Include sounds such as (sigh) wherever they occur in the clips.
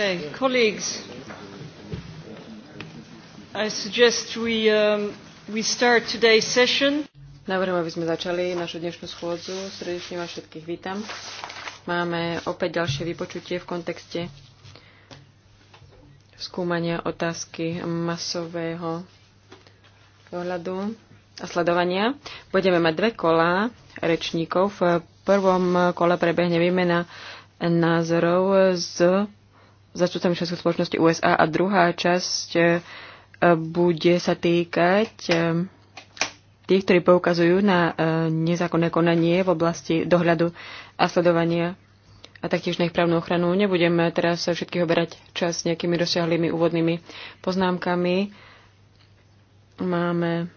Okay, colleagues, I suggest we, um, we start today's session. Navrhujem, aby sme začali našu dnešnú schôdzu. Srdečne vás všetkých vítam. Máme opäť ďalšie vypočutie v kontexte skúmania otázky masového pohľadu a sledovania. Budeme mať dve kola rečníkov. V prvom kole prebehne výmena názorov z zastupcami členskej spoločnosti USA a druhá časť eh, bude sa týkať eh, tých, ktorí poukazujú na eh, nezákonné konanie v oblasti dohľadu a sledovania a taktiež na ich právnu ochranu. Nebudem teraz všetkých oberať čas nejakými rozsiahlými úvodnými poznámkami. Máme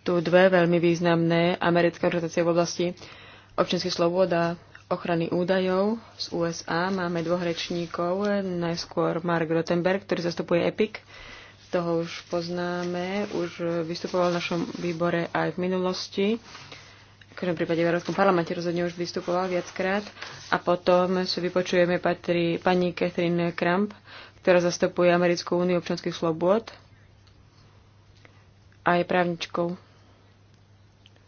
tu dve veľmi významné americké organizácie v oblasti občianských slobod a ochrany údajov z USA máme dvoch rečníkov. Najskôr Mark Rottenberg, ktorý zastupuje EPIC. Toho už poznáme, už vystupoval v našom výbore aj v minulosti. V každom prípade v Európskom parlamente rozhodne už vystupoval viackrát. A potom si vypočujeme patri, pani Catherine Kramp, ktorá zastupuje Americkú úniu občanských slobôd a je právničkou.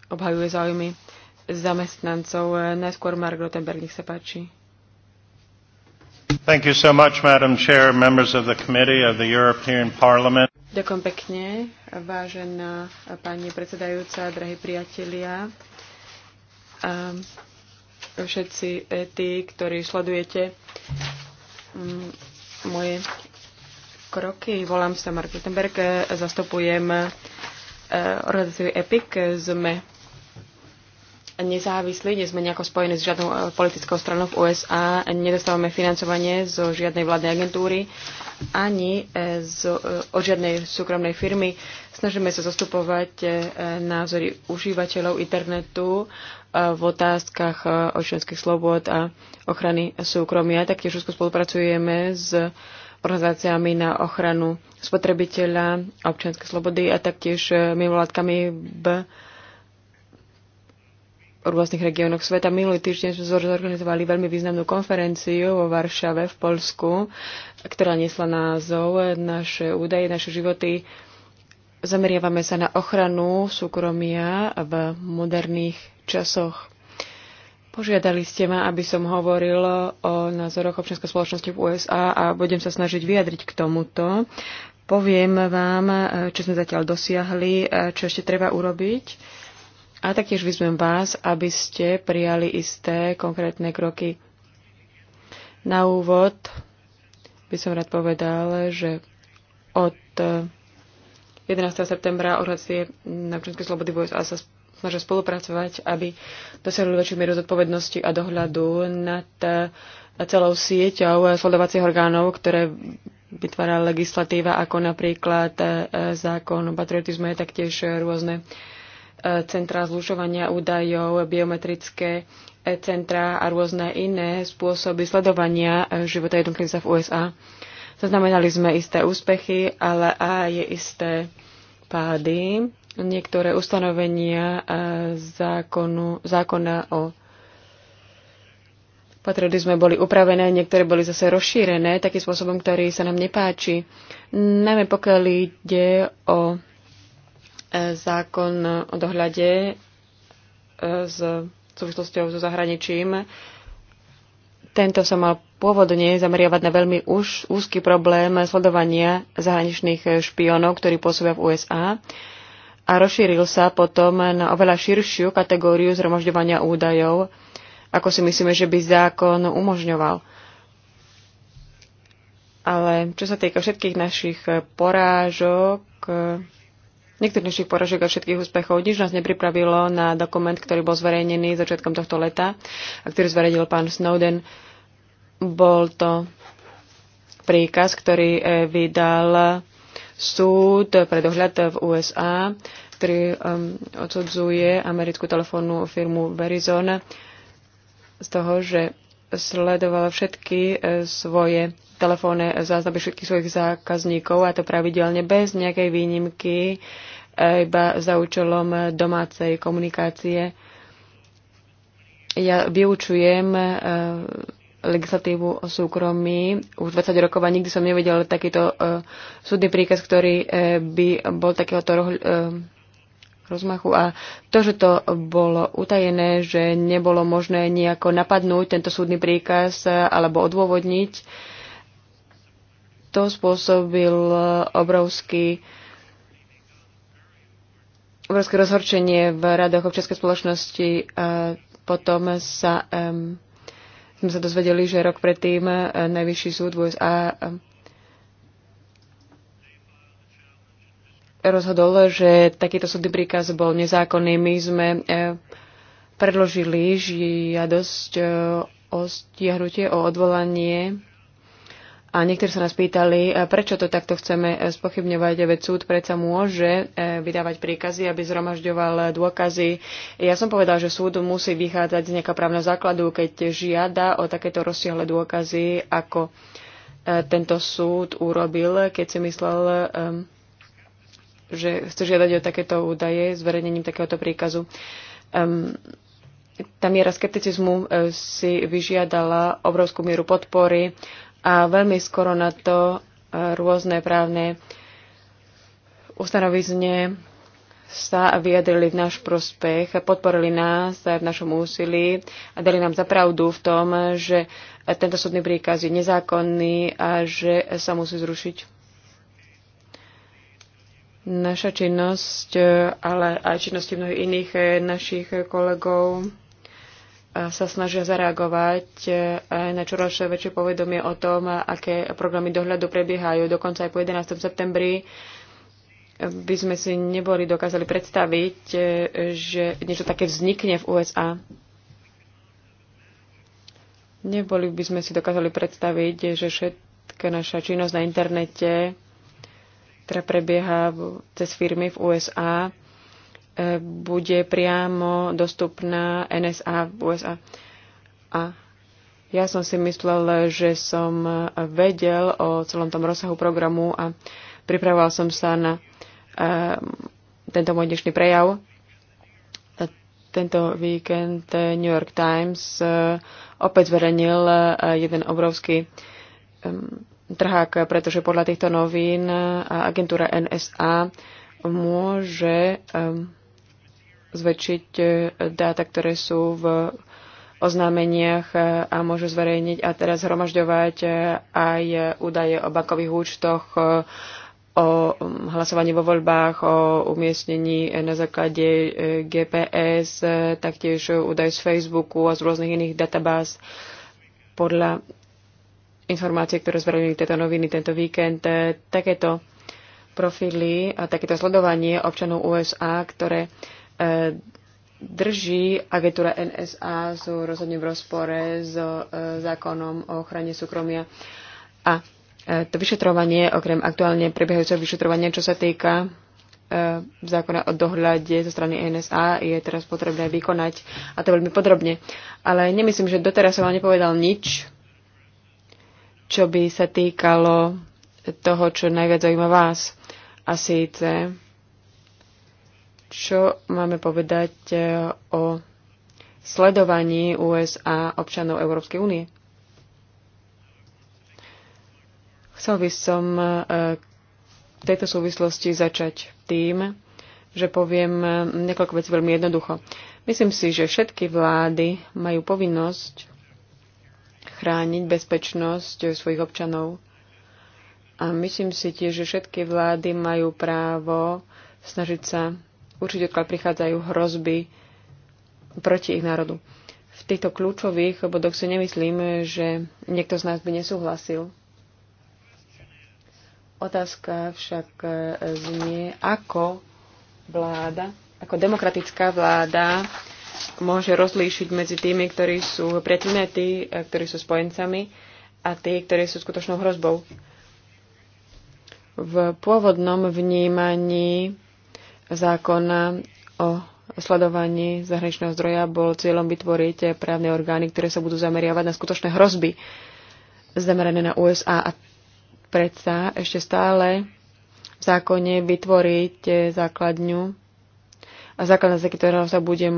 Obhajuje záujmy zamestnancov. Najskôr Mark Rotenberg, nech sa páči. Thank you so much, Madam Chair, members of the Committee of the European Parliament. Ďakujem pekne, vážená pani predsedajúca, drahí priatelia. A všetci tí, ktorí sledujete mm, moje kroky. Volám sa Mark Gutenberg, zastupujem eh, organizáciu EPIC. Sme nezávislí, nie sme nejako spojení s žiadnou e, politickou stranou v USA, nedostávame financovanie zo žiadnej vládnej agentúry ani e, z, e, od žiadnej súkromnej firmy. Snažíme sa zastupovať názory užívateľov internetu v otázkach občianských slobod a ochrany súkromia. Taktiež úzko spolupracujeme s organizáciami na ochranu spotrebiteľa, občianskej slobody a taktiež mimovládkami v rôznych regiónoch sveta. Minulý týždeň sme zorganizovali veľmi významnú konferenciu vo Varšave v Polsku, ktorá nesla názov Naše údaje, naše životy. Zameriavame sa na ochranu súkromia v moderných časoch. Požiadali ste ma, aby som hovoril o názoroch občianskej spoločnosti v USA a budem sa snažiť vyjadriť k tomuto. Poviem vám, čo sme zatiaľ dosiahli, čo ešte treba urobiť a taktiež vyzvem vás, aby ste prijali isté konkrétne kroky. Na úvod by som rád povedal, že od 11. Eh, septembra organizácie na občianskej slobody USA sa snažia spolupracovať, aby dosiahli väčšiu mieru zodpovednosti a dohľadu nad eh, celou sieťou eh, sledovacích orgánov, ktoré vytvára legislatíva, ako napríklad zákon o patriotizme, taktiež rôzne uh, E, centra zlužovania údajov, biometrické e, centra a rôzne iné spôsoby sledovania e, života jednotlivca v USA. Zaznamenali sme isté úspechy, ale aj isté pády. Niektoré ustanovenia zákonu, zákona o patriotizme boli upravené, niektoré boli zase rozšírené takým spôsobom, ktorý sa nám nepáči. Najmä pokiaľ ide o zákon o dohľade e, s súvislosťou so zahraničím. Tento sa mal pôvodne zameriavať na veľmi už úzky problém sledovania zahraničných špionov, ktorí pôsobia v USA a rozšíril sa potom na oveľa širšiu kategóriu zhromažďovania údajov, ako si myslíme, že by zákon umožňoval. Ale čo sa týka všetkých našich porážok, niektorých našich poražek a všetkých úspechov. Nič nás nepripravilo na dokument, ktorý bol zverejnený začiatkom tohto leta a ktorý zverejnil pán Snowden. Bol to príkaz, ktorý e, vydal súd pre dohľad v USA, ktorý odsudzuje americkú telefónnu firmu Verizon z toho, že sledovala všetky e, svoje telefónne záznamy všetkých svojich zákazníkov a to pravidelne bez nejakej výnimky e, iba za účelom domácej komunikácie. Ja vyučujem e, legislatívu o súkromí. Už 20 rokov a nikdy som nevedel takýto uh, súdny príkaz, ktorý uh, by bol takéhoto roh, uh, rozmachu. A to, že to bolo utajené, že nebolo možné nejako napadnúť tento súdny príkaz uh, alebo odôvodniť, to spôsobil eh, obrovský obrovské rozhorčenie v radoch občianskej spoločnosti. A potom sa, um, sme sa dozvedeli, že rok predtým uh, Najvyšší súd USA um, eh, rozhodol, že takýto súdny príkaz bol nezákonný. My sme uh, predložili žiadosť uh, o stiahnutie, o odvolanie a niektorí sa nás pýtali, e, prečo to takto chceme e, spochybňovať, veď súd predsa môže e, vydávať príkazy, aby zhromažďoval dôkazy. Ja som povedal, že súd musí vychádzať z nejakého právneho základu, keď žiada o takéto rozsiahle dôkazy, ako tento súd urobil, keď si myslel, že chce žiadať o takéto údaje zverejnením takéhoto príkazu tá miera skepticizmu si vyžiadala obrovskú mieru podpory a veľmi skoro na to e, rôzne právne ustanovizne sa vyjadrili v náš prospech, podporili nás v našom úsilí a dali nám zapravdu v tom, že tento súdny príkaz je nezákonný a že sa musí zrušiť. Naša činnosť, e, ale aj činnosti mnohých iných e, našich kolegov sa snažia zareagovať e, na čoraz väčšie povedomie o tom, aké programy dohľadu prebiehajú. Dokonca aj po 11. septembri by sme si neboli dokázali predstaviť, e, že niečo také vznikne v USA. Neboli by sme si dokázali predstaviť, že všetka naša činnosť na internete, ktorá prebieha cez firmy v USA, bude priamo dostupná NSA v USA. A ja som si myslel, že som vedel o celom tom rozsahu programu a pripravoval som sa na eh, tento môj dnešný prejav. Tento víkend New York Times eh, opäť zverejnil eh, jeden obrovský trhák, pretože podľa týchto novín agentúra NSA môže um, zväčšiť e, dáta, ktoré sú v oznámeniach e, a môžu zverejniť a teraz zhromažďovať e, aj údaje o bankových účtoch, o hlasovaní vo voľbách, o umiestnení na základe GPS, taktiež údaje z Facebooku a z rôznych iných databáz. Podľa informácií, ktoré zverejnili tieto noviny tento víkend, takéto profily a takéto sledovanie občanov USA, ktoré E, drží agentúra NSA sú rozhodne v rozpore s e, zákonom o ochrane súkromia. A e, to vyšetrovanie, okrem aktuálne prebiehajúceho vyšetrovania, čo sa týka zákona o dohľade zo strany NSA je teraz potrebné vykonať a to veľmi podrobne. Ale nemyslím, že doteraz som vám nepovedal nič, čo by sa týkalo toho, čo najviac zaujíma vás. A síce čo máme povedať e, o sledovaní USA občanov Európskej únie. Chcel by som e, v tejto súvislosti začať tým, že poviem e, niekoľko vecí veľmi jednoducho. Myslím si, že všetky vlády majú povinnosť chrániť bezpečnosť svojich občanov. A myslím si tiež, že všetky vlády majú právo snažiť sa určite odkiaľ prichádzajú hrozby proti ich národu. V týchto kľúčových bodoch si nemyslím, že niekto z nás by nesúhlasil. Otázka však znie, ako vláda, ako demokratická vláda môže rozlíšiť medzi tými, ktorí sú priateľmi tí, ktorí sú spojencami a tí, ktorí sú skutočnou hrozbou. V pôvodnom vnímaní Zákon o sledovaní zahraničného zdroja bol cieľom vytvoriť právne orgány, ktoré sa budú zameriavať na skutočné hrozby zamerané na USA a predsa ešte stále v zákone vytvoriť základňu a základná, za ktorého sa bude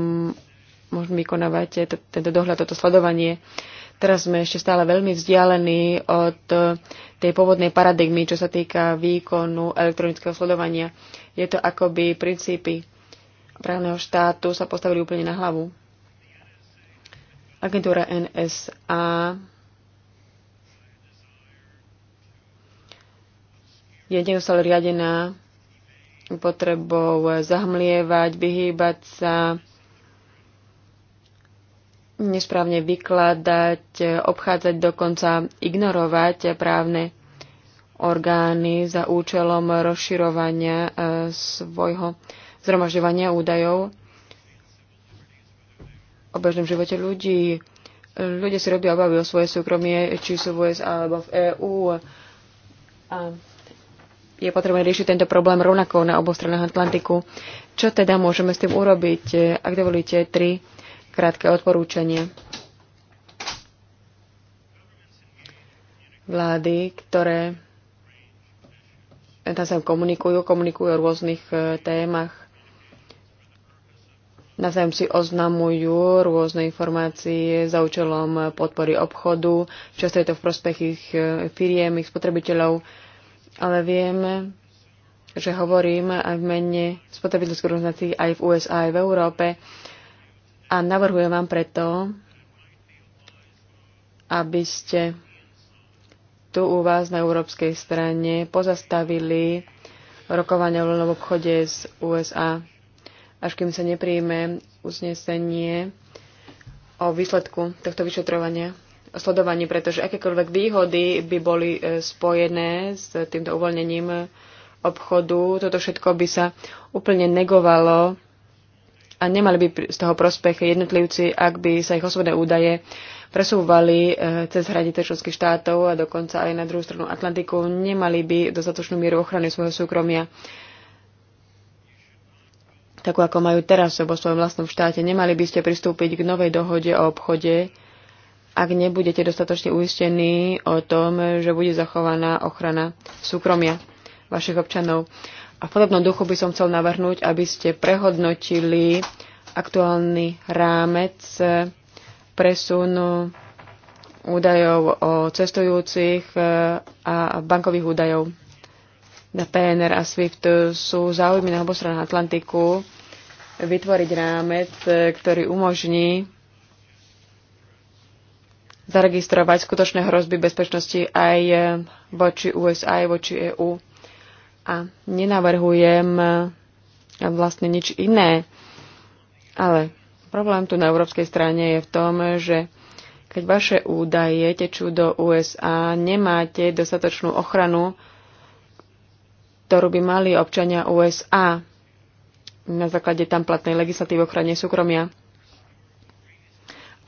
možno vykonávať tento dohľad, toto sledovanie. Teraz sme ešte stále veľmi vzdialení od tej pôvodnej paradigmy, čo sa týka výkonu elektronického sledovania. Je to akoby princípy právneho štátu sa postavili úplne na hlavu. Agentúra NSA je neustále riadená potrebou zahmlievať, vyhýbať sa, nesprávne vykladať, obchádzať, dokonca ignorovať právne orgány za účelom rozširovania e, svojho zhromažďovania údajov o bežnom živote ľudí. Ľudia si robia obavy o svoje súkromie, či sú v USA alebo v EÚ. A je potrebné riešiť tento problém rovnako na oboch stranách Atlantiku. Čo teda môžeme s tým urobiť? Ak dovolíte, tri krátke odporúčania. Vlády, ktoré tam sa komunikujú, komunikujú o rôznych e, témach, navzájom si oznamujú rôzne informácie za účelom podpory obchodu, často je to v prospech ich e, firiem, ich spotrebiteľov, ale vieme, že hovorím aj v mene spotrebiteľských organizácií aj v USA, aj v Európe a navrhujem vám preto, aby ste tu u vás na európskej strane pozastavili rokovania o voľnom obchode z USA, až kým sa nepríjme uznesenie o výsledku tohto vyšetrovania, o sledovaní, pretože akékoľvek výhody by boli e, spojené s týmto uvoľnením obchodu, toto všetko by sa úplne negovalo a nemali by z toho prospech jednotlivci, ak by sa ich osobné údaje presúvali eh, cez hranice členských štátov a dokonca aj na druhú stranu Atlantiku, nemali by dostatočnú mieru ochrany svojho súkromia takú ako majú teraz vo svojom vlastnom štáte. Nemali by ste pristúpiť k novej dohode o obchode, ak nebudete dostatočne uistení o tom, že bude zachovaná ochrana súkromia vašich občanov. A v podobnom duchu by som chcel navrhnúť, aby ste prehodnotili aktuálny rámec presunu údajov o cestujúcich e, a bankových údajov na PNR a SWIFT sú záujmy na obostranu stranách Atlantiku vytvoriť rámec, e, ktorý umožní zaregistrovať skutočné hrozby bezpečnosti aj e, voči USA, aj voči EÚ a nenavrhujem e, vlastne nič iné. Ale problém tu na európskej strane je v tom, že keď vaše údaje tečú do USA, nemáte dostatočnú ochranu, ktorú by mali občania USA na základe tam platnej legislatívy ochrane súkromia.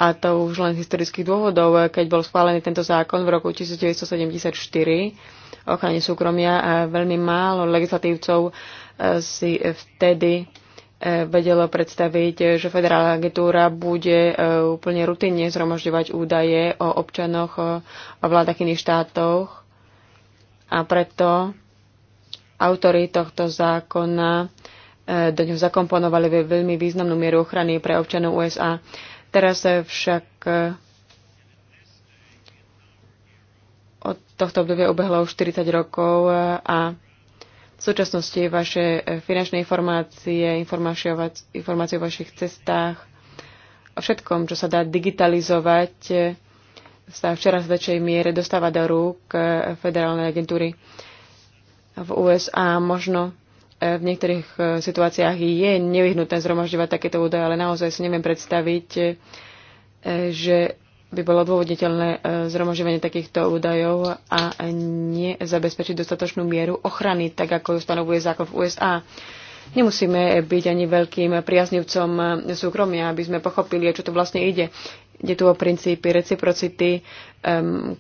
A to už len z historických dôvodov, keď bol schválený tento zákon v roku 1974, ochrane súkromia a veľmi málo legislatívcov e, si vtedy e, vedelo predstaviť, že federálna agentúra bude e, úplne rutinne zhromažďovať údaje o občanoch, o vládach iných štátoch a preto autory tohto zákona do ňoho zakomponovali veľmi významnú mieru ochrany pre občanov USA. Teraz však Od tohto obdobia ubehlo už 40 rokov e, a v súčasnosti vaše e, finančné informácie, informácie o vašich cestách, o všetkom, čo sa dá digitalizovať, e, sa včera v väčšej miere dostáva do rúk federálnej agentúry v USA. Možno v niektorých situáciách je nevyhnutné zhromažďovať takéto údaje, ale naozaj si neviem predstaviť, že by bolo dôvodniteľné e, zhromažďovanie takýchto údajov a nezabezpečiť dostatočnú mieru ochrany, tak ako ju stanovuje zákon v USA. Nemusíme byť ani veľkým priaznivcom e, súkromia, aby sme pochopili, čo tu vlastne ide. Ide tu o princípy reciprocity, e,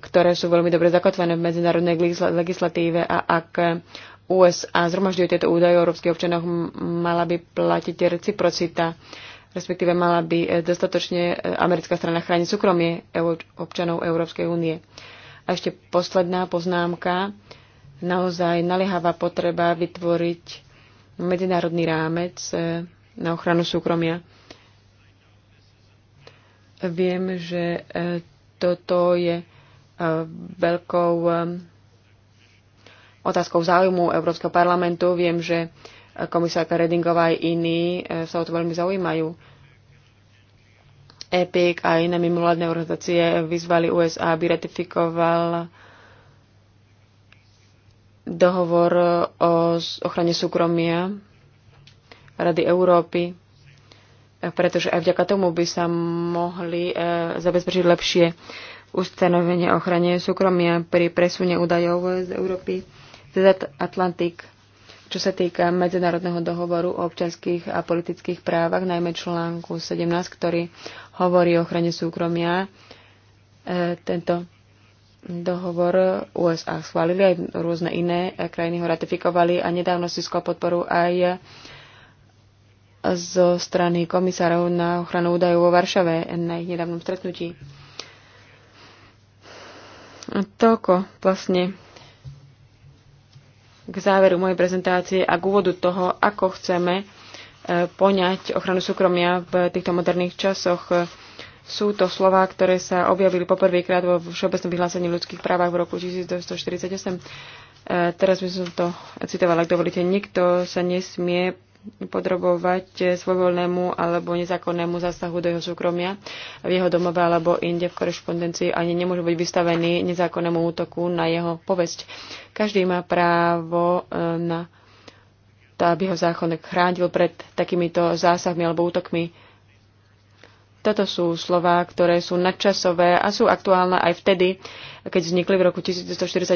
ktoré sú veľmi dobre zakotvené v medzinárodnej legislatíve a ak USA zhromažďuje tieto údaje o európskych občanoch, mala by platiť reciprocita respektíve mala by e, dostatočne e, americká strana chrániť súkromie občanov Európskej únie. A ešte posledná poznámka, naozaj naliehavá potreba vytvoriť medzinárodný rámec e, na ochranu súkromia. Viem, že toto je veľkou otázkou záujmu Európskeho parlamentu. Viem, že komisárka Redingová aj iní e, sa o to veľmi zaujímajú. EPIC a iné mimovládne organizácie vyzvali USA, aby ratifikoval dohovor o ochrane súkromia Rady Európy, e, pretože aj vďaka tomu by sa mohli e, zabezpečiť lepšie ustanovenie ochrane súkromia pri presune údajov z Európy cez teda Atlantik čo sa týka Medzinárodného dohovoru o občanských a politických právach, najmä článku 17, ktorý hovorí o ochrane súkromia, e, tento dohovor USA schválili, aj rôzne iné krajiny ho ratifikovali a nedávno získal podporu aj zo strany komisárov na ochranu údajov vo Varšave na ich nedávnom stretnutí. Toľko vlastne k záveru mojej prezentácie a k úvodu toho, ako chceme e, poňať ochranu súkromia v týchto moderných časoch. Sú to slova, ktoré sa objavili poprvýkrát vo Všeobecnom vyhlásení ľudských právach v roku 1948. E, teraz by som to citovala, ak dovolíte. Nikto sa nesmie podrobovať svojvoľnému alebo nezákonnému zásahu do jeho súkromia v jeho domove alebo inde v korešpondencii ani nemôžu byť vystavení nezákonnému útoku na jeho povesť. Každý má právo e, na to, aby ho zákon chránil pred takýmito zásahmi alebo útokmi. Toto sú slová, ktoré sú nadčasové a sú aktuálne aj vtedy, keď vznikli v roku 1948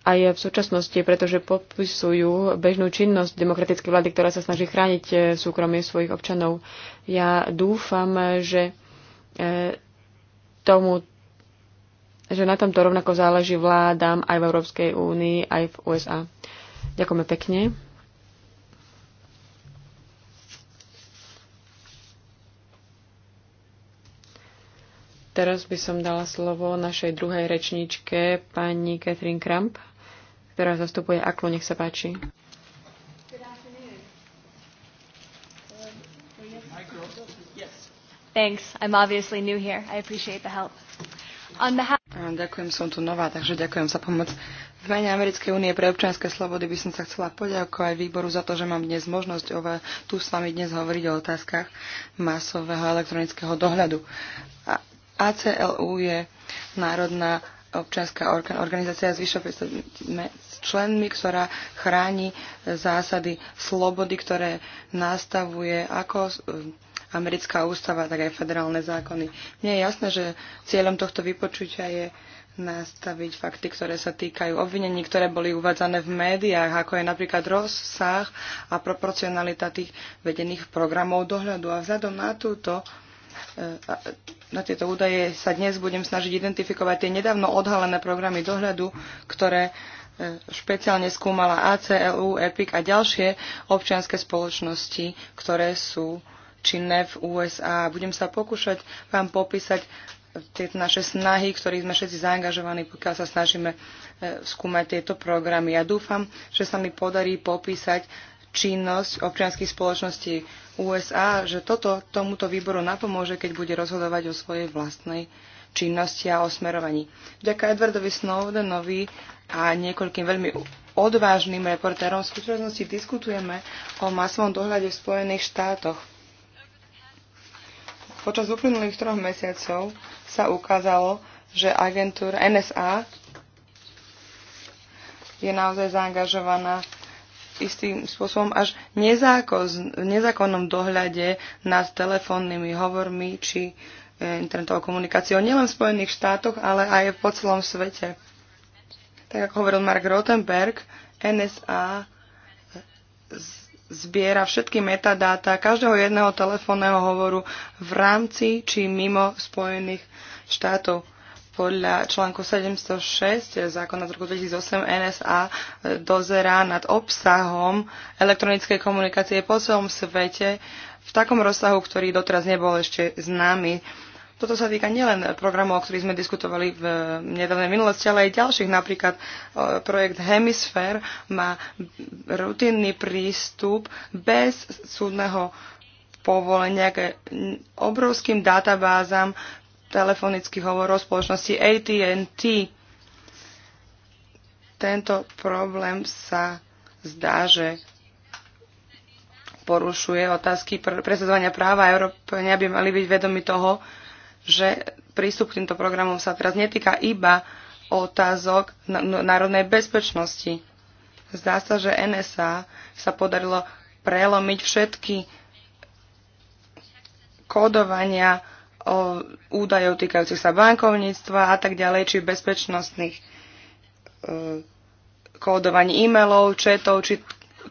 aj v súčasnosti, pretože popisujú bežnú činnosť demokratickej vlády, ktorá sa snaží chrániť e, súkromie svojich občanov. Ja dúfam, že e, tomu že na tomto rovnako záleží vládam aj v Európskej únii, aj v USA. Ďakujeme pekne. Teraz by som dala slovo našej druhej rečníčke, pani Catherine Kramp ktorá zastupuje Aklo. Nech sa páči. Thanks. I'm obviously new here. I appreciate the help. On behalf Ďakujem, som tu nová, takže ďakujem za pomoc. V mene Americkej únie pre občianske slobody by som sa chcela poďakovať výboru za to, že mám dnes možnosť ova, tu s vami dnes hovoriť o otázkach masového elektronického dohľadu. A ACLU je národná občianská organizácia s členmi, ktorá chráni zásady slobody, ktoré nastavuje ako e, americká ústava, tak aj federálne zákony. Mne je jasné, že cieľom tohto vypočutia je nastaviť fakty, ktoré sa týkajú obvinení, ktoré boli uvádzané v médiách, ako je napríklad rozsah a proporcionalita tých vedených programov dohľadu. A vzhľadom na túto na tieto údaje sa dnes budem snažiť identifikovať tie nedávno odhalené programy dohľadu, ktoré e, špeciálne skúmala ACLU, EPIC a ďalšie občianske spoločnosti, ktoré sú činné v USA. Budem sa pokúšať vám popísať e, tieto naše snahy, ktorých sme všetci zaangažovaní, pokiaľ sa snažíme e, skúmať tieto programy. Ja dúfam, že sa mi podarí popísať činnosť občianských spoločností USA, že toto tomuto výboru napomôže, keď bude rozhodovať o svojej vlastnej činnosti a o smerovaní. Vďaka Edwardovi Snowdenovi a niekoľkým veľmi odvážnym reportérom v skutočnosti diskutujeme o masovom dohľade v Spojených štátoch. Počas uplynulých troch mesiacov sa ukázalo, že agentúra NSA je naozaj zaangažovaná istým spôsobom až v nezákonnom dohľade nad telefónnymi hovormi či e, internetovou komunikáciou nielen v Spojených štátoch, ale aj po celom svete. Tak ako hovoril Mark Rothenberg, NSA zbiera všetky metadáta každého jedného telefónneho hovoru v rámci či mimo Spojených štátov podľa článku 706 zákona z roku 2008 NSA dozerá nad obsahom elektronickej komunikácie po celom svete v takom rozsahu, ktorý doteraz nebol ešte známy. Toto sa týka nielen programov, o ktorých sme diskutovali v nedávnej minulosti, ale aj ďalších. Napríklad e, projekt Hemisphere má rutinný prístup bez súdneho povolenia k obrovským databázam, telefonických o spoločnosti AT&T. Tento problém sa zdá, že porušuje otázky pr- presadzovania práva. Európania by mali byť vedomi toho, že prístup k týmto programom sa teraz netýka iba otázok no, národnej bezpečnosti. Zdá sa, že NSA sa podarilo prelomiť všetky kódovania o údajov týkajúcich sa bankovníctva a tak ďalej, či bezpečnostných e, kódovaní e-mailov, četov či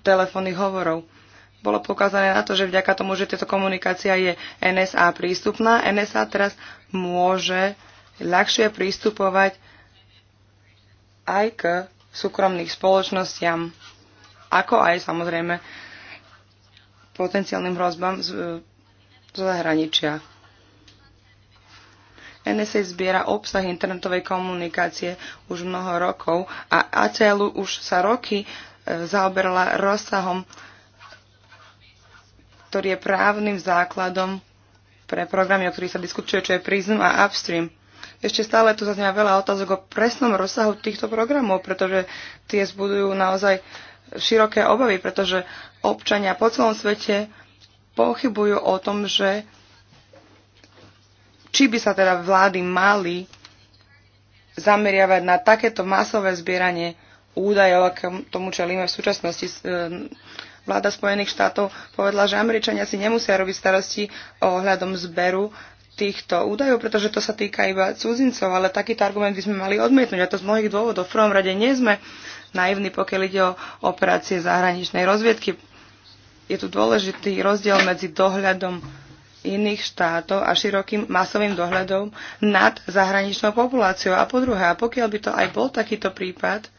telefónnych hovorov. Bolo poukázané na to, že vďaka tomu, že tieto komunikácia je NSA prístupná, NSA teraz môže ľahšie prístupovať aj k súkromných spoločnostiam, ako aj samozrejme potenciálnym hrozbám z, e, z zahraničia. NSA zbiera obsah internetovej komunikácie už mnoho rokov a ACL už sa roky e, zaoberala rozsahom, ktorý je právnym základom pre programy, o ktorých sa diskutuje, čo je Prism a Upstream. Ešte stále tu zaznieva veľa otázok o presnom rozsahu týchto programov, pretože tie zbudujú naozaj široké obavy, pretože občania po celom svete pochybujú o tom, že či by sa teda vlády mali zameriavať na takéto masové zbieranie údajov, k tomu čelíme v súčasnosti. E, vláda Spojených štátov povedala, že Američania si nemusia robiť starosti ohľadom zberu týchto údajov, pretože to sa týka iba cudzincov, ale takýto argument by sme mali odmietnúť a to z mnohých dôvodov. V prvom rade nie sme naivní, pokiaľ ide o operácie zahraničnej rozviedky. Je tu dôležitý rozdiel medzi dohľadom iných štátov a širokým masovým dohľadom nad zahraničnou populáciou. A po druhé, a pokiaľ by to aj bol takýto prípad,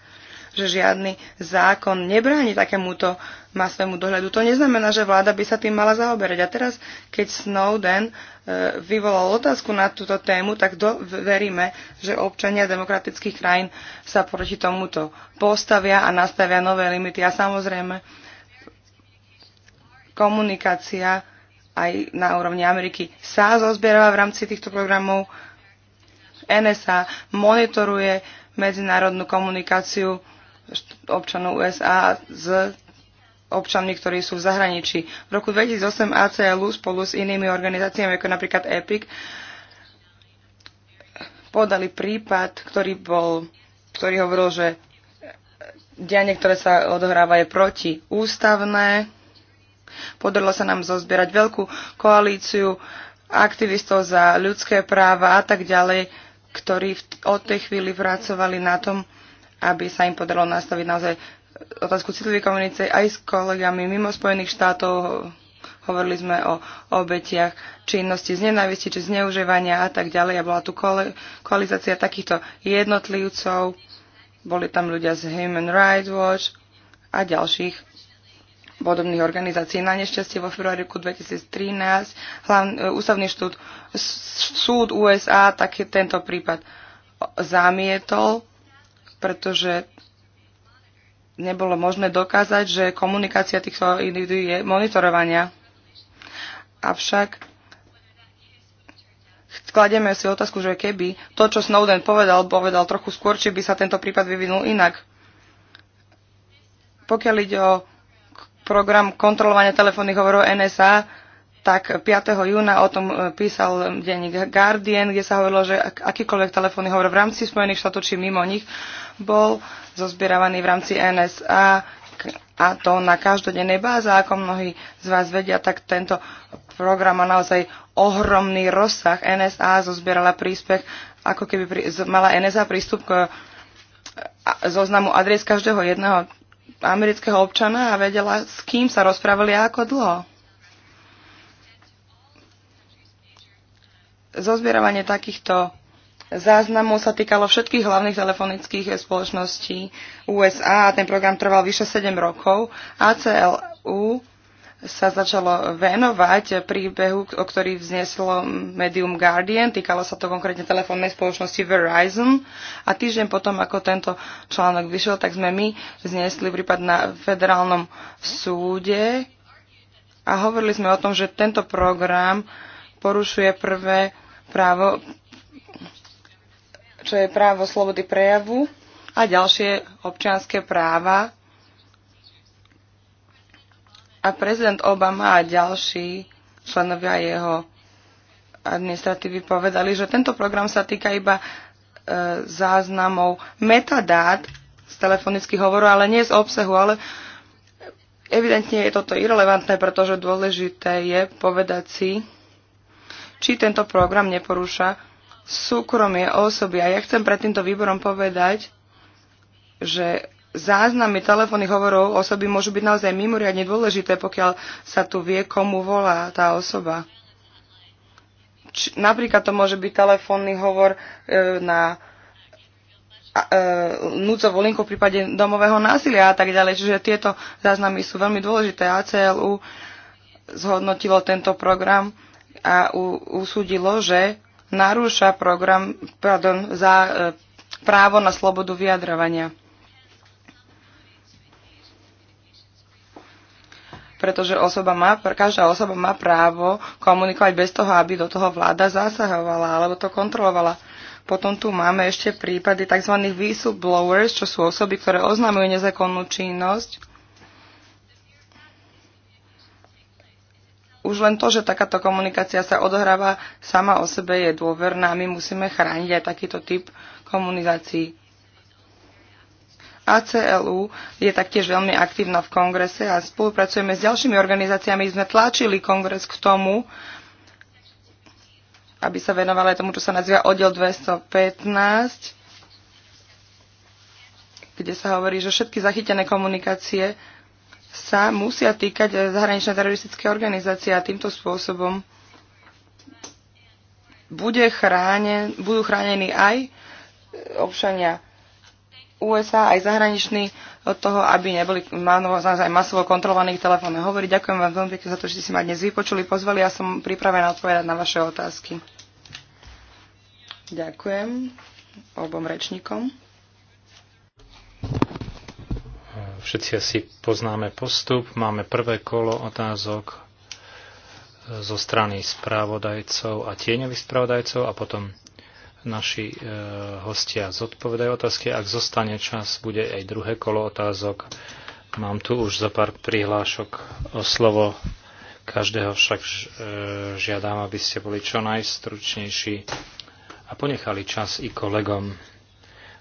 že žiadny zákon nebráni takémuto masovému dohľadu. To neznamená, že vláda by sa tým mala zaoberať. A teraz, keď Snowden e, vyvolal otázku na túto tému, tak do, veríme, že občania demokratických krajín sa proti tomuto postavia a nastavia nové limity. A samozrejme, komunikácia aj na úrovni Ameriky sa zozbierava v rámci týchto programov. NSA monitoruje medzinárodnú komunikáciu občanov USA s občanmi, ktorí sú v zahraničí. V roku 2008 ACLU spolu s inými organizáciami, ako napríklad EPIC, podali prípad, ktorý, bol, ktorý hovoril, že dianie, ktoré sa odohráva, je protiústavné Podarilo sa nám zozbierať veľkú koalíciu aktivistov za ľudské práva a tak ďalej, ktorí od tej chvíli pracovali na tom, aby sa im podarilo nastaviť naozaj otázku citlivej komunice aj s kolegami mimo Spojených štátov. Hovorili sme o obetiach činnosti z nenávisti či zneužívania a tak ďalej. A bola tu koalizácia takýchto jednotlivcov. Boli tam ľudia z Human Rights Watch a ďalších podobných organizácií. Na nešťastie vo februári roku 2013 hlavný, e, ústavný štúd, súd USA je tento prípad zamietol, pretože nebolo možné dokázať, že komunikácia týchto individuí je monitorovania. Avšak skladieme si otázku, že keby to, čo Snowden povedal, povedal trochu skôr, či by sa tento prípad vyvinul inak. Pokiaľ ide o program kontrolovania telefónnych hovorov NSA, tak 5. júna o tom e, písal denník Guardian, kde sa hovorilo, že akýkoľvek telefónny hovor v rámci Spojených štátov či mimo nich bol zozbieravaný v rámci NSA a to na každodennej báze. Ako mnohí z vás vedia, tak tento program má naozaj ohromný rozsah. NSA zozbierala príspech, ako keby mala NSA prístup k e, zoznamu adres každého jedného amerického občana a vedela, s kým sa rozprávali a ako dlho. Zozbieravanie takýchto záznamov sa týkalo všetkých hlavných telefonických spoločností USA a ten program trval vyše 7 rokov. ACLU sa začalo venovať príbehu, o ktorý vzneslo Medium Guardian. Týkalo sa to konkrétne telefónnej spoločnosti Verizon. A týždeň potom, ako tento článok vyšiel, tak sme my vznesli prípad na federálnom súde a hovorili sme o tom, že tento program porušuje prvé právo, čo je právo slobody prejavu a ďalšie občianské práva a prezident Obama a ďalší členovia jeho administratívy povedali, že tento program sa týka iba e, záznamov metadát z telefonických hovorov, ale nie z obsahu, ale evidentne je toto irrelevantné, pretože dôležité je povedať si, či tento program neporúša súkromie osoby. A ja chcem pred týmto výborom povedať, že záznamy telefónnych hovorov osoby môžu byť naozaj mimoriadne dôležité, pokiaľ sa tu vie, komu volá tá osoba. Či, napríklad to môže byť telefónny hovor e, na e, núcovú linku v prípade domového násilia a tak ďalej. Čiže tieto záznamy sú veľmi dôležité. ACLU zhodnotilo tento program a u, usúdilo, že narúša program, pardon, za, e, právo na slobodu vyjadrovania. pretože osoba má, každá osoba má právo komunikovať bez toho, aby do toho vláda zasahovala alebo to kontrolovala. Potom tu máme ešte prípady tzv. whistleblowers, čo sú osoby, ktoré oznamujú nezákonnú činnosť. Už len to, že takáto komunikácia sa odohráva sama o sebe, je dôverná a my musíme chrániť aj takýto typ komunikácií. ACLU je taktiež veľmi aktívna v kongrese a spolupracujeme s ďalšími organizáciami. Sme tlačili kongres k tomu, aby sa venovala tomu, čo sa nazýva oddiel 215, kde sa hovorí, že všetky zachytené komunikácie sa musia týkať zahraničné teroristické organizácie a týmto spôsobom bude chránen, budú chránení aj občania USA aj zahraniční od toho, aby neboli naozaj masovo kontrolovaní telefónne hovorí. Ďakujem vám veľmi pekne za to, že ste si ma dnes vypočuli, pozvali a ja som pripravená odpovedať na vaše otázky. Ďakujem obom rečníkom. Všetci asi poznáme postup. Máme prvé kolo otázok zo strany správodajcov a tieňových správodajcov a potom naši e, hostia zodpovedajú otázky. Ak zostane čas, bude aj druhé kolo otázok. Mám tu už za pár prihlášok o slovo. Každého však e, žiadam, aby ste boli čo najstručnejší a ponechali čas i kolegom.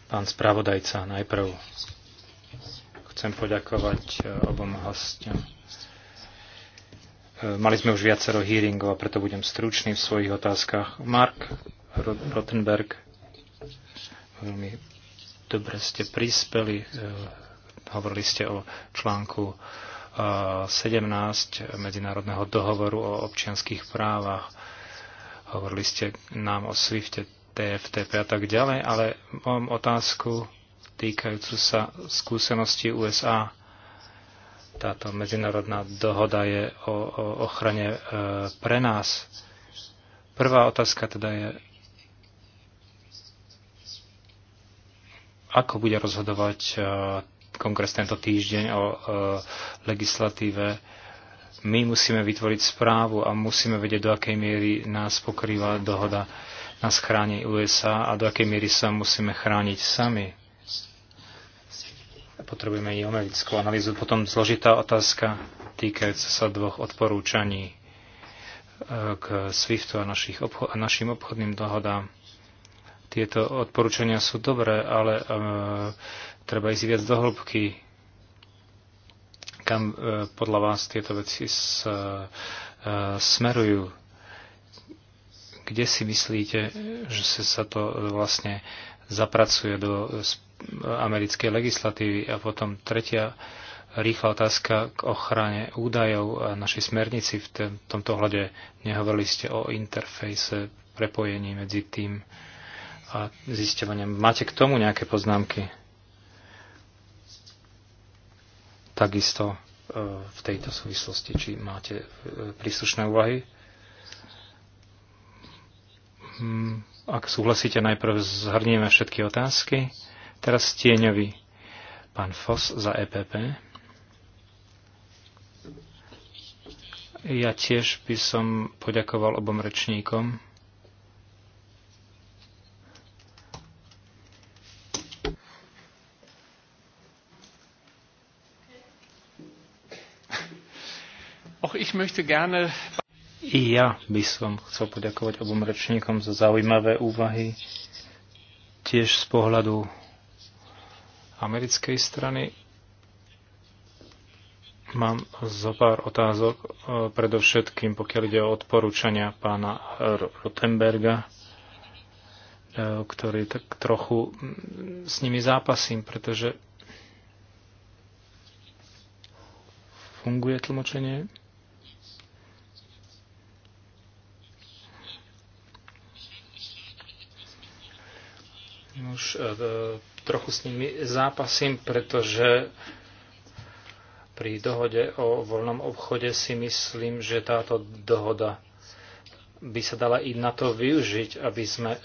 Pán spravodajca, najprv chcem poďakovať e, obom hostiam. Eh, mali sme už viacero hearingov a preto budem stručný v svojich otázkach. Mark Rottenberg, veľmi dobre ste prispeli, eh, hovorili ste o článku 17 eh, Medzinárodného dohovoru o občianských právach. Hovorili ste nám o Swifte, TFTP a tak ďalej, ale mám otázku týkajúcu sa skúsenosti USA. Táto medzinárodná dohoda je o, o ochrane e, pre nás. Prvá otázka teda je, ako bude rozhodovať e, kongres tento týždeň o e, legislatíve. My musíme vytvoriť správu a musíme vedieť, do akej miery nás pokrýva dohoda, nás chráni USA a do akej miery sa musíme chrániť sami potrebujeme i americkú analýzu. Potom zložitá otázka týkajúca sa dvoch odporúčaní e, k SWIFTu a, našich obcho- a našim obchodným dohodám. Tieto odporúčania sú dobré, ale e, treba ísť viac do hĺbky, kam e, podľa vás tieto veci s, e, smerujú. Kde si myslíte, že sa to vlastne e, zapracuje do e, e, americkej legislatívy. A potom tretia rýchla otázka k ochrane údajov a našej smernici v tomto ohľade. Nehovorili ste o interfejse prepojení medzi tým a zisťovaním. Máte k tomu nejaké poznámky? Takisto e, v tejto súvislosti, či máte príslušné úvahy? Hmm. Ak súhlasíte, najprv zhrnieme všetky otázky. Teraz stieňový pán Fos za EPP. Ja tiež by som poďakoval obom rečníkom. ich möchte gerne i ja by som chcel poďakovať obom rečníkom za zaujímavé úvahy, tiež z pohľadu americkej strany. Mám zo pár otázok, e, predovšetkým pokiaľ ide o odporúčania pána Rotenberga, e, ktorý tak trochu s nimi zápasím, pretože funguje tlmočenie. Už e, trochu s nimi zápasím, pretože pri dohode o voľnom obchode si myslím, že táto dohoda by sa dala i na to využiť, aby sme e,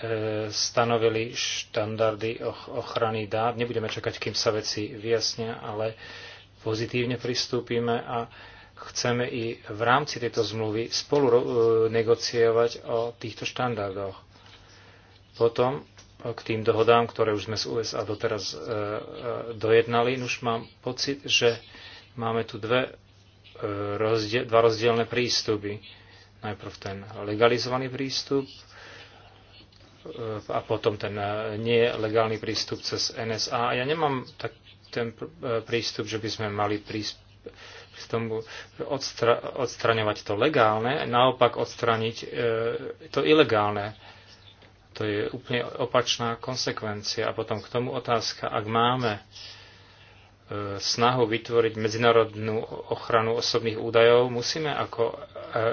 stanovili štandardy ochrany dát. Nebudeme čakať, kým sa veci vyjasnia, ale pozitívne pristúpime a chceme i v rámci tejto zmluvy spolu e, negociovať o týchto štandardoch. Potom k tým dohodám, ktoré už sme z USA doteraz e, e, dojednali. Už mám pocit, že máme tu dve, e, rozdiel, dva rozdielne prístupy. Najprv ten legalizovaný prístup a potom ten nelegálny prístup cez NSA. Ja nemám tak ten prístup, že by sme mali prístup k tomu odstra- odstraňovať to legálne, naopak odstraniť e, to ilegálne. To je úplne opačná konsekvencia. A potom k tomu otázka, ak máme e, snahu vytvoriť medzinárodnú ochranu osobných údajov, musíme ako e,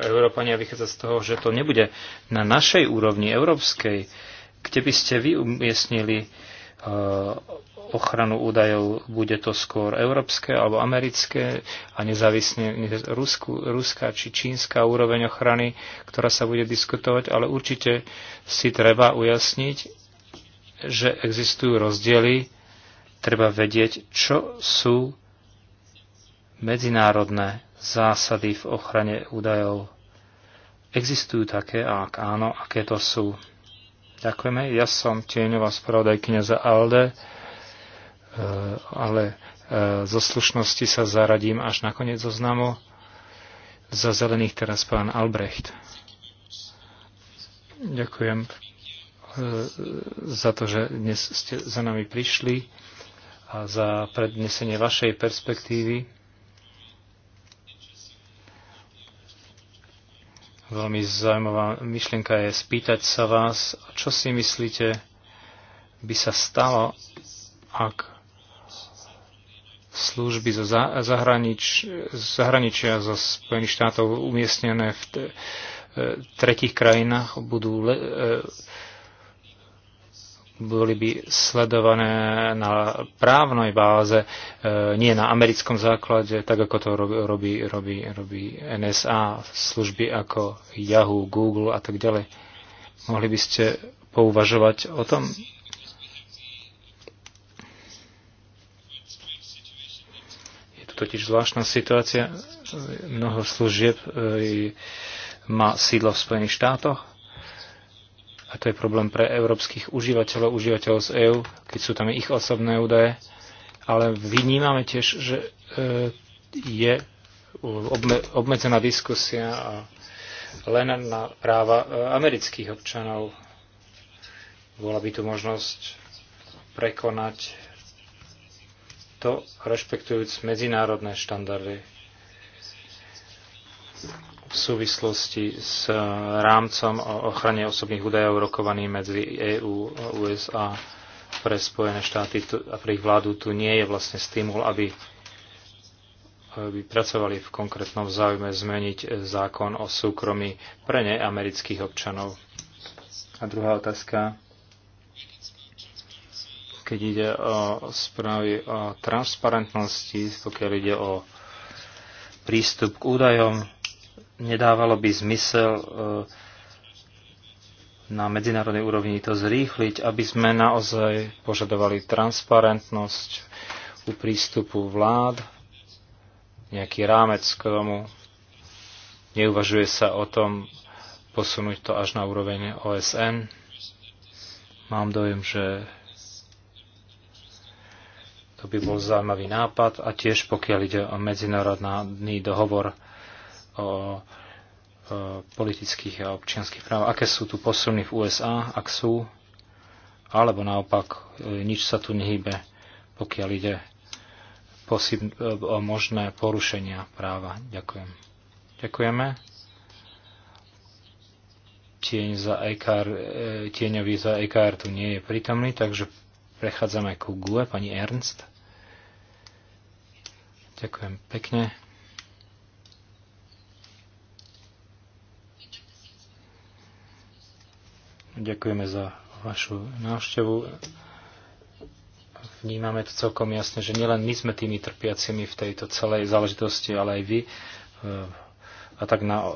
Európania vychádzať z toho, že to nebude na našej úrovni európskej, kde by ste vy umiestnili e, ochranu údajov bude to skôr európske alebo americké a nezávisne Rusku, ruská či čínska úroveň ochrany, ktorá sa bude diskutovať, ale určite si treba ujasniť, že existujú rozdiely, treba vedieť, čo sú medzinárodné zásady v ochrane údajov. Existujú také a ak áno, aké to sú. Ďakujeme. Ja som tieňová spravodajkynia za ALDE Eh, ale eh, zo slušnosti sa zaradím až na koniec zoznamu. Za zelených teraz pán Albrecht. Ďakujem eh, za to, že dnes ste za nami prišli a za prednesenie vašej perspektívy. Veľmi zaujímavá myšlienka je spýtať sa vás, čo si myslíte by sa stalo, ak služby zo zahranič, zahraničia, zo Spojených štátov umiestnené v t- e, tretich krajinách budú le- e, boli by sledované na právnej báze, e, nie na americkom základe, tak ako to robí, robí, robí NSA, služby ako Yahoo, Google a tak ďalej. Mohli by ste pouvažovať o tom, totiž zvláštna situácia. Mnoho služieb e, má sídlo v Spojených štátoch a to je problém pre európskych užívateľov, užívateľov z EÚ, keď sú tam ich osobné údaje. Ale vnímame tiež, že e, je obmedzená diskusia a len na práva e, amerických občanov. Bola by tu možnosť prekonať to rešpektujúc medzinárodné štandardy v súvislosti s rámcom o ochrane osobných údajov rokovaný medzi EÚ a USA pre Spojené štáty a pre ich vládu tu nie je vlastne stimul, aby, aby pracovali v konkrétnom záujme zmeniť zákon o súkromí pre neamerických občanov. A druhá otázka keď ide o správy o transparentnosti, pokiaľ ide o prístup k údajom, nedávalo by zmysel e, na medzinárodnej úrovni to zrýchliť, aby sme naozaj požadovali transparentnosť u prístupu vlád, nejaký rámec k tomu. Neuvažuje sa o tom posunúť to až na úroveň OSN. Mám dojem, že to by bol zaujímavý nápad a tiež pokiaľ ide o medzinárodný dohovor o politických a občianských práv. Aké sú tu posuny v USA, ak sú, alebo naopak e, nič sa tu nehybe, pokiaľ ide e, o možné porušenia práva. Ďakujem. Ďakujeme. Tieň za EKR, e, tieňový za EKR tu nie je prítomný, takže prechádzame ku GUE, pani Ernst. Ďakujem pekne. Ďakujeme za vašu návštevu. Vnímame to celkom jasne, že nielen my sme tými trpiacimi v tejto celej záležitosti, ale aj vy. E, a tak na e,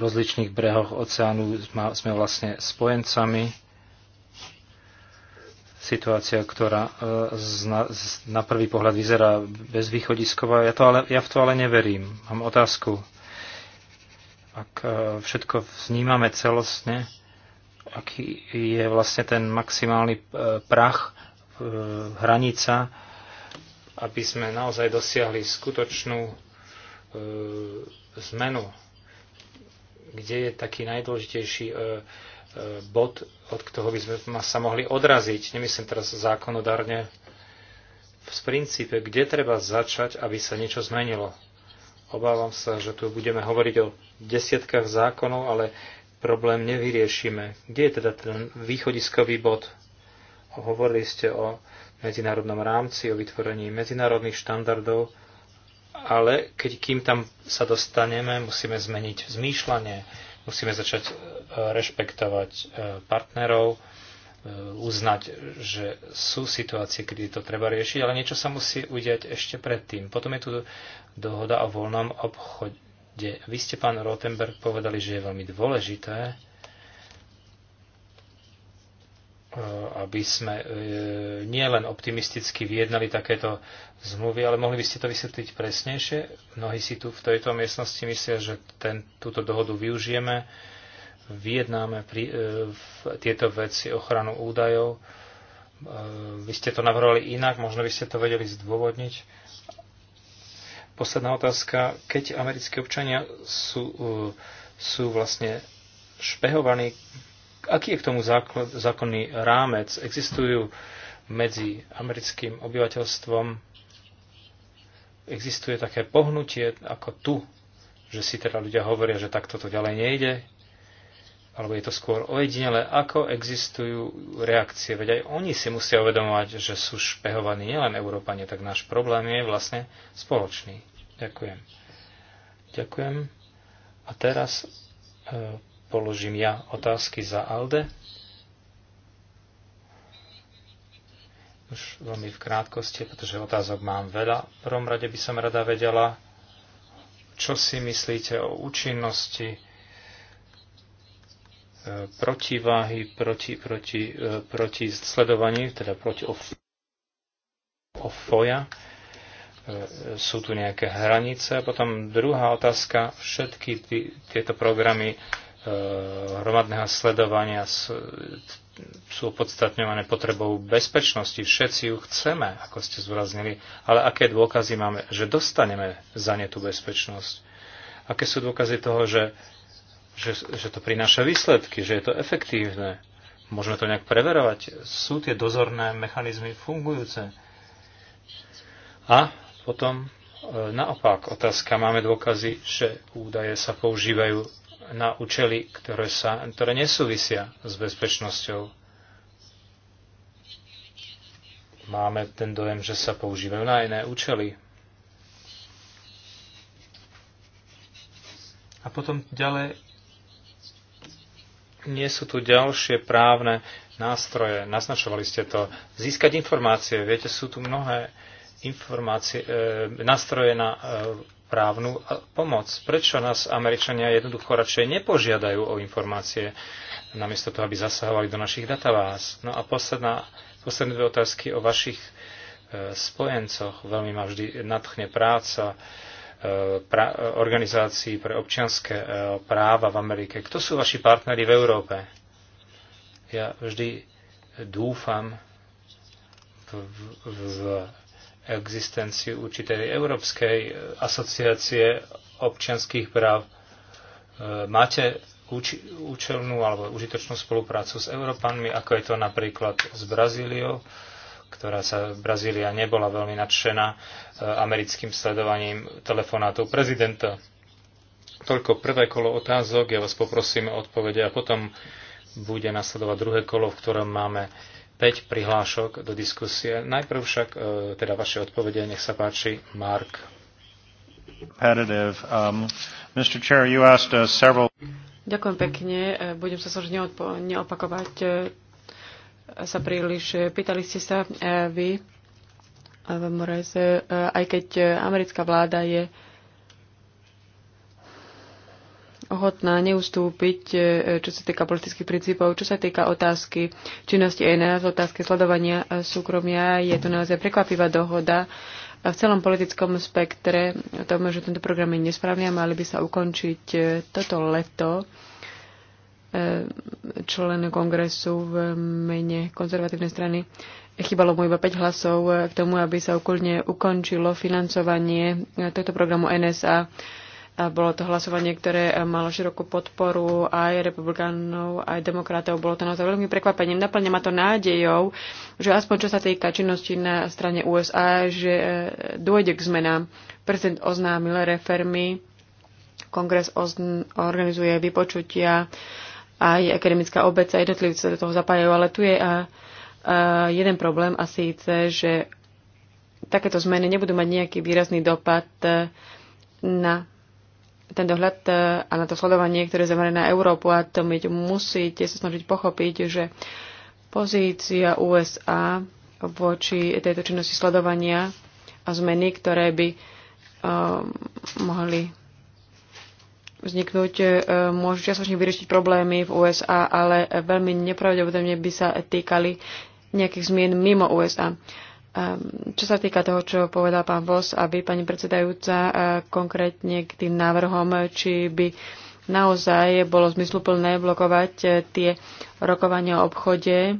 rozličných brehoch oceánu sme vlastne spojencami situácia, ktorá e, na prvý pohľad vyzerá bezvýchodisková. Ja, to ale, ja v to ale neverím. Mám otázku. Ak e, všetko vnímame celostne, aký je vlastne ten maximálny e, prach, hranica, aby sme naozaj dosiahli skutočnú zmenu, kde je taký najdôležitejší E, bod, od ktorého by sme sa mohli odraziť. Nemyslím teraz zákonodárne v princípe, kde treba začať, aby sa niečo zmenilo. Obávam sa, že tu budeme hovoriť o desiatkách zákonov, ale problém nevyriešime. Kde je teda ten východiskový bod? Hovorili ste o medzinárodnom rámci, o vytvorení medzinárodných štandardov, ale keď kým tam sa dostaneme, musíme zmeniť zmýšľanie, Musíme začať e, rešpektovať e, partnerov, e, uznať, že sú situácie, kedy to treba riešiť, ale niečo sa musí udiať ešte predtým. Potom je tu dohoda o voľnom obchode. Vy ste, pán Rotenberg, povedali, že je veľmi dôležité, Eh, aby sme eh, nielen optimisticky vyjednali takéto zmluvy, ale mohli by ste to vysvetliť presnejšie. Mnohí si tu v tejto miestnosti myslia, že ten, túto dohodu využijeme, vyjednáme pri, eh, v tieto veci ochranu údajov. Vy ste to navrhovali inak, možno by ste to vedeli zdôvodniť. Posledná otázka. Keď americké občania sú, sú vlastne špehovaní Aký je k tomu zákonný rámec? Existujú medzi americkým obyvateľstvom, existuje také pohnutie ako tu, že si teda ľudia hovoria, že takto to ďalej nejde, alebo je to skôr ojedinele, ako existujú reakcie. Veď aj oni si musia uvedomovať, že sú špehovaní nielen Európanie, tak náš problém je vlastne spoločný. Ďakujem. Ďakujem. A teraz e, položím ja otázky za Alde. Už veľmi v krátkosti, pretože otázok mám veľa. V prvom rade by som rada vedela, čo si myslíte o účinnosti e, protiváhy proti, proti, e, proti sledovaní, teda proti ofoja. E, sú tu nejaké hranice. A potom druhá otázka. Všetky tieto programy Eh, hromadného sledovania sú opodstatňované potrebou bezpečnosti. Všetci ju chceme, ako ste zvraznili, ale aké dôkazy máme, že dostaneme za ne tú bezpečnosť? Aké sú dôkazy toho, že, že, že to prináša výsledky, že je to efektívne? Môžeme to nejak preverovať? Sú tie dozorné mechanizmy fungujúce? A potom eh, naopak otázka, máme dôkazy, že údaje sa používajú na účely, ktoré, sa, ktoré nesúvisia s bezpečnosťou. Máme ten dojem, že sa používajú na iné účely. A potom ďalej nie sú tu ďalšie právne nástroje. Naznačovali ste to. Získať informácie. Viete, sú tu mnohé informácie, e, nástroje na e, právnu pomoc. Prečo nás Američania jednoducho radšej nepožiadajú o informácie, namiesto toho, aby zasahovali do našich databáz? No a posledná, posledné dve otázky o vašich e, spojencoch. Veľmi ma vždy nadchne práca e, pra, e, organizácií pre občianské e, práva v Amerike. Kto sú vaši partneri v Európe? Ja vždy dúfam v, v, v existenciu určitej Európskej e, asociácie občianských práv. E, máte úč- účelnú alebo užitočnú spoluprácu s Európanmi, ako je to napríklad s Brazíliou, ktorá sa Brazília nebola veľmi nadšená e, americkým sledovaním telefonátov prezidenta. Toľko prvé kolo otázok, ja vás poprosím o odpovede a potom bude nasledovať druhé kolo, v ktorom máme 5 prihlášok do diskusie. Najprv však e, teda vaše odpovede, nech sa páči, Mark. Um, uh, Ďakujem pekne. E, budem sa snažiť neopakovať e, sa príliš. Pýtali ste sa vy v aj keď americká vláda je ochotná neustúpiť, e, čo sa týka politických princípov, čo sa týka otázky činnosti ENS, otázky sledovania e, súkromia. Je to naozaj prekvapivá dohoda v celom politickom spektre o tom, že tento program je nesprávny a mali by sa ukončiť e, toto leto člen kongresu v mene konzervatívnej strany. Chýbalo mu iba 5 hlasov k tomu, aby sa úplne ukončilo financovanie tohto programu NSA bolo to hlasovanie, ktoré malo širokú podporu aj republikánov, aj demokratov. Bolo to naozaj veľmi prekvapením. Naplňa ma to nádejou, že aspoň čo sa týka činnosti na strane USA, že e, dôjde k zmenám. Prezident oznámil reformy, kongres organizuje vypočutia, aj akademická obec a jednotlivci sa do toho zapájajú, ale tu je a, a jeden problém a síce, že takéto zmeny nebudú mať nejaký výrazný dopad e, na ten dohľad e, a na to sledovanie, ktoré zamerá zamerané na Európu a to my musíte sa snažiť pochopiť, že pozícia USA voči tejto činnosti sledovania a zmeny, ktoré by um, mohli vzniknúť, um, môžu čiastočne vyriešiť problémy v USA, ale veľmi nepravdepodobne by sa týkali nejakých zmien mimo USA. Uh, Ehm, čo sa týka toho, čo povedal pán Vos a vy, pani predsedajúca, eh, konkrétne k tým návrhom, či by naozaj bolo zmysluplné blokovať eh, tie rokovania o obchode,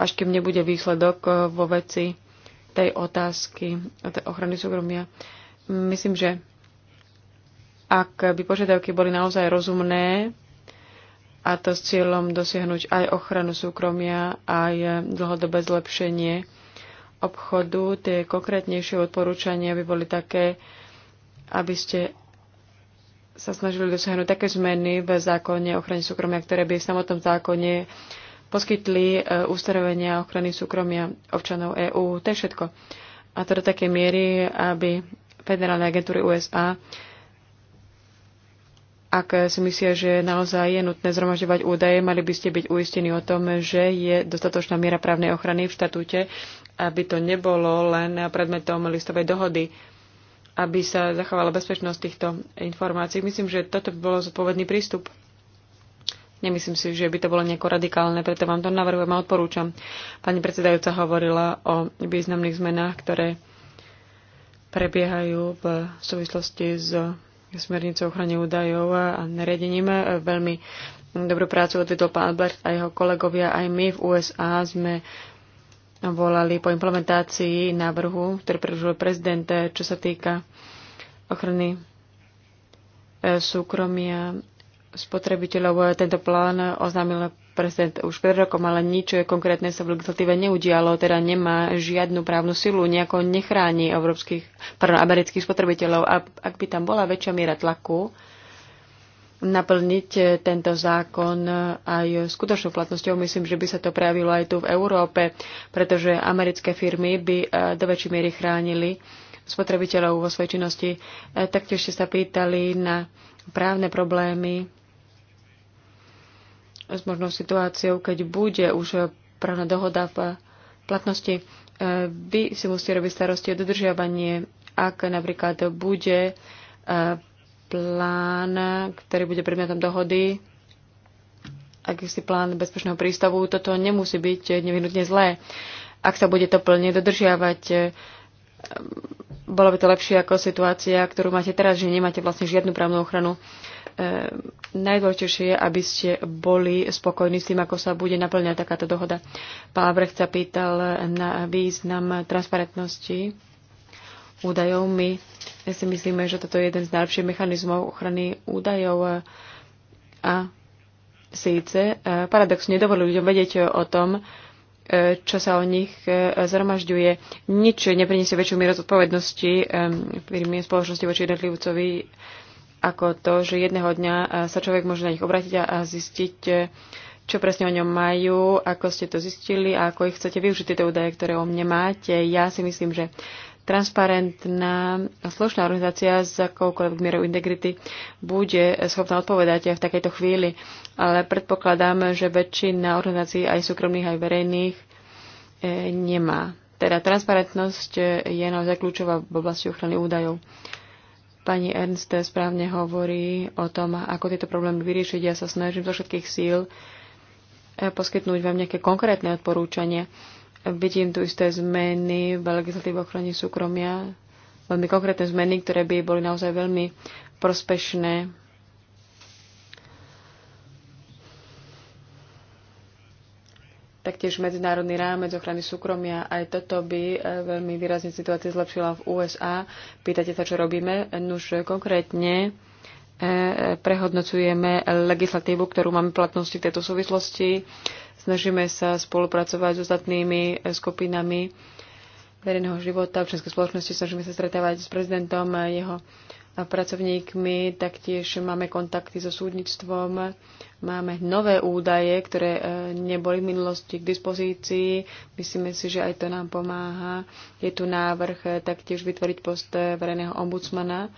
až kým nebude výsledok eh, vo veci tej otázky tej ochrany súkromia. Myslím, že ak by požiadavky boli naozaj rozumné, a to s cieľom dosiahnuť aj ochranu súkromia, aj dlhodobé zlepšenie obchodu, tie konkrétnejšie odporúčania by boli také, aby ste sa snažili dosiahnuť také zmeny v zákone ochrany súkromia, ktoré by v samotnom zákone poskytli e, ustanovenia ochrany súkromia občanov EÚ. To je všetko. A to do takej miery, aby federálne agentúry USA ak si myslia, že naozaj je nutné zhromažďovať údaje, mali by ste byť uistení o tom, že je dostatočná miera právnej ochrany v štatúte aby to nebolo len predmetom listovej dohody, aby sa zachovala bezpečnosť týchto informácií. Myslím, že toto by bolo zodpovedný prístup. Nemyslím si, že by to bolo nejako radikálne, preto vám to navrhujem a odporúčam. Pani predsedajúca hovorila o významných zmenách, ktoré prebiehajú v súvislosti s smernicou ochrany údajov a nariadením. Veľmi dobrú prácu odvedol pán Albert a jeho kolegovia. Aj my v USA sme volali po implementácii návrhu, ktorý predložil prezident, eh, čo sa týka ochrany eh, súkromia spotrebiteľov. Eh, tento plán oznámil prezident už pred rokom, ale nič konkrétne sa v legislatíve neudialo, teda nemá žiadnu právnu silu, nejako nechráni európskych, pardon, amerických spotrebiteľov. A ak by tam bola väčšia miera tlaku, naplniť e, tento zákon aj skutočnou platnosťou. Myslím, že by sa to prejavilo aj tu v Európe, pretože americké firmy by e, do väčšej miery chránili spotrebiteľov vo svojej činnosti. E, taktiež ste sa pýtali na právne problémy s možnou situáciou, keď bude už právna dohoda v platnosti. Vy si musíte robiť starosti o dodržiavanie, ak napríklad bude plán, ktorý bude predmetom dohody, akýsi plán bezpečného prístavu, toto nemusí byť nevyhnutne zlé. Ak sa bude to plne dodržiavať, ehm, bolo by to lepšie ako situácia, ktorú máte teraz, že nemáte vlastne žiadnu právnu ochranu. E, najdôležitejšie je, aby ste boli spokojní s tým, ako sa bude naplňať takáto dohoda. Pán Brecht sa pýtal na význam transparentnosti údajov. My si myslíme, že toto je jeden z najlepších mechanizmov ochrany údajov a síce e, paradoxne nedovolí ľuďom vedieť o tom, e, čo sa o nich e, zhromažďuje. Nič nepriniesie väčšiu mieru zodpovednosti firmy spoločnosti voči jednotlivcovi ako to, že jedného dňa sa človek môže na nich obrátiť a zistiť, čo presne o ňom majú, ako ste to zistili a ako ich chcete využiť tieto údaje, ktoré o mne máte. Ja si myslím, že transparentná slušná organizácia s akoukoľvek mierou integrity bude schopná odpovedať aj v takejto chvíli. Ale predpokladám, že väčšina organizácií aj súkromných, aj verejných e, nemá. Teda transparentnosť e, je naozaj kľúčová v oblasti ochrany údajov. Pani Ernst správne hovorí o tom, ako tieto problémy vyriešiť. Ja sa snažím zo všetkých síl e, poskytnúť vám nejaké konkrétne odporúčania Vidím tu isté zmeny v legislatíve ochrany súkromia, veľmi konkrétne zmeny, ktoré by boli naozaj veľmi prospešné. Taktiež medzinárodný rámec ochrany súkromia, aj toto by e, veľmi výrazne situácie zlepšila v USA. Pýtate sa, čo robíme? Nuž konkrétne e, e, prehodnocujeme legislatívu, ktorú máme platnosti v tejto súvislosti. Snažíme sa spolupracovať s ostatnými eh, skupinami verejného života, občianskej spoločnosti, snažíme sa stretávať s prezidentom, jeho eh, pracovníkmi, taktiež máme kontakty so súdnictvom, máme nové údaje, ktoré eh, neboli v minulosti k dispozícii. Myslíme si, že aj to nám pomáha. Je tu návrh taktiež vytvoriť post verejného ombudsmana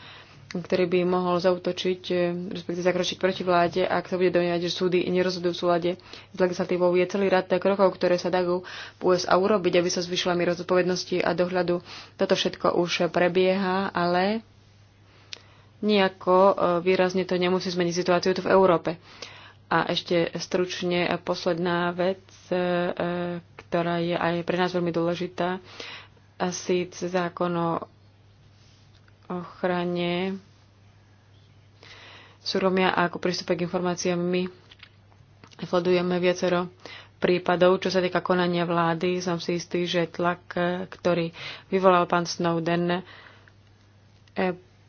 ktorý by mohol zautočiť, e, respektíve zakročiť proti vláde, ak sa bude doniať, že súdy nerozhodujú v súlade s legislatívou. Je celý rad krokov, ktoré sa dajú v USA urobiť, aby sa zvyšila miera zodpovednosti a dohľadu. Toto všetko už prebieha, ale nejako e, výrazne to nemusí zmeniť situáciu tu v Európe. A ešte stručne posledná vec, e, ktorá je aj pre nás veľmi dôležitá, a síce zákon o ochrane súromia a ako prístupe k informáciám. My sledujeme viacero prípadov, čo sa týka konania vlády. Som si istý, že tlak, ktorý vyvolal pán Snowden, e,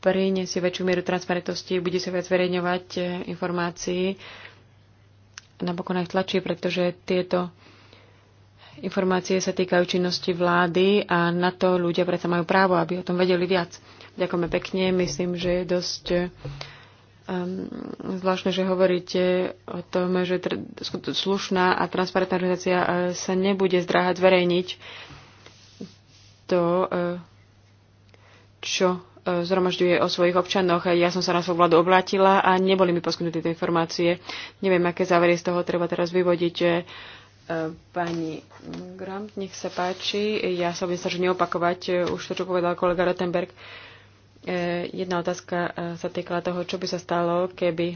priniesie väčšiu mieru transparentnosti, bude sa viac verejňovať e, informácií, napokon aj tlačí, pretože tieto informácie sa týkajú činnosti vlády a na to ľudia predsa majú právo, aby o tom vedeli viac. Ďakujeme pekne. Myslím, že je dosť um, zvláštne, že hovoríte o tom, že slušná a transparentná organizácia uh, sa nebude zdráhať zverejniť to, uh, čo uh, zhromažďuje o svojich občanoch. Ja som sa na svoju vládu oblátila a neboli mi poskytnuté tieto informácie. Neviem, aké závery z toho treba teraz vyvodiť. Uh, pani Grant, nech sa páči. Ja sa budem snažiť neopakovať uh, už to, čo povedal kolega Rottenberg. Uh, E, jedna otázka e, sa týkala toho, čo by sa stalo, keby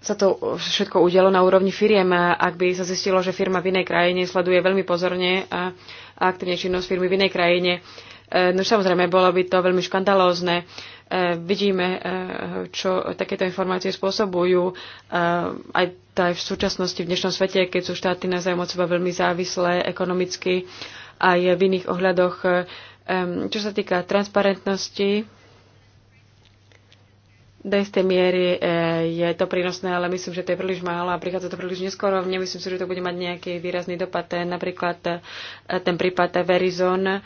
sa to všetko udialo na úrovni firiem ak by sa zistilo, že firma v inej krajine sleduje veľmi pozorne a, aktívne činnosť firmy v inej krajine, e, no samozrejme, bolo by to veľmi škandalózne. E, vidíme, e, čo takéto informácie spôsobujú. E, aj, v súčasnosti, v dnešnom svete, keď sú štáty na od seba veľmi závislé ekonomicky aj v iných ohľadoch. Čo sa týka transparentnosti, do istej miery je to prínosné, ale myslím, že to je príliš málo a prichádza to príliš neskoro. Nemyslím si, že to bude mať nejaký výrazný dopad. Napríklad ten prípad Verizon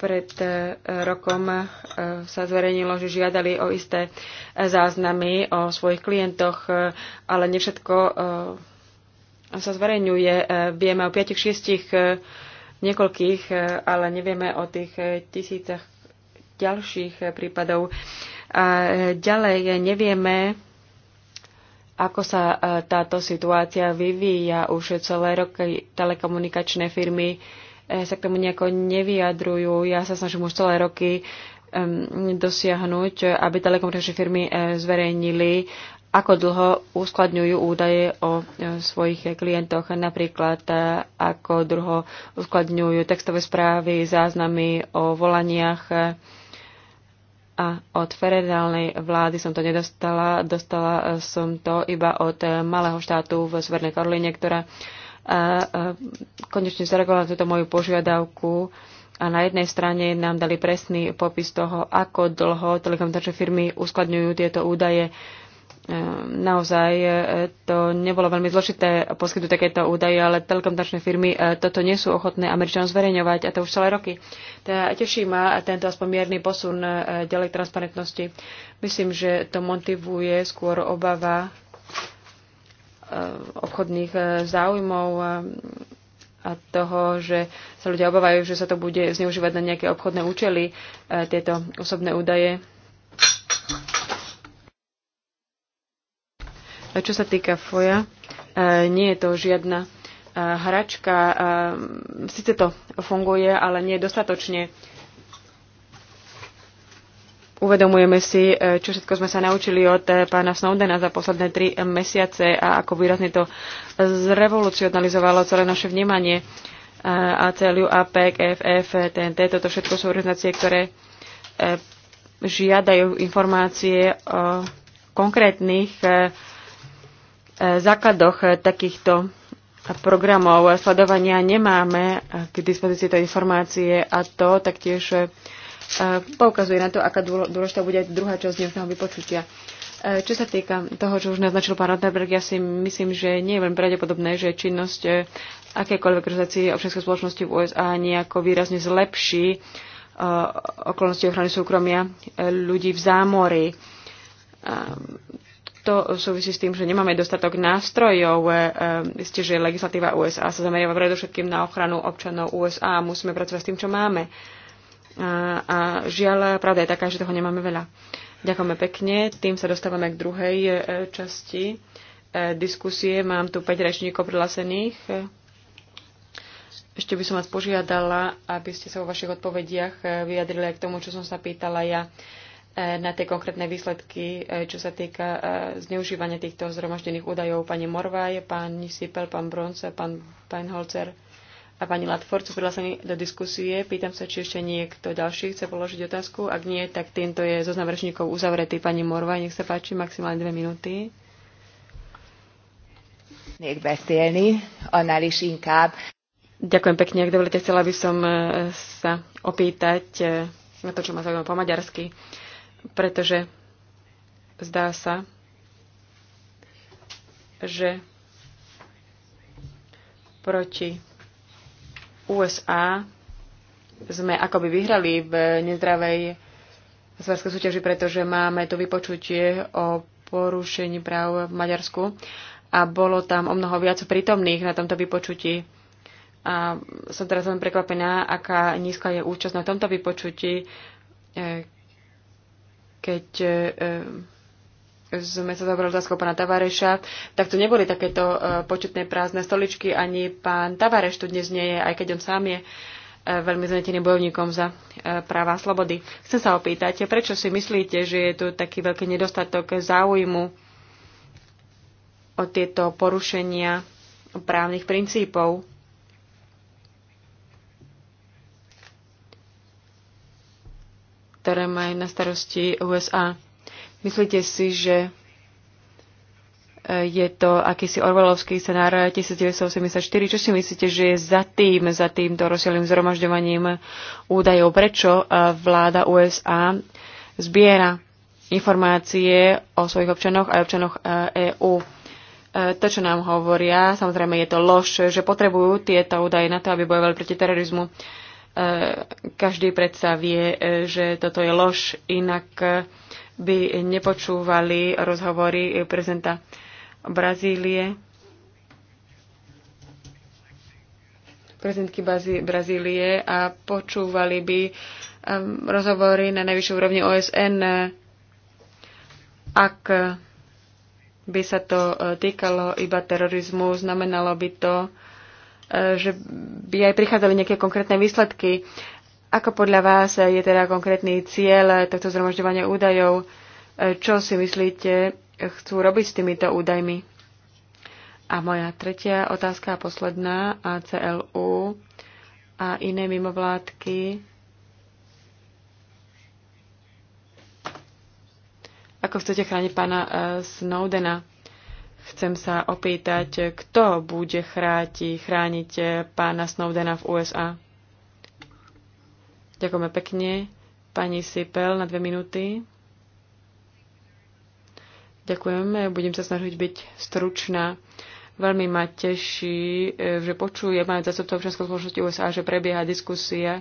pred e, rokom e, sa zverejnilo, že žiadali o isté záznamy o svojich klientoch, e, ale nevšetko sa zverejňuje. Vieme o 5-6 niekoľkých, ale nevieme o tých tisícach ďalších prípadov. A ďalej nevieme, ako sa táto situácia vyvíja. Už celé roky telekomunikačné firmy E, sa k tomu nejako nevyjadrujú. Ja sa snažím už celé roky dosiahnuť, aby telekomunikačné firmy e, zverejnili, ako dlho uskladňujú údaje o e, svojich klientoch, napríklad ako dlho uskladňujú textové správy, záznamy o volaniach. A od federálnej vlády som to nedostala, dostala som to iba od malého štátu v Svernej Karolíne, ktorá a konečne zareagovali na túto moju požiadavku a na jednej strane nám dali presný popis toho, ako dlho telekomunikačné firmy uskladňujú tieto údaje. E, naozaj e, to nebolo veľmi zložité poskytnúť takéto údaje, ale telekomunikačné firmy e, toto nie sú ochotné Američanom zverejňovať a to už celé roky. Teda teší ma tento aspoň mierny posun ďalej transparentnosti. Myslím, že to motivuje skôr obava Eh, obchodných eh, záujmov eh, a toho, že sa ľudia obávajú, že sa to bude zneužívať na nejaké obchodné účely, tieto osobné údaje. Čo sa týka FOIA, nie je to žiadna hračka. Sice to funguje, ale nie dostatočne Uvedomujeme si, e, čo všetko sme sa naučili od e, pána Snowdena za posledné tri mesiace a ako výrazne to zrevolucionalizovalo celé naše vnímanie e, ACLU, APEC, FF, TNT. Toto všetko sú organizácie, ktoré žiadajú informácie o konkrétnych základoch takýchto programov sledovania. Nemáme k dispozícii tej informácie a to taktiež poukazuje na to, aká dôležitá bude aj druhá časť dnešného vypočutia. E, čo sa týka toho, čo už naznačil pán Rottenberg, ja si myslím, že nie je veľmi pravdepodobné, že činnosť e, akékoľvek organizácie občianskej spoločnosti v USA nejako výrazne zlepší e, okolnosti ochrany súkromia ľudí v zámori. To súvisí s tým, že nemáme dostatok nástrojov. Ste, že legislatíva USA sa zameriava predovšetkým na ochranu občanov USA a musíme pracovať s tým, čo máme. A, a žiaľ, pravda je taká, že toho nemáme veľa. Ďakujeme pekne. Tým sa dostávame k druhej e, časti e, diskusie. Mám tu 5 rečníkov prihlásených. Ešte by som vás požiadala, aby ste sa vo vašich odpovediach e, vyjadrili aj k tomu, čo som sa pýtala ja na tie konkrétne výsledky, čo sa týka zneužívania týchto zhromaždených údajov. Pani Morvaj, pán Sipel, pán Bronce, pán Peinholzer. Pán a pani Latford sú prihlásení do diskusie. Pýtam sa, či ešte niekto ďalší chce položiť otázku. Ak nie, tak týmto je zoznam rečníkov uzavretý. Pani Morva, nech sa páči, maximálne dve minúty. Még beszélni, annál is inkább. Ďakujem pekne. Ak dovolíte, chcela by som e, sa opýtať e, na to, čo ma zaujíma po maďarsky, pretože zdá sa, že proti USA sme akoby vyhrali v nezdravej zvarskej súťaži, pretože máme tu vypočutie o porušení práv v Maďarsku a bolo tam o mnoho viac prítomných na tomto vypočutí. A som teraz len prekvapená, aká nízka je účasť na tomto vypočutí, eh, keď eh, sme sa zaoberali otázkou pána Tavareša, tak tu neboli takéto e, početné prázdne stoličky, ani pán Tavareš tu dnes nie je, aj keď on sám je e, veľmi zneteným bojovníkom za e, práva a slobody. Chcem sa opýtať, prečo si myslíte, že je tu taký veľký nedostatok záujmu o tieto porušenia právnych princípov? ktoré majú na starosti USA. Myslíte si, že e, je to akýsi Orvalovský scenár 1984. Čo si myslíte, že je za tým, za týmto rozsielým zhromažďovaním údajov? Prečo e, vláda USA zbiera informácie o svojich občanoch a občanoch EÚ? E to, čo nám hovoria, samozrejme je to lož, že potrebujú tieto údaje na to, aby bojovali proti terorizmu. Každý predsa vie, že toto je lož, inak by nepočúvali rozhovory prezidenta Brazílie. prezidentky Brazílie a počúvali by um, rozhovory na najvyššej úrovni OSN, ak by sa to uh, týkalo iba terorizmu, znamenalo by to, uh, že by aj prichádzali nejaké konkrétne výsledky. Ako podľa vás je teda konkrétny cieľ tohto zhromažďovania údajov? Čo si myslíte, chcú robiť s týmito údajmi? A moja tretia otázka a posledná, ACLU a iné mimovládky. Ako chcete chrániť pána eh, Snowdena? Chcem sa opýtať, kto bude chráti, chrániť eh, pána Snowdena v USA? Ďakujeme pekne. Pani Sipel na dve minúty. Ďakujem, budem sa snažiť byť stručná. Veľmi ma teší, e, že počujem aj zastupcov občianskej spoločnosti USA, že prebieha diskusia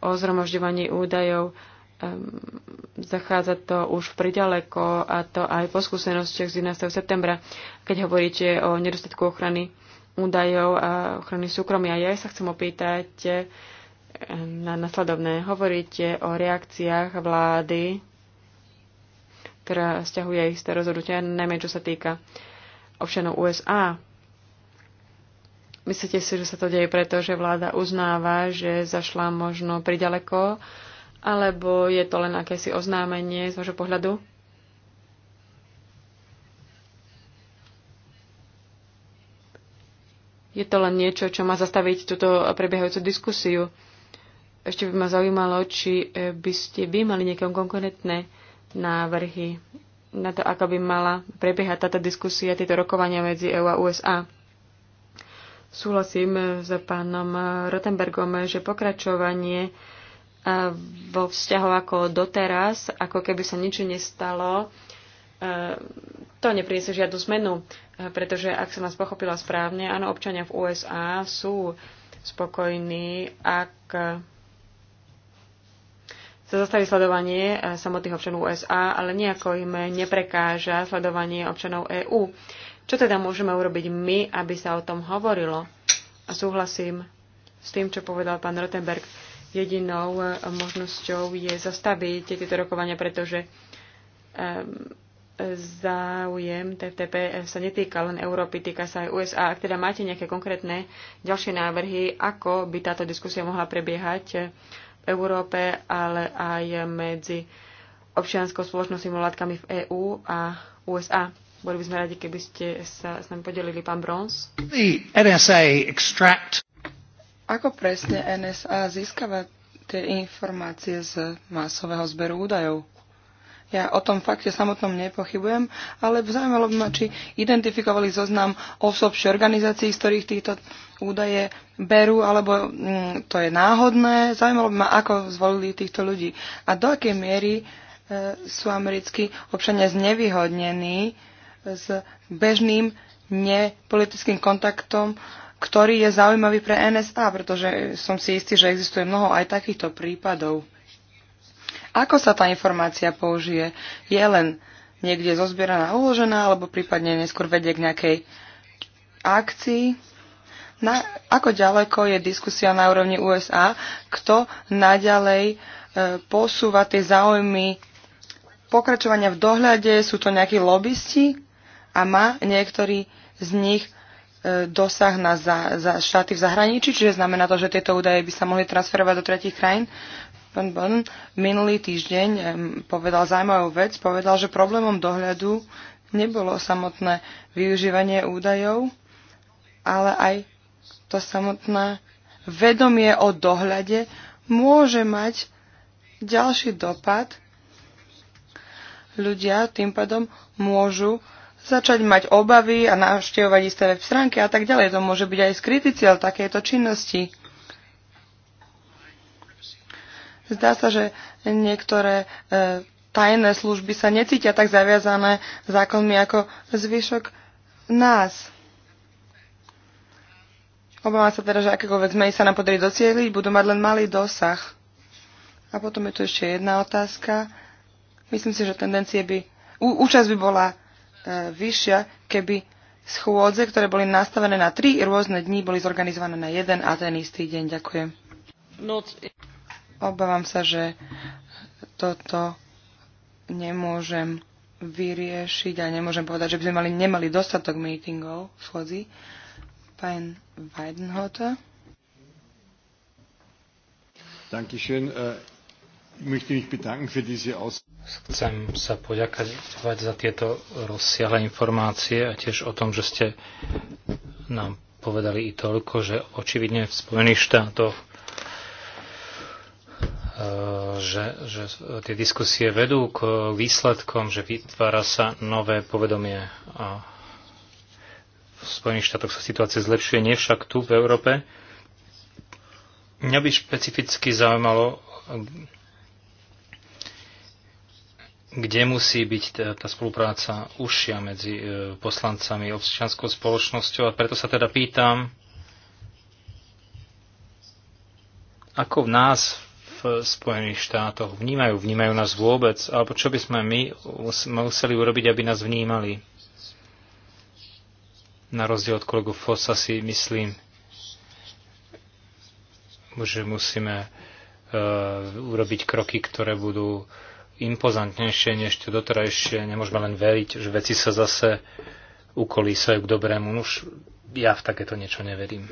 o zhromažďovaní údajov. Zachádza to už priďaleko a to aj po skúsenostiach z 11. septembra, keď hovoríte o nedostatku ochrany údajov a ochrany súkromia. Ja sa chcem opýtať, e, na nasledovné. Hovoríte o reakciách vlády, ktorá stiahuje isté rozhodnutia, najmä čo sa týka občanov USA. Myslíte si, že sa to deje preto, že vláda uznáva, že zašla možno priďaleko, alebo je to len akési oznámenie z vášho pohľadu? Je to len niečo, čo má zastaviť túto prebiehajúcu diskusiu. Ešte by ma zaujímalo, či e, by ste vy mali nejaké konkrétne návrhy na to, ako by mala prebiehať táto diskusia, tieto rokovania medzi EU a USA. Súhlasím e, s pánom e, Rotenbergom, že pokračovanie vo vzťahu ako doteraz, ako keby sa nič nestalo, to nepriniesie žiadnu zmenu, pretože ak som vás pochopila správne, áno, občania v USA sú spokojní, ak sa zastaví sledovanie eh, samotných občanov USA, ale nejako im eh, neprekáža sledovanie občanov EÚ. Čo teda môžeme urobiť my, aby sa o tom hovorilo? A súhlasím s tým, čo povedal pán Rottenberg. Jedinou eh, možnosťou je zastaviť tieto rokovania, pretože záujem TTP sa netýka len Európy, týka sa aj USA. Ak teda máte nejaké konkrétne ďalšie návrhy, ako by táto diskusia mohla prebiehať, Európe, ale aj medzi občianskou spoločnosťou mladkami v EÚ a USA. Boli by sme radi, keby ste sa s nami podelili, pán Bronz. Extract... Ako presne NSA získava tie informácie z masového zberu údajov? Ja o tom fakte samotnom nepochybujem, ale zaujímalo by ma, či identifikovali zoznam osob či organizácií, z ktorých týchto údaje berú, alebo mm, to je náhodné. Zaujímalo by ma, ako zvolili týchto ľudí. A do akej miery e, sú americkí občania znevýhodnení e, s bežným nepolitickým kontaktom, ktorý je zaujímavý pre NSA, pretože som si istý, že existuje mnoho aj takýchto prípadov ako sa tá informácia použije. Je len niekde zozbieraná, uložená, alebo prípadne neskôr vedie k nejakej akcii. Na, ako ďaleko je diskusia na úrovni USA, kto naďalej e, posúva tie záujmy pokračovania v dohľade, sú to nejakí lobbysti a má niektorý z nich e, dosah na za, za štáty v zahraničí, čiže znamená to, že tieto údaje by sa mohli transferovať do tretich krajín. Pán minulý týždeň povedal zaujímavú vec, povedal, že problémom dohľadu nebolo samotné využívanie údajov, ale aj to samotné vedomie o dohľade môže mať ďalší dopad. Ľudia tým pádom môžu začať mať obavy a navštevovať isté web stránky a tak ďalej. To môže byť aj skrytý cieľ takéto činnosti. Zdá sa, že niektoré e, tajné služby sa necítia tak zaviazané zákonmi ako zvyšok nás. Obávam sa teda, že akékoľvek zmeny sa nám podarí docieliť, budú mať len malý dosah. A potom je tu ešte jedna otázka. Myslím si, že tendencie by... Ú, účasť by bola e, vyššia, keby schôdze, ktoré boli nastavené na tri rôzne dní, boli zorganizované na jeden a ten istý deň. Ďakujem. Not... Obávam sa, že toto nemôžem vyriešiť a nemôžem povedať, že by sme mali, nemali dostatok meetingov v schodzi. Pán Weidenhofer. Dankeschön. Äh, Chcem sa poďakovať za tieto rozsiahle informácie a tiež o tom, že ste nám povedali i toľko, že očividne v Spojených štátoch že, že tie diskusie vedú k výsledkom, že vytvára sa nové povedomie. A v Spojených štátoch sa situácia zlepšuje, nie však tu v Európe. Mňa by špecificky zaujímalo, kde musí byť tá spolupráca užšia medzi e, poslancami a občianskou spoločnosťou a preto sa teda pýtam, ako v nás v Spojených štátoch vnímajú. Vnímajú nás vôbec, alebo čo by sme my museli urobiť, aby nás vnímali. Na rozdiel od kolegu Fossa si myslím, že musíme e, urobiť kroky, ktoré budú impozantnejšie než to doterajšie. Nemôžeme len veriť, že veci sa zase ukolísajú k dobrému. Už ja v takéto niečo neverím.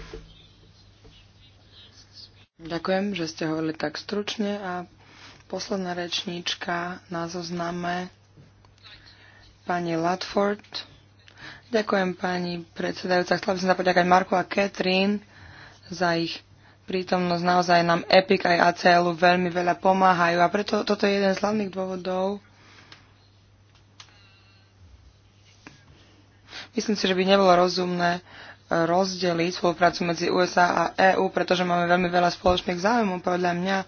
Ďakujem, že ste hovorili tak stručne a posledná rečníčka na zozname pani Latford. Ďakujem pani predsedajúca. Chcela by som sa poďakať Marku a Katrin za ich prítomnosť. Naozaj nám EPIC aj ACL, veľmi veľa pomáhajú a preto toto je jeden z hlavných dôvodov, Myslím si, že by nebolo rozumné e, rozdeliť spoluprácu medzi USA a EÚ, pretože máme veľmi veľa spoločných záujmov. Podľa mňa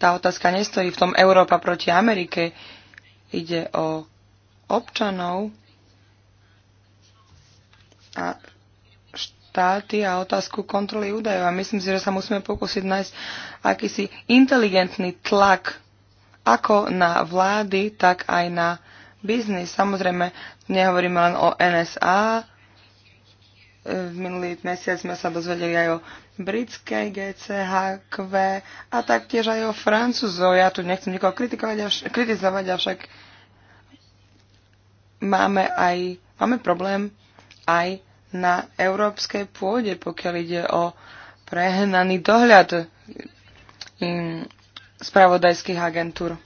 tá otázka nestojí v tom Európa proti Amerike. Ide o občanov a štáty a otázku kontroly údajov. A myslím si, že sa musíme pokúsiť nájsť akýsi inteligentný tlak ako na vlády, tak aj na biznis. Samozrejme, nehovoríme len o NSA. E, v minulý mesiac sme sa dozvedeli aj o britskej GCHQ a taktiež aj o Francúzov. Ja tu nechcem nikoho kritikovať, kritizovať, avšak máme aj máme problém aj na európskej pôde, pokiaľ ide o prehnaný dohľad mm, spravodajských agentúr.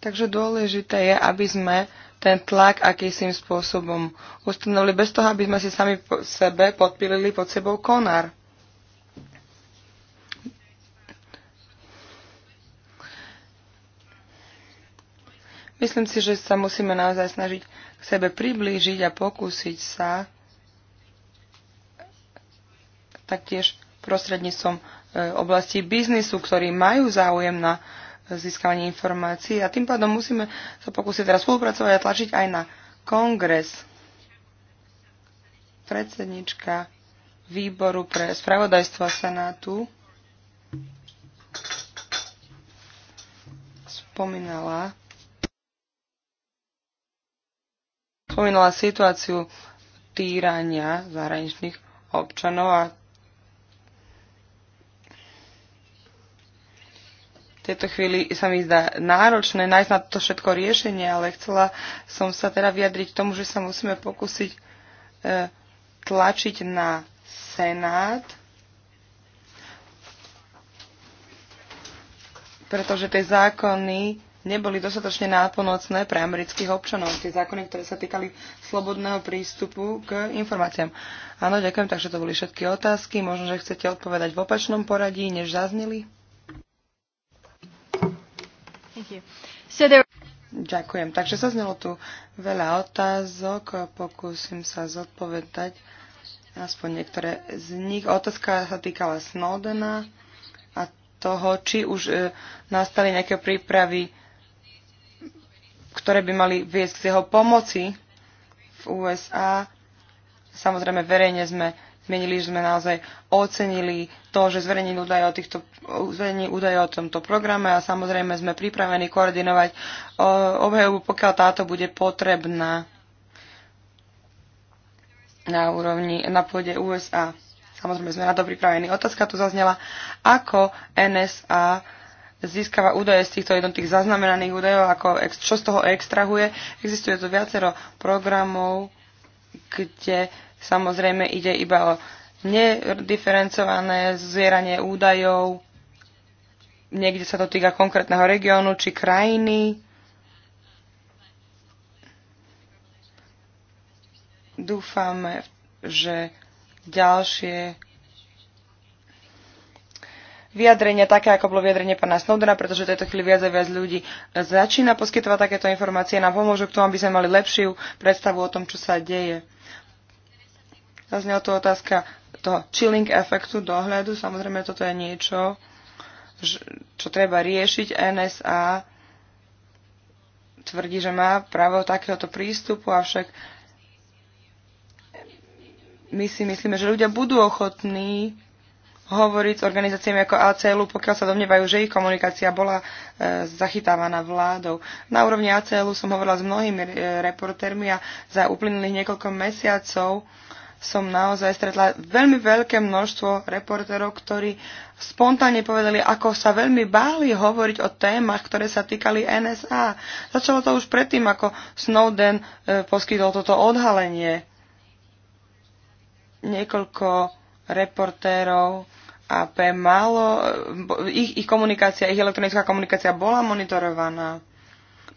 Takže dôležité je, aby sme ten tlak akýsim spôsobom ustanovili, bez toho, aby sme si sami po sebe podpilili pod sebou konár. Myslím si, že sa musíme naozaj snažiť k sebe priblížiť a pokúsiť sa taktiež prostredníctvom e, oblasti biznisu, ktorí majú záujem na získavanie informácií a tým pádom musíme sa pokúsiť teraz spolupracovať a tlačiť aj na kongres. Predsednička výboru pre spravodajstvo Senátu spomínala spomínala situáciu týrania zahraničných občanov a tejto chvíli sa mi zdá náročné nájsť na to všetko riešenie, ale chcela som sa teda vyjadriť k tomu, že sa musíme pokúsiť e, tlačiť na Senát, pretože tie zákony neboli dostatočne nápomocné pre amerických občanov. Tie zákony, ktoré sa týkali slobodného prístupu k informáciám. Áno, ďakujem, takže to boli všetky otázky. Možno, že chcete odpovedať v opačnom poradí, než zaznili. Ďakujem. Takže sa znelo tu veľa otázok, pokúsim sa zodpovedať aspoň niektoré z nich. Otázka sa týkala Snowdena a toho, či už e, nastali nejaké prípravy, ktoré by mali viesť k jeho pomoci v USA. Samozrejme, verejne sme menili, že sme naozaj ocenili to, že zverejní údaje o, týchto, zverejní údaje o tomto programe a samozrejme sme pripravení koordinovať obhajobu, pokiaľ táto bude potrebná na úrovni, na pôde USA. Samozrejme sme na to pripravení. Otázka tu zaznela, ako NSA získava údaje z týchto jednotých zaznamenaných údajov, ako, čo z toho extrahuje. Existuje tu viacero programov, kde Samozrejme ide iba o nediferencované zvieranie údajov, niekde sa to týka konkrétneho regiónu či krajiny. Dúfame, že ďalšie vyjadrenia, také ako bolo vyjadrenie pána Snowdena, pretože v tejto chvíli viac a viac ľudí začína poskytovať takéto informácie, nám pomôžu k tomu, aby sme mali lepšiu predstavu o tom, čo sa deje. Zaznela tu otázka toho chilling efektu dohľadu. Samozrejme, toto je niečo, čo treba riešiť. NSA tvrdí, že má právo takéhoto prístupu, avšak my si myslíme, že ľudia budú ochotní hovoriť s organizáciami ako ACLU, pokiaľ sa domnievajú, že ich komunikácia bola e, zachytávaná vládou. Na úrovni ACLU som hovorila s mnohými e, reportérmi a za uplynulých niekoľko mesiacov e, som naozaj stretla veľmi veľké množstvo reportérov, ktorí spontánne povedali, ako sa veľmi báli hovoriť o témach, ktoré sa týkali NSA. Začalo to už predtým, ako Snowden e, poskytol toto odhalenie. Niekoľko reportérov pre malo, e, ich, ich komunikácia, ich elektronická komunikácia bola monitorovaná.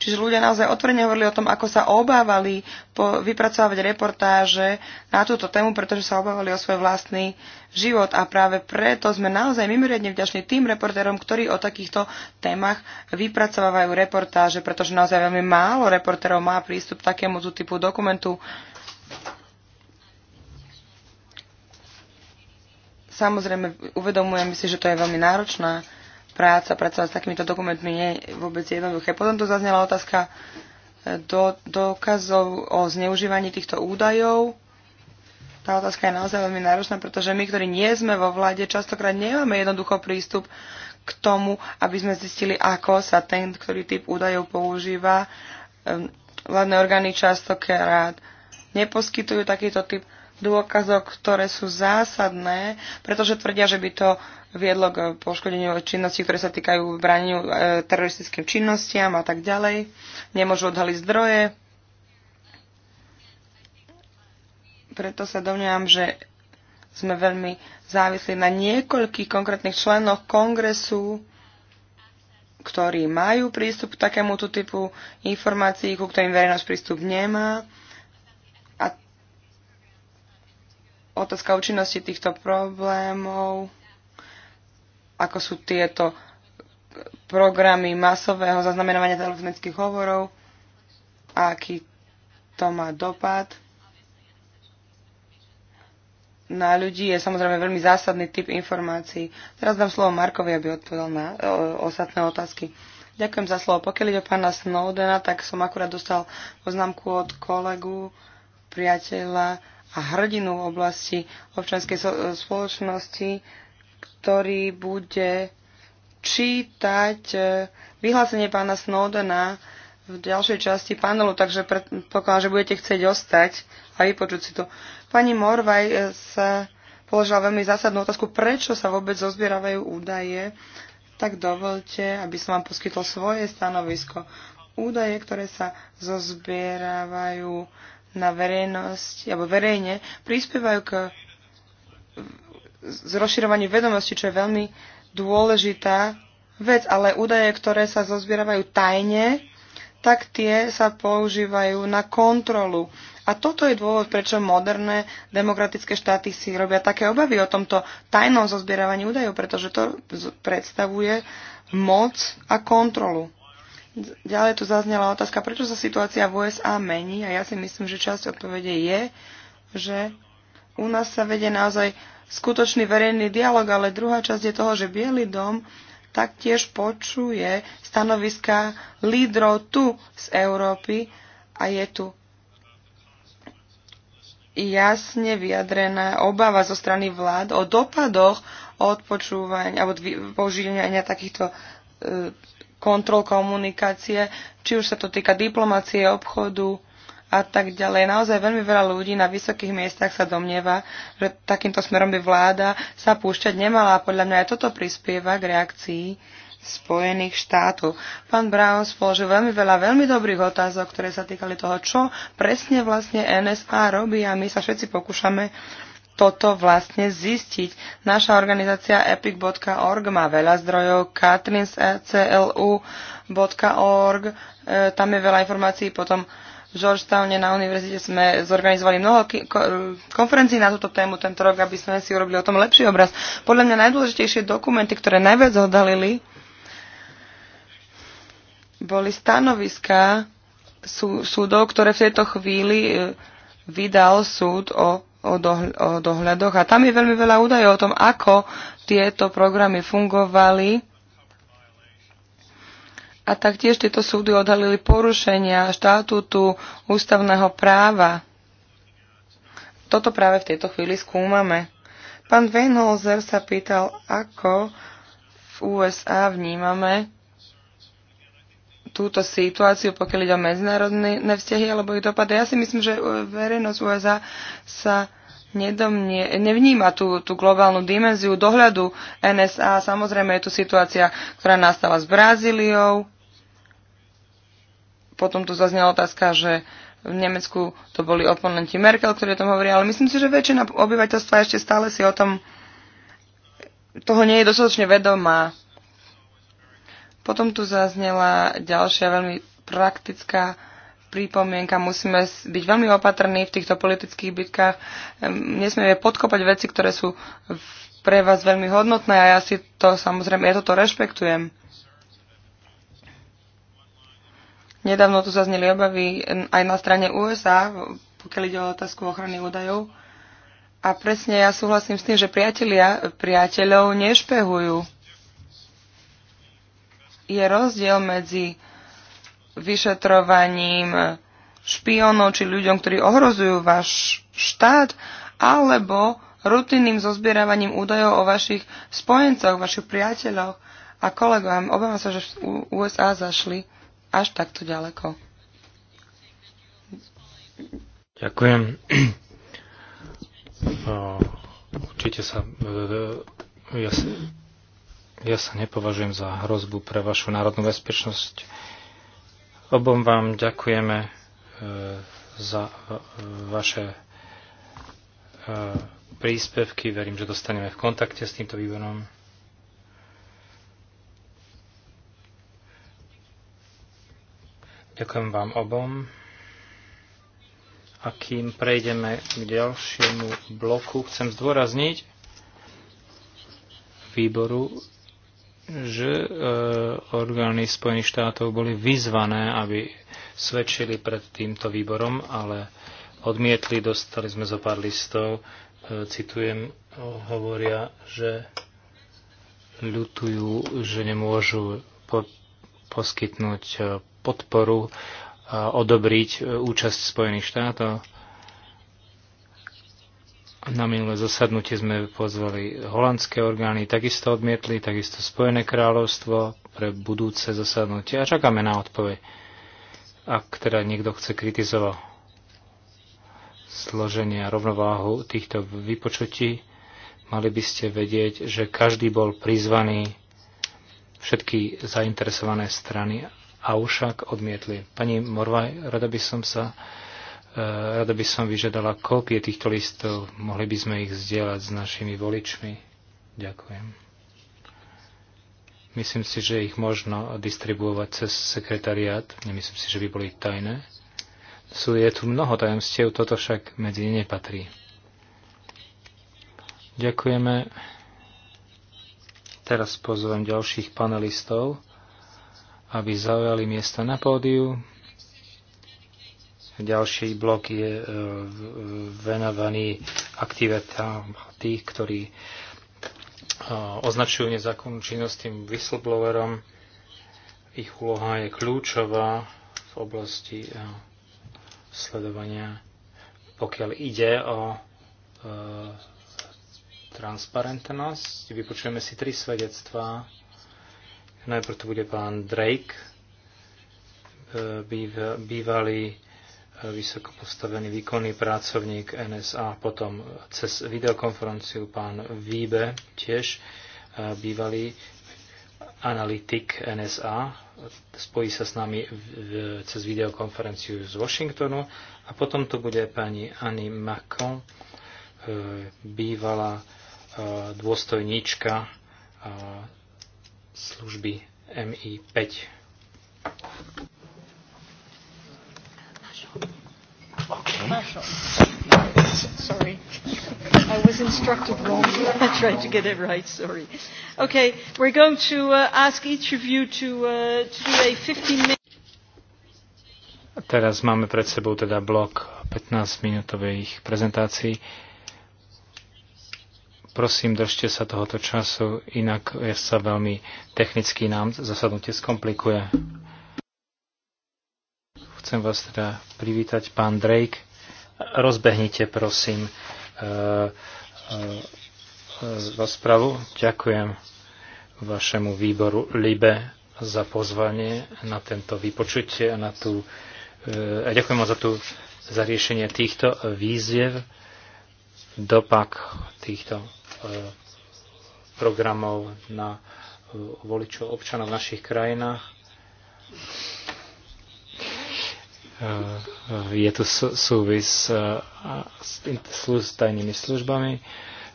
Čiže ľudia naozaj otvorene hovorili o tom, ako sa obávali po, vypracovať reportáže na túto tému, pretože sa obávali o svoj vlastný život a práve preto sme naozaj mimoriadne vďační tým reportérom, ktorí o takýchto témach vypracovávajú reportáže, pretože naozaj veľmi málo reportérov má prístup k takému typu dokumentu. Samozrejme, uvedomujem si, že to je veľmi náročná práca, pracovať s takýmito dokumentmi nie je vôbec jednoduché. Potom tu zaznela otázka e, do, dokazov o zneužívaní týchto údajov. Tá otázka je naozaj veľmi náročná, pretože my, ktorí nie sme vo vláde, častokrát nemáme jednoducho prístup k tomu, aby sme zistili, ako sa ten, ktorý typ údajov používa. E, vládne orgány častokrát neposkytujú takýto typ dôkazov, ktoré sú zásadné, pretože tvrdia, že by to viedlo k poškodeniu činností, ktoré sa týkajú braniu e, teroristickým činnostiam a tak ďalej. Nemôžu odhaliť zdroje. Preto sa domňujem, že sme veľmi závislí na niekoľkých konkrétnych členoch kongresu, ktorí majú prístup k takémuto typu informácií, ku ktorým verejnosť prístup nemá. otázka účinnosti týchto problémov, ako sú tieto programy masového zaznamenávania telefonických hovorov, aký to má dopad na ľudí je samozrejme veľmi zásadný typ informácií. Teraz dám slovo Markovi, aby odpovedal na e, ostatné otázky. Ďakujem za slovo. Pokiaľ ide o pána Snowdena, tak som akurát dostal poznámku od kolegu, priateľa, a hrdinu v oblasti občanskej spoločnosti, ktorý bude čítať e, vyhlásenie pána Snowdena v ďalšej časti panelu, takže predpokladám, že budete chcieť ostať a vypočuť si to. Pani Morvaj e, sa položila veľmi zásadnú otázku, prečo sa vôbec zozbieravajú údaje, tak dovolte, aby som vám poskytol svoje stanovisko. Údaje, ktoré sa zozbieravajú na verejnosť, alebo verejne, prispievajú k zrozširovaniu vedomosti, čo je veľmi dôležitá vec, ale údaje, ktoré sa zozbierajú tajne, tak tie sa používajú na kontrolu. A toto je dôvod, prečo moderné demokratické štáty si robia také obavy o tomto tajnom zozbieravaní údajov, pretože to predstavuje moc a kontrolu. Ďalej tu zaznela otázka, prečo sa situácia v USA mení a ja si myslím, že časť odpovede je, že u nás sa vedie naozaj skutočný verejný dialog, ale druhá časť je toho, že Bielý dom taktiež počuje stanoviska lídrov tu z Európy a je tu jasne vyjadrená obava zo strany vlád o dopadoch od počúvania alebo používania takýchto e, kontrol komunikácie, či už sa to týka diplomácie, obchodu a tak ďalej. Naozaj veľmi veľa ľudí na vysokých miestach sa domnieva, že takýmto smerom by vláda sa púšťať nemala a podľa mňa aj toto prispieva k reakcii Spojených štátov. Pán Brown spoložil veľmi veľa veľmi dobrých otázok, ktoré sa týkali toho, čo presne vlastne NSA robí a my sa všetci pokúšame toto vlastne zistiť. Naša organizácia epic.org má veľa zdrojov, katrinsclu.org, e e, tam je veľa informácií, potom v Georgetowne na univerzite sme zorganizovali mnoho konferencií na túto tému tento rok, aby sme si urobili o tom lepší obraz. Podľa mňa najdôležitejšie dokumenty, ktoré najviac odhalili, boli stanoviska sú, súdov, ktoré v tejto chvíli e, vydal súd o o, o dohľadoch a tam je veľmi veľa údajov o tom, ako tieto programy fungovali. A taktiež tieto súdy odhalili porušenia štatútu ústavného práva. Toto práve v tejto chvíli skúmame. Pán Weinholzer sa pýtal, ako v USA vnímame túto situáciu, pokiaľ ide o medzinárodné vzťahy alebo ich dopady. Ja si myslím, že verejnosť USA sa nedomnie, nevníma tú, tú globálnu dimenziu dohľadu NSA. Samozrejme je tu situácia, ktorá nastala s Brazíliou. Potom tu zaznela otázka, že v Nemecku to boli oponenti Merkel, ktorí o tom hovoria, ale myslím si, že väčšina obyvateľstva ešte stále si o tom toho nie je dostatočne vedomá. Potom tu zaznela ďalšia veľmi praktická prípomienka. Musíme byť veľmi opatrní v týchto politických bitkách. Nesmieme podkopať veci, ktoré sú pre vás veľmi hodnotné a ja si to samozrejme, ja toto rešpektujem. Nedávno tu zazneli obavy aj na strane USA, pokiaľ ide o otázku ochrany údajov. A presne ja súhlasím s tým, že priatelia priateľov nešpehujú je rozdiel medzi vyšetrovaním špionov či ľuďom, ktorí ohrozujú váš štát, alebo rutinným zozbieravaním údajov o vašich spojencoch, vašich priateľoch a kolegov. Obávam sa, že USA zašli až takto ďaleko. Ďakujem. (clears throat) Určite sa e, e, ja si ja sa nepovažujem za hrozbu pre vašu národnú bezpečnosť. Obom vám ďakujeme e, za vaše e, príspevky. Verím, že dostaneme v kontakte s týmto výborom. Ďakujem vám obom. A kým prejdeme k ďalšiemu bloku, chcem zdôrazniť výboru, že e, orgány Spojených štátov boli vyzvané, aby svedčili pred týmto výborom, ale odmietli, dostali sme zo pár listov, e, citujem, hovoria, že ľutujú, že nemôžu po, poskytnúť e, podporu a odobriť e, účasť Spojených štátov na minulé zasadnutie sme pozvali holandské orgány, takisto odmietli, takisto Spojené kráľovstvo pre budúce zasadnutie a čakáme na odpoveď. Ak teda niekto chce kritizovať zloženie a rovnováhu týchto vypočutí, mali by ste vedieť, že každý bol prizvaný, všetky zainteresované strany a však odmietli. Pani Morvaj, rada by som sa Eh, rada by som vyžadala kópie týchto listov, mohli by sme ich zdieľať s našimi voličmi. Ďakujem. Myslím si, že ich možno distribuovať cez sekretariát. Nemyslím si, že by boli tajné. Sú, je tu mnoho tajomstiev, toto však medzi ne nepatrí. Ďakujeme. Teraz pozvem ďalších panelistov, aby zaujali miesta na pódiu. Ďalší blok je e, venovaný aktivitám tých, ktorí e, označujú nezákonnú činnosť tým whistleblowerom. Ich úloha je kľúčová v oblasti e, sledovania, pokiaľ ide o transparentnosť. Vypočujeme si tri svedectvá. Najprv tu bude pán Drake, bývalý vysoko postavený výkonný pracovník NSA, potom cez videokonferenciu pán Víbe, tiež e, bývalý analytik NSA, spojí sa s nami cez videokonferenciu z Washingtonu a potom tu bude pani Annie Macon, e, bývalá e, dôstojníčka služby MI5. Sorry. I was instructed wrong. (laughs) I tried to get it right. Sorry. Okay, we're going to uh, ask each of you to, uh, to do a 15-minute. Teraz máme pred sebou teda blok 15-minútových prezentácií. Prosím, držte sa tohoto času, inak ja sa veľmi technicky nám zasadnutie skomplikuje. Chcem vás teda privítať, pán Drake. Rozbehnite, prosím, e, e, e, rozpravu. Ďakujem vašemu výboru LIBE za pozvanie na tento vypočutie a na tú, e, ďakujem vám za, tú, za riešenie týchto výziev, dopak týchto programov na voličov občanov v našich krajinách. Eh, je tu súvis eh, s tajnými službami,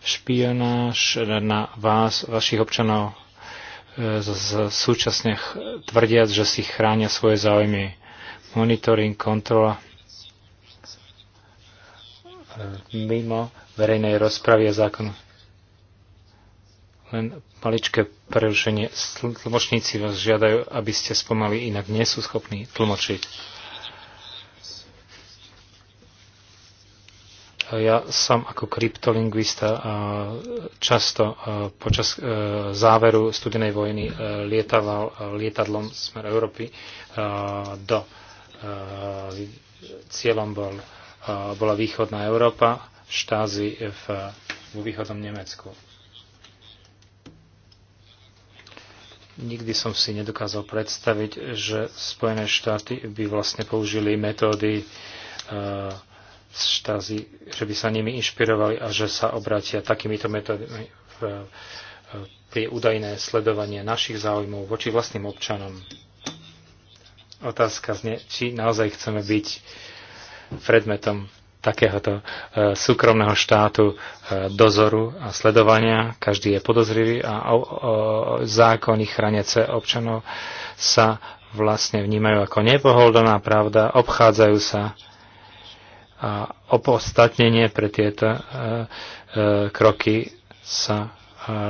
špionáž na vás, vašich občanov, eh, súčasne tvrdiac, že si chránia svoje záujmy. Monitoring, kontrola mimo verejnej rozpravy a zákonu. Len maličké prerušenie. Tlmočníci vás žiadajú, aby ste spomali, inak nie sú schopní tlmočiť. Ja som ako kryptolingvista často počas e, záveru studenej vojny e, lietaval e, lietadlom smer Európy do cieľom bol, bola východná Európa, štázy v, v východnom Nemecku. Nikdy som si nedokázal predstaviť, že Spojené štáty by vlastne použili metódy uh, z štázy, že by sa nimi inšpirovali a že sa obratia takýmito metodami v, pri údajné sledovanie našich záujmov voči vlastným občanom. Otázka znie, či naozaj chceme byť predmetom takéhoto e, súkromného štátu e, dozoru a sledovania. Každý je podozrivý a zákony chraniace občanov sa vlastne vnímajú ako nepoholdaná pravda, obchádzajú sa a opostatnenie pre tieto e, e, kroky sa e,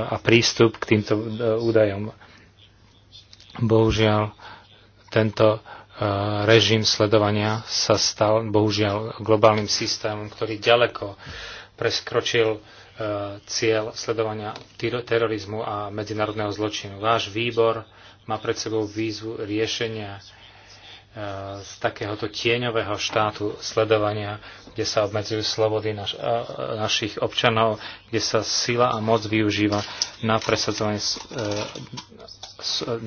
a prístup k týmto údajom. Bohužiaľ, tento režim sledovania sa stal bohužiaľ globálnym systémom, ktorý ďaleko preskročil cieľ sledovania terorizmu a medzinárodného zločinu. Váš výbor má pred sebou výzvu riešenia E, z takéhoto tieňového štátu sledovania, kde sa obmedzujú slobody naš, e, našich občanov, kde sa sila a moc využíva na presadzovanie e,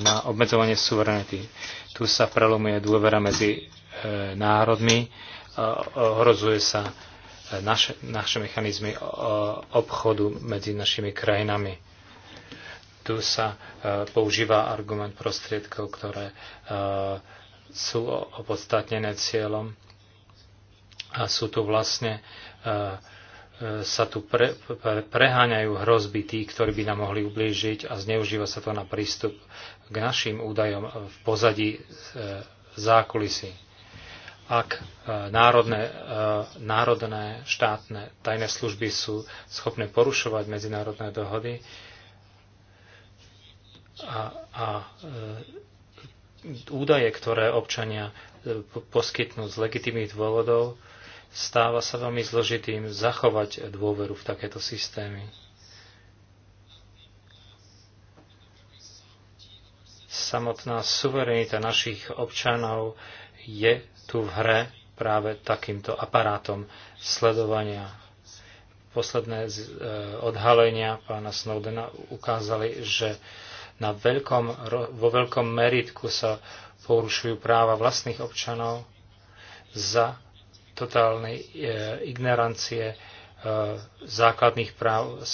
na obmedzovanie suverenity. Tu sa prelomuje dôvera medzi národmi, ohrozuje sa naše, naše mechanizmy obchodu medzi našimi krajinami tu sa používa argument prostriedkov, ktoré sú opodstatnené cieľom a sú tu vlastne e, e, sa tu pre, pre, preháňajú hrozby tí, ktorí by nám mohli ublížiť a zneužíva sa to na prístup k našim údajom v pozadí e, zákulisy. Ak e, národné, e, národné štátne tajné služby sú schopné porušovať medzinárodné dohody a, a e, údaje, ktoré občania e, poskytnú z legitimných dôvodov, stáva sa veľmi zložitým zachovať dôveru v takéto systémy. Samotná suverenita našich občanov je tu v hre práve takýmto aparátom sledovania. Posledné e, odhalenia pána Snowdena ukázali, že na veľkom, vo veľkom meritku sa porušujú práva vlastných občanov za totálnej e, ignorancie e, základných práv z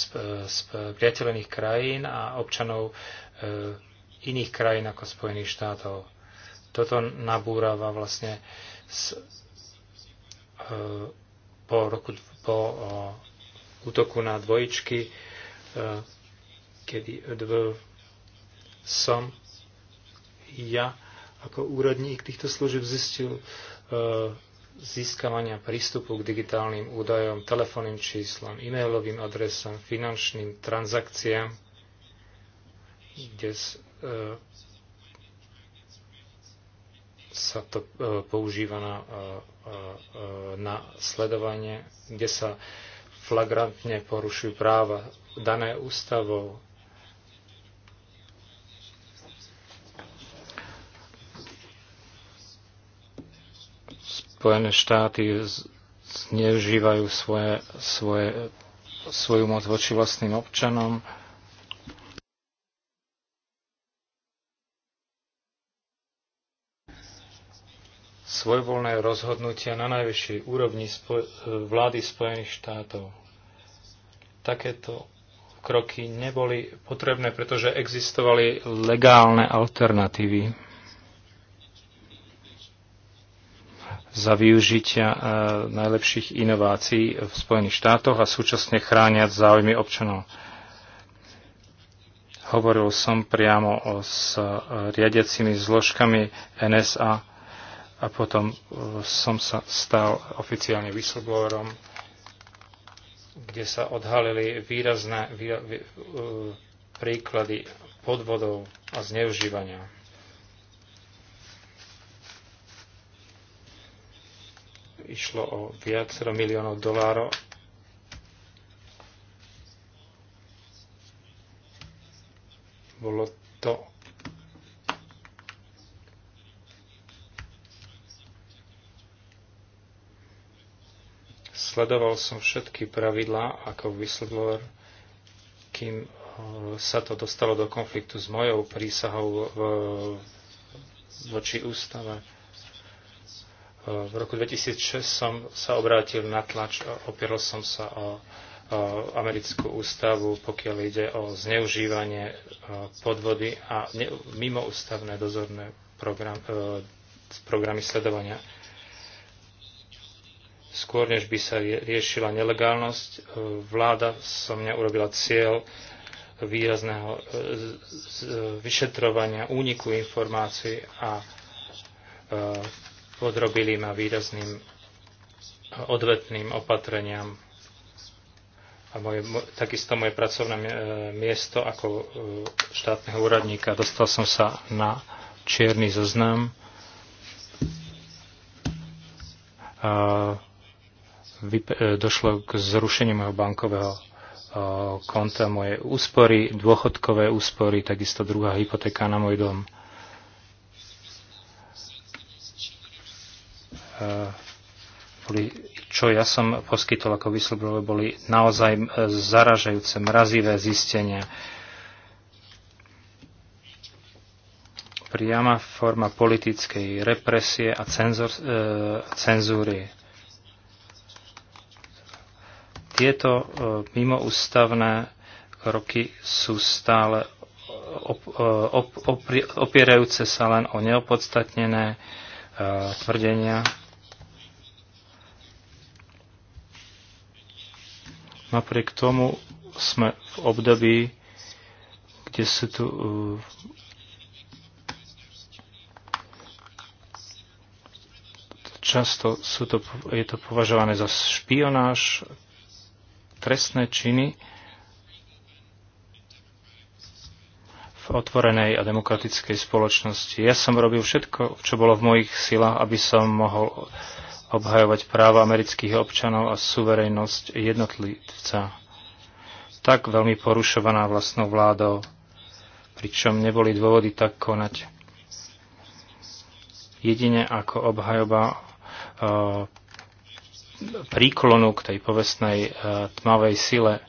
e, priateľených krajín a občanov e, iných krajín ako Spojených štátov. Toto nabúrava vlastne s, e, po, roku, po o, útoku na dvojičky, e, kedy e, dv, som ja ako úradník týchto služieb zistil e, získavania prístupu k digitálnym údajom, telefónnym číslom, e-mailovým adresám, finančným transakciám, kde s, e, sa to e, používa na, e, e na sledovanie, kde sa flagrantne porušujú práva dané ústavou, Spojené štáty zneužívajú svoje, svoje, svoju moc voči vlastným občanom. Svojvoľné rozhodnutia na najvyššej úrovni spo- e, vlády Spojených štátov. Takéto kroky neboli potrebné, pretože existovali legálne alternatívy. za využitia e, najlepších inovácií v Spojených štátoch a súčasne chrániať záujmy občanov. Hovoril som priamo o, s e, riadiacimi zložkami NSA a potom e, som sa stal oficiálne whistleblowerom, kde sa odhalili výrazné výra, vý, príklady podvodov a zneužívania išlo o viacero miliónov dolárov. Bolo to sledoval som všetky pravidlá ako whistleblower, kým eh, sa to dostalo do konfliktu s mojou prísahou eh, voči ústave v roku 2006 som sa obrátil na tlač a opierol som sa o americkú ústavu, pokiaľ ide o zneužívanie e, podvody a mimoústavné dozorné program, e, programy sledovania. Skôr než by sa riešila nelegálnosť, e, vláda so mňa urobila cieľ výrazného vyšetrovania, úniku informácií a podrobili ma výrazným odvetným opatreniam a moje, takisto moje pracovné e, miesto ako e, štátneho úradníka. Dostal som sa na čierny zoznam. A e, došlo k zrušeniu mojho bankového konta, moje úspory, dôchodkové úspory, takisto druhá hypotéka na môj dom. E, boli, čo ja som poskytol ako whistleblower, boli naozaj e, zaražajúce, mrazivé zistenia. Priama forma politickej represie a cenzor, e, cenzúry. Tieto e, mimoústavné kroky sú stále op, e, op, op, opierajúce sa len o neopodstatnené e, tvrdenia Napriek tomu sme v období, kde sa tu uh, často sú to, je to považované za špionáž, trestné činy v otvorenej a demokratickej spoločnosti. Ja som robil všetko, čo bolo v mojich silách, aby som mohol obhajovať práva amerických občanov a suverejnosť jednotlivca, tak veľmi porušovaná vlastnou vládou, pričom neboli dôvody tak konať. Jedine ako obhajoba eh, príklonu k tej povestnej eh, tmavej sile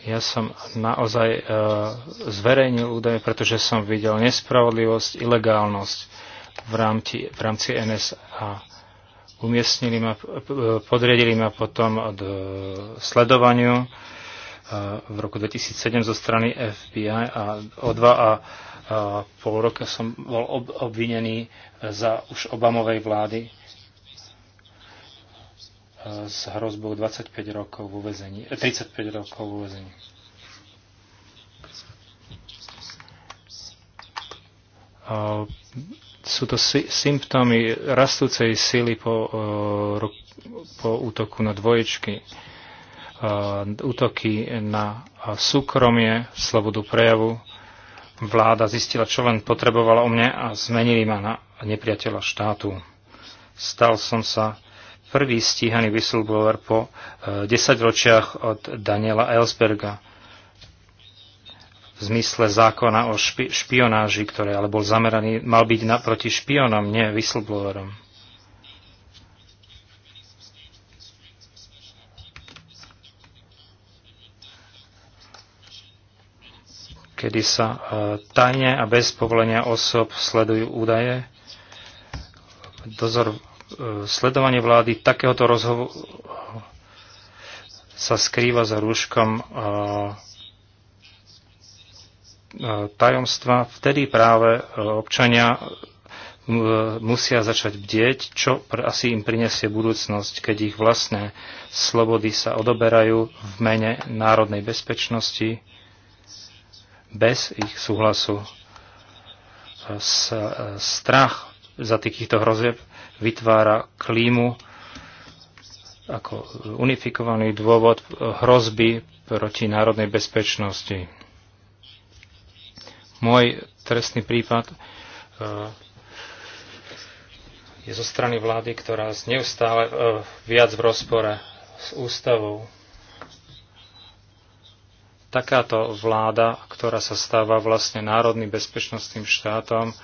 Ja som naozaj e, zverejnil údaje, pretože som videl nespravodlivosť, ilegálnosť v rámci, v rámci NSA. Umiestnili ma, podriadili ma potom od e, sledovaniu e, v roku 2007 zo strany FBI a o dva a pol roka som bol obvinený za už Obamovej vlády s hrozbou 25 rokov v uvezení, 35 rokov v uväzení. Sú to sy- symptómy rastúcej sily po, eh, po útoku na dvoječky, eh, útoky na eh, súkromie, slobodu prejavu. Vláda zistila, čo len potrebovala o mne a zmenili ma na nepriateľa štátu. Stal som sa prvý stíhaný whistleblower po 10 e, ročiach od Daniela Ellsberga v zmysle zákona o špi- špionáži, ktoré ale bol zameraný, mal byť naproti špionom, nie whistleblowerom. kedy sa e, tajne a bez povolenia osob sledujú údaje. Dozor E, sledovanie vlády takéhoto rozhovoru sa skrýva za rúškom e, e, tajomstva. Vtedy práve občania musia začať bdieť, čo asi im prinesie budúcnosť, keď ich vlastné slobody sa odoberajú v mene národnej bezpečnosti bez ich súhlasu. Strach za takýchto hrozieb vytvára klímu ako unifikovaný dôvod hrozby proti národnej bezpečnosti. Môj trestný prípad e, je zo strany vlády, ktorá neustále e, viac v rozpore s ústavou. Takáto vláda, ktorá sa stáva vlastne národným bezpečnostným štátom,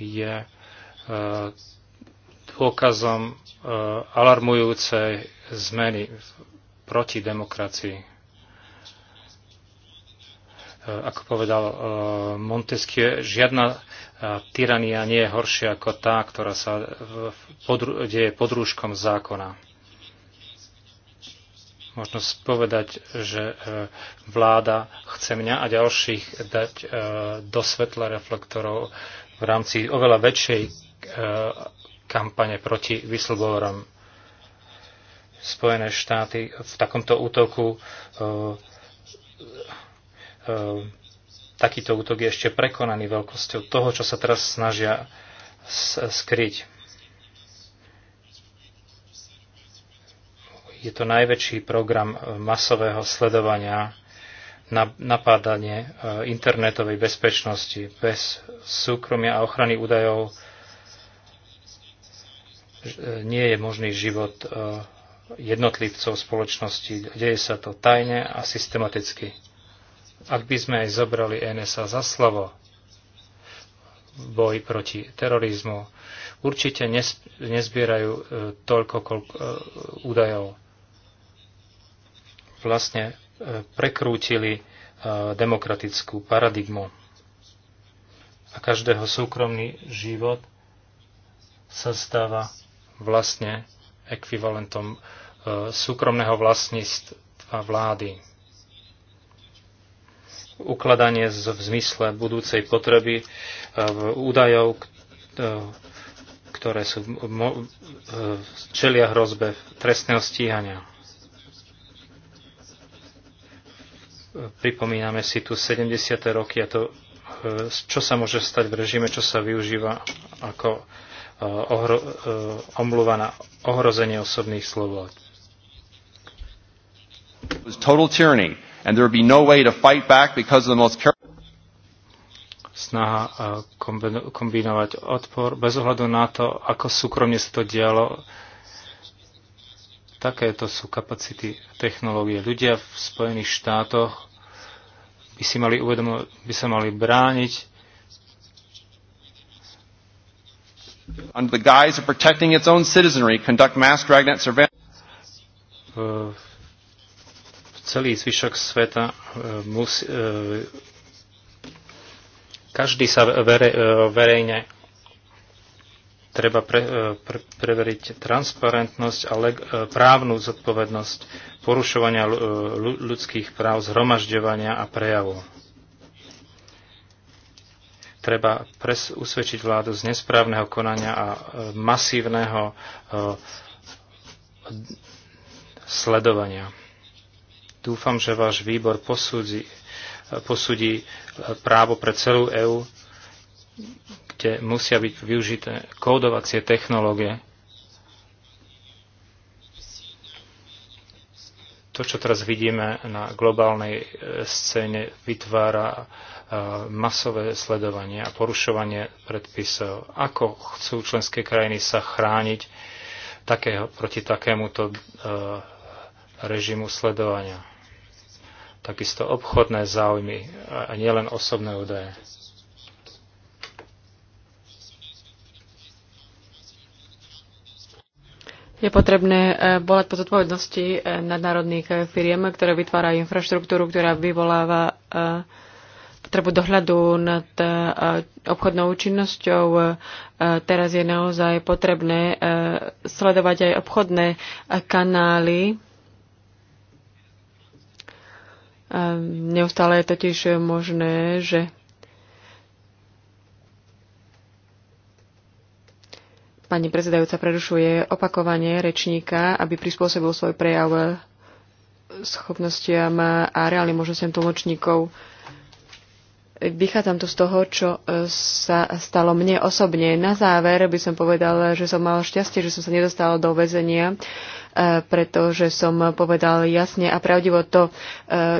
je e, dôkazom e, alarmujúcej zmeny proti demokracii. E, ako povedal e, Montesquieu, žiadna tyrania nie je horšia ako tá, ktorá sa podru- deje pod rúškom zákona. Možno povedať, že vláda chce mňa a ďalších dať do svetla reflektorov v rámci oveľa väčšej kampane proti whistleblowerom. Spojené štáty v takomto útoku e, e, takýto útok je ešte prekonaný veľkosťou toho, čo sa teraz snažia skryť. Je to najväčší program e, masového sledovania, napádanie internetovej bezpečnosti bez súkromia a ochrany údajov nie je možný život e, jednotlivcov spoločnosti. Deje sa to tajne a systematicky. Ak by sme aj zobrali NSA za slovo, boj proti terorizmu, určite nezbierajú e, toľko koľko, e, údajov. Vlastne prekrútili demokratickú paradigmu. A každého súkromný život sa stáva vlastne ekvivalentom e, súkromného vlastníctva vlády. Ukladanie v zmysle budúcej potreby e, údajov, e, ktoré sú, čelia hrozbe trestného stíhania. pripomíname si tu 70. roky a to, čo sa môže stať v režime, čo sa využíva ako Eh, ohro, eh, omluva na ohrozenie osobných slobod. Snaha kombinovať odpor bez ohľadu na to, ako súkromne sa to dialo, takéto sú kapacity technológie. Ľudia v Spojených štátoch by, si mali uvedomo- by sa mali brániť under the guise of protecting its own citizenry, conduct mass dragnet surveillance. Uh, celý zvyšok sveta uh, e, musí, uh, e, každý sa vere, e, verejne treba pre, pre, preveriť transparentnosť a leg, právnu zodpovednosť porušovania ľudských práv, zhromažďovania a prejavu treba pres, usvedčiť vládu z nesprávneho konania a e, masívneho e, sledovania. Dúfam, že váš výbor posúdi, posúdi e, právo pre celú EÚ, kde musia byť využité kódovacie technológie. To, čo teraz vidíme na globálnej scéne, vytvára e, E, masové sledovanie a porušovanie predpisov. Ako chcú členské krajiny sa chrániť takého, proti takémuto e, režimu sledovania? Takisto obchodné záujmy a nielen osobné údaje. Je potrebné e, bolať po zodpovednosti nadnárodných firiem, ktoré vytvárajú infraštruktúru, ktorá vyvoláva potrebu dohľadu nad e, obchodnou činnosťou. E, teraz je naozaj potrebné e, sledovať aj obchodné kanály. Neustále je totiž možné, že pani prezidajúca prerušuje opakovanie rečníka, aby prispôsobil svoj prejav schopnostiam a reálnym možnostiam tlmočníkov. Vychádzam tu z toho, čo e, sa stalo mne osobne. Na záver by som povedal, že som mal šťastie, že som sa nedostala do väzenia pretože som povedal jasne a pravdivo to, e,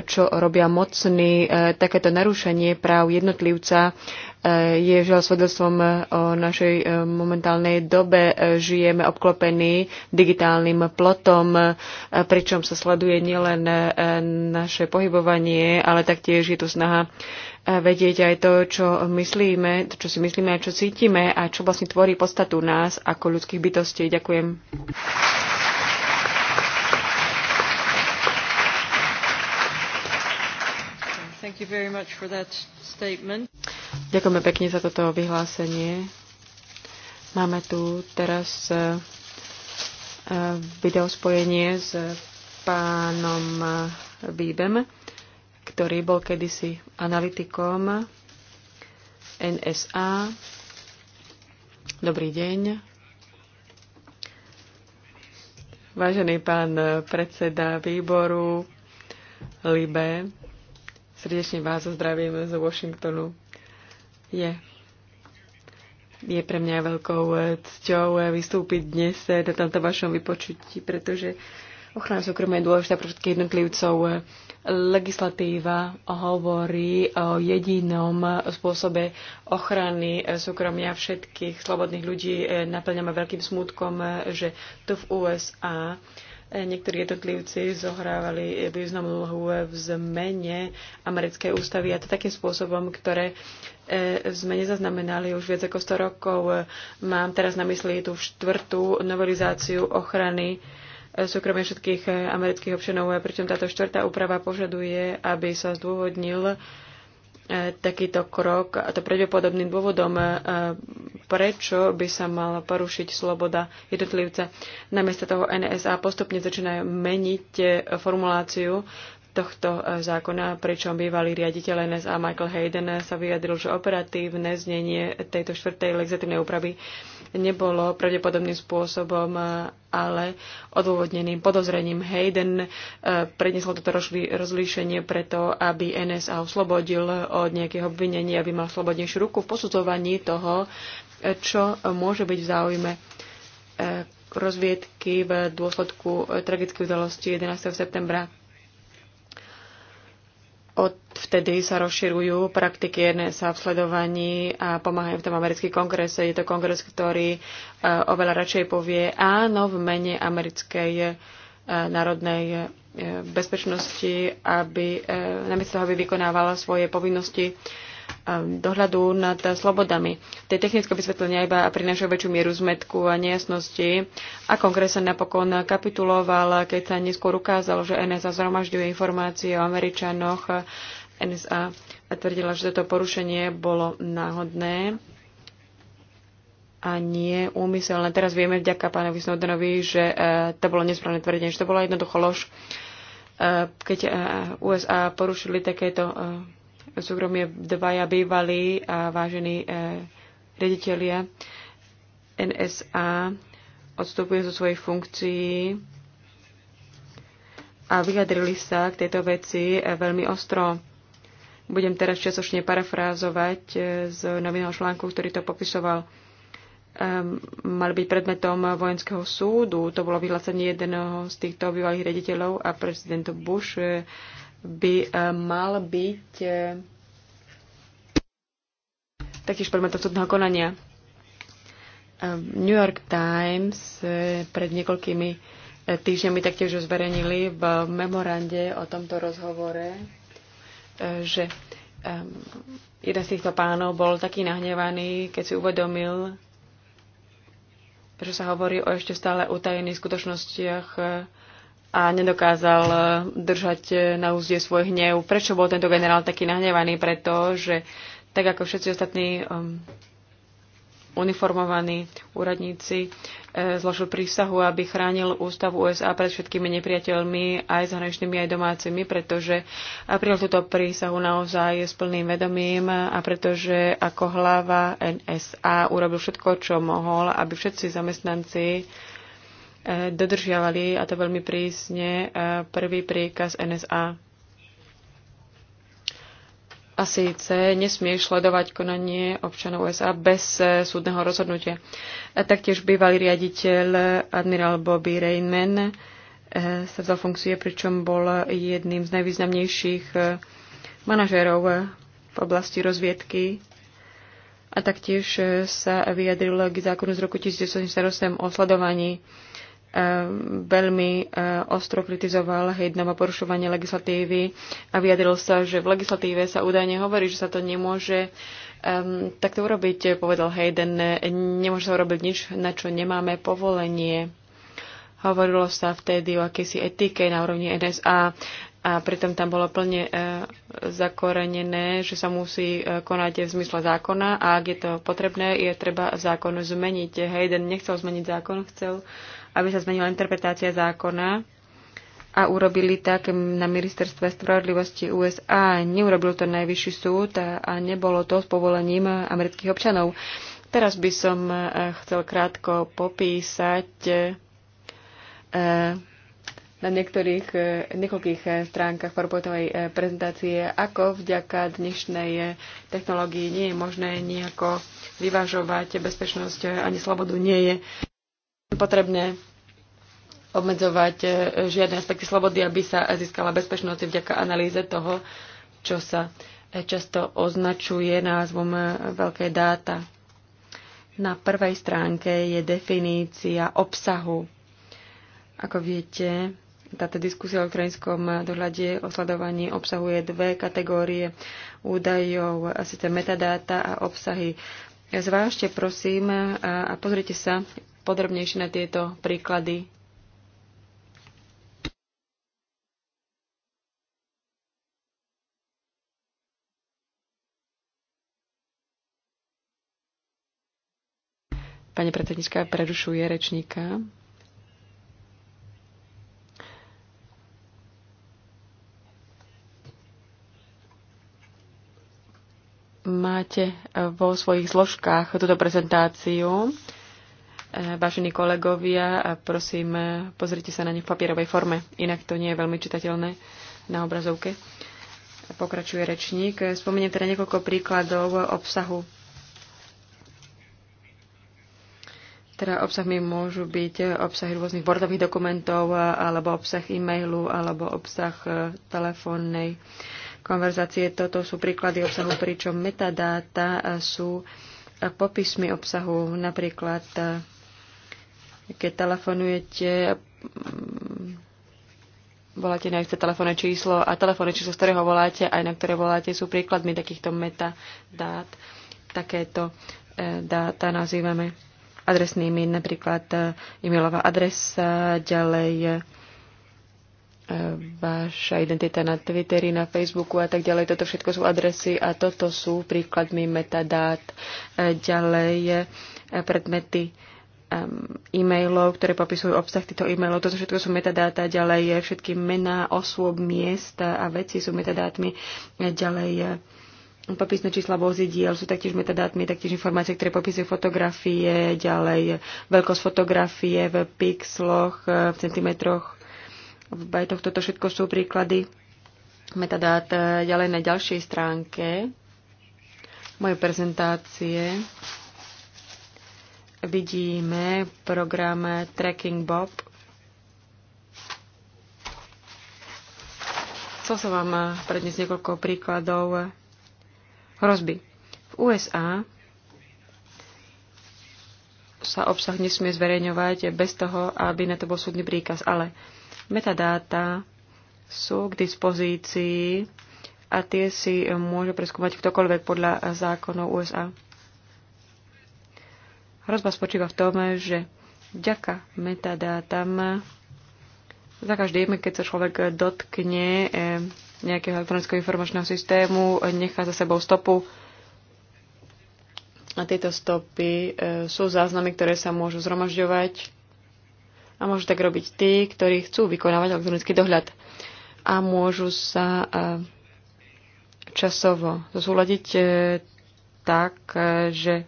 čo robia mocní. E, takéto narušenie práv jednotlivca e, je žiaľ svedectvom o našej momentálnej dobe. Žijeme obklopení digitálnym plotom, pričom sa sleduje nielen naše pohybovanie, ale taktiež je tu snaha vedieť aj to, čo myslíme, to, čo si myslíme a čo cítime a čo vlastne tvorí podstatu nás ako ľudských bytostí. Ďakujem. Thank you very much for that statement. Ďakujeme pekne za toto vyhlásenie. Máme tu teraz e, e, videospojenie s pánom Bíbem, e, ktorý bol kedysi analytikom NSA. Dobrý deň. Vážený pán predseda výboru LIBE, Srdečne vás zdravím z Washingtonu. Je, je pre mňa veľkou e, cťou e, vystúpiť dnes do e, tomto vašom vypočutí, pretože ochrana súkromia je dôležitá pre všetkých jednotlivcov. Legislatíva hovorí o jedinom spôsobe ochrany súkromia všetkých slobodných ľudí. Naplňame veľkým smutkom, že tu v USA Niektorí jednotlivci zohrávali významnú úlohu v zmene americkej ústavy a to takým spôsobom, ktoré e, sme nezaznamenali už viac ako 100 rokov. Mám teraz na mysli tú štvrtú novelizáciu ochrany e, súkromia všetkých e, amerických občanov, pričom táto štvrtá úprava požaduje, aby sa zdôvodnil E, takýto krok, a to pravdepodobným dôvodom, e, prečo by sa mala porušiť sloboda jednotlivca. Namiesto toho NSA postupne začína meniť e, formuláciu tohto e, zákona, pričom bývalý riaditeľ NS a Michael Hayden sa vyjadril, že operatívne znenie tejto štvrtej legislatívnej úpravy nebolo pravdepodobným spôsobom, e, ale odôvodneným podozrením. Hayden e, predniesol toto rozlíšenie preto, aby NSA oslobodil od nejakého obvinenia, aby mal slobodnejšiu ruku v posudzovaní toho, čo môže byť v záujme rozviedky v dôsledku tragických udalostí 11. septembra od vtedy sa rozširujú praktiky NSA v sledovaní a pomáhajú v tom americký kongrese. Je to kongres, ktorý e, oveľa radšej povie áno v mene americkej e, národnej e, bezpečnosti, aby namiesto toho, aby vykonávala svoje povinnosti Um, dohľadu nad slobodami. Tie technické vysvetlenia iba prinášajú väčšiu mieru zmetku a nejasnosti a kongres sa napokon kapituloval, keď sa neskôr ukázalo, že NSA zhromažďuje informácie o Američanoch. NSA tvrdila, že toto porušenie bolo náhodné a nie úmyselné. Teraz vieme vďaka pánovi Snowdenovi, že e, to bolo nesprávne tvrdenie, že to bola jednoducho lož. E, keď e, USA porušili takéto súkromie dvaja bývalí a vážení eh, rediteľia NSA odstupuje zo svojich funkcií a vyjadrili sa k tejto veci eh, veľmi ostro. Budem teraz časočne parafrázovať eh, z nového článku, ktorý to popisoval. Um, mal byť predmetom vojenského súdu. To bolo vyhlásenie jedného z týchto bývalých rediteľov a prezident Bush by eh, mal byť eh, taktiež predmetom súdneho konania. Ehm, New York Times eh, pred niekoľkými týždňami taktiež zverejnili v memorande o tomto rozhovore, že ehm, jeden z týchto pánov bol taký nahnevaný, keď si uvedomil, že sa hovorí o ešte stále utajených skutočnostiach a nedokázal eh, držať eh, na úzde svoj hnev. Prečo bol tento generál taký nahnevaný? Preto, že tak ako všetci ostatní um, uniformovaní úradníci, e, zložil prísahu, aby chránil ústavu USA pred všetkými nepriateľmi, aj zahraničnými, aj domácimi, pretože prijal túto prísahu naozaj s plným vedomím a pretože ako hlava NSA urobil všetko, čo mohol, aby všetci zamestnanci dodržiavali, a to veľmi prísne, e, prvý príkaz NSA. A síce nesmie sledovať konanie občanov USA bez e, súdneho rozhodnutia. A e, taktiež bývalý riaditeľ admirál Bobby Rainman sa vzal funkcie, pričom bol jedným z najvýznamnejších manažérov v oblasti rozviedky a taktiež sa vyjadril k zákonu z roku 1988 o sledovaní veľmi e, ostro kritizoval Heidnova porušovanie legislatívy a vyjadril sa, že v legislatíve sa údajne hovorí, že sa to nemôže um, to urobiť, povedal Hayden. Nemôže sa urobiť nič, na čo nemáme povolenie. Hovorilo sa vtedy o akejsi etike na úrovni NSA a pritom tam bolo plne uh, zakorenené, že sa musí uh, konať v zmysle zákona a ak je to potrebné, je treba zákon zmeniť. Hayden nechcel zmeniť zákon, chcel aby sa zmenila interpretácia zákona a urobili tak na ministerstve spravodlivosti USA. Neurobil to najvyšší súd a, a nebolo to s povolením amerických občanov. Teraz by som eh, chcel krátko popísať eh, na niektorých, eh, niekoľkých stránkach PowerPointovej prezentácie, ako vďaka dnešnej technológii nie je možné nejako vyvažovať bezpečnosť ani slobodu nie je potrebné obmedzovať e, žiadne aspekty slobody, aby sa získala bezpečnosť vďaka analýze toho, čo sa e, často označuje názvom e, veľké dáta. Na prvej stránke je definícia obsahu. Ako viete, táto diskusia o ukrajinskom dohľade o sledovaní obsahuje dve kategórie údajov, a síce metadáta a obsahy. Zvážte prosím a pozrite sa podrobnejšie na tieto príklady. Pani predsednička prerušuje rečníka. Máte vo svojich zložkách túto prezentáciu. Eh, vážení kolegovia, a prosím, eh, pozrite sa na ne v papierovej forme, inak to nie je veľmi čitateľné na obrazovke. Pokračuje rečník. Spomeniem teda niekoľko príkladov obsahu. Teda obsahmi môžu byť obsahy rôznych bordových dokumentov, alebo obsah e-mailu, alebo obsah e, telefónnej konverzácie. Toto sú príklady obsahu, pričom metadáta e, sú e, popismi obsahu, napríklad keď telefonujete, mm, voláte na isté telefónne číslo a telefónne číslo, z ktorého voláte, aj na ktoré voláte, sú príkladmi takýchto metadát. Takéto e, dáta nazývame adresnými, napríklad e, e-mailová adresa, ďalej e, vaša identita na Twitteri, na Facebooku a tak ďalej. Toto všetko sú adresy a toto sú príkladmi metadát. Ďalej predmety Um, e-mailov, ktoré popisujú obsah týchto e-mailov. Toto všetko sú metadáta, ďalej je všetky mená, osôb, miest a veci sú metadátmi. Ďalej je eh, popisné čísla vozidiel sú taktiež metadátmi, taktiež informácie, ktoré popisujú fotografie, ďalej eh, veľkosť fotografie v pixloch, eh, v centimetroch, v bajtoch. Toto všetko sú príklady metadát. Ďalej na ďalšej stránke mojej prezentácie vidíme program Tracking Bob. Chcel som vám predniesť niekoľko príkladov hrozby. V USA sa obsah nesmie zverejňovať bez toho, aby na to bol súdny príkaz, ale metadáta sú k dispozícii a tie si môže preskúmať ktokoľvek podľa zákonov USA. Hrozba spočíva v tom, že vďaka metadátam za každým, keď sa človek dotkne e, nejakého elektronického informačného systému, nechá za sebou stopu. A tieto stopy e, sú záznamy, ktoré sa môžu zhromažďovať a môžu tak robiť tí, ktorí chcú vykonávať elektronický dohľad. A môžu sa e, časovo zosúľadiť tak, že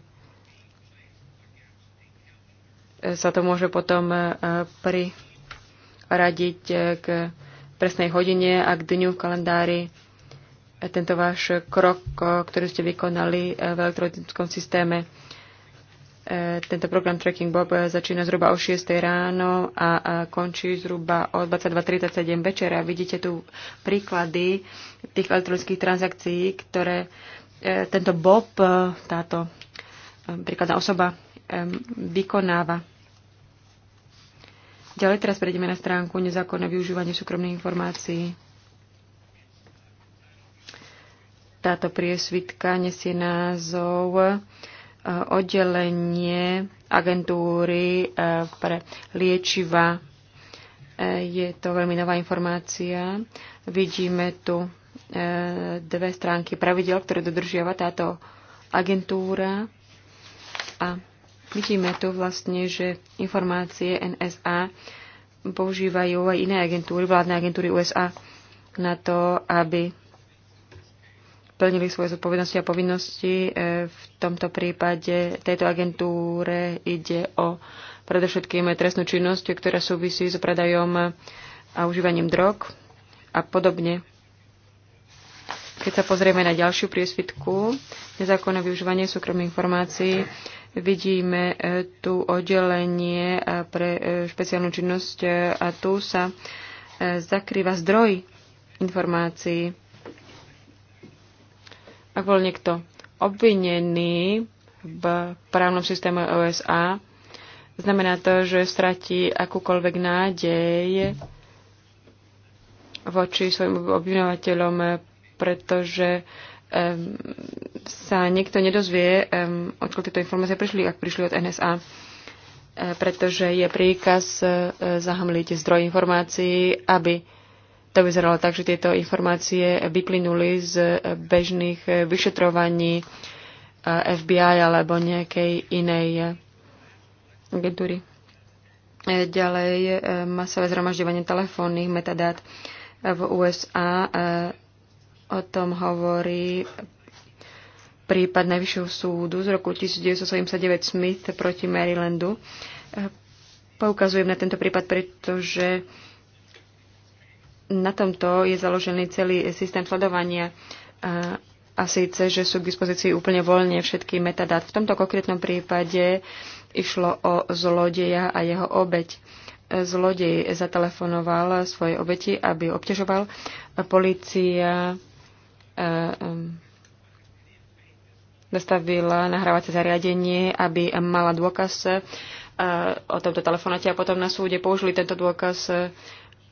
sa to môže potom e, priradiť e, k presnej hodine a k dňu v kalendári. E, tento váš krok, ktorý ste vykonali v elektronickom systéme, tento program Tracking Bob začína zhruba o 6 ráno a končí zhruba o 22.37 večera. Vidíte tu príklady tých elektronických transakcií, ktoré tento Bob, táto príkladná osoba, vykonáva. Ďalej teraz prejdeme na stránku nezákonné využívanie súkromných informácií. Táto priesvitka nesie názov e, oddelenie agentúry e, pre liečiva. E, je to veľmi nová informácia. Vidíme tu dve stránky pravidel, ktoré dodržiava táto agentúra a Vidíme tu vlastne, že informácie NSA používajú aj iné agentúry, vládne agentúry USA, na to, aby plnili svoje zodpovednosti a povinnosti. E, v tomto prípade tejto agentúre ide o predovšetkým trestnú činnosť, ktorá súvisí s predajom a užívaním drog a podobne. Keď sa pozrieme na ďalšiu priesvitku, nezákonné využívanie súkromných informácií, vidíme e, tu oddelenie e, pre e, špeciálnu činnosť a tu sa zakrýva zdroj informácií. Ak bol niekto obvinený v právnom systéme OSA, znamená to, že stratí akúkoľvek nádej voči svojim obvinovateľom, pretože sa niekto nedozvie, odkiaľ tieto informácie prišli, ak prišli od NSA e, pretože je príkaz e, zahamliť zdroj informácií, aby to vyzeralo tak, že tieto informácie vyplynuli z bežných vyšetrovaní e, FBI alebo nejakej inej agentúry. Ďalej masové zhromažďovanie telefónnych metadát v USA O tom hovorí prípad Najvyššieho súdu z roku 1979 Smith proti Marylandu. Poukazujem na tento prípad, pretože na tomto je založený celý systém sledovania a síce, že sú k dispozícii úplne voľne všetky metadát. V tomto konkrétnom prípade išlo o zlodeja a jeho obeď. Zlodej zatelefonoval svojej obeti, aby obťažoval. Polícia dostavila e, nahrávacie zariadenie, aby mala dôkaz e, o tomto telefonáte a potom na súde použili tento dôkaz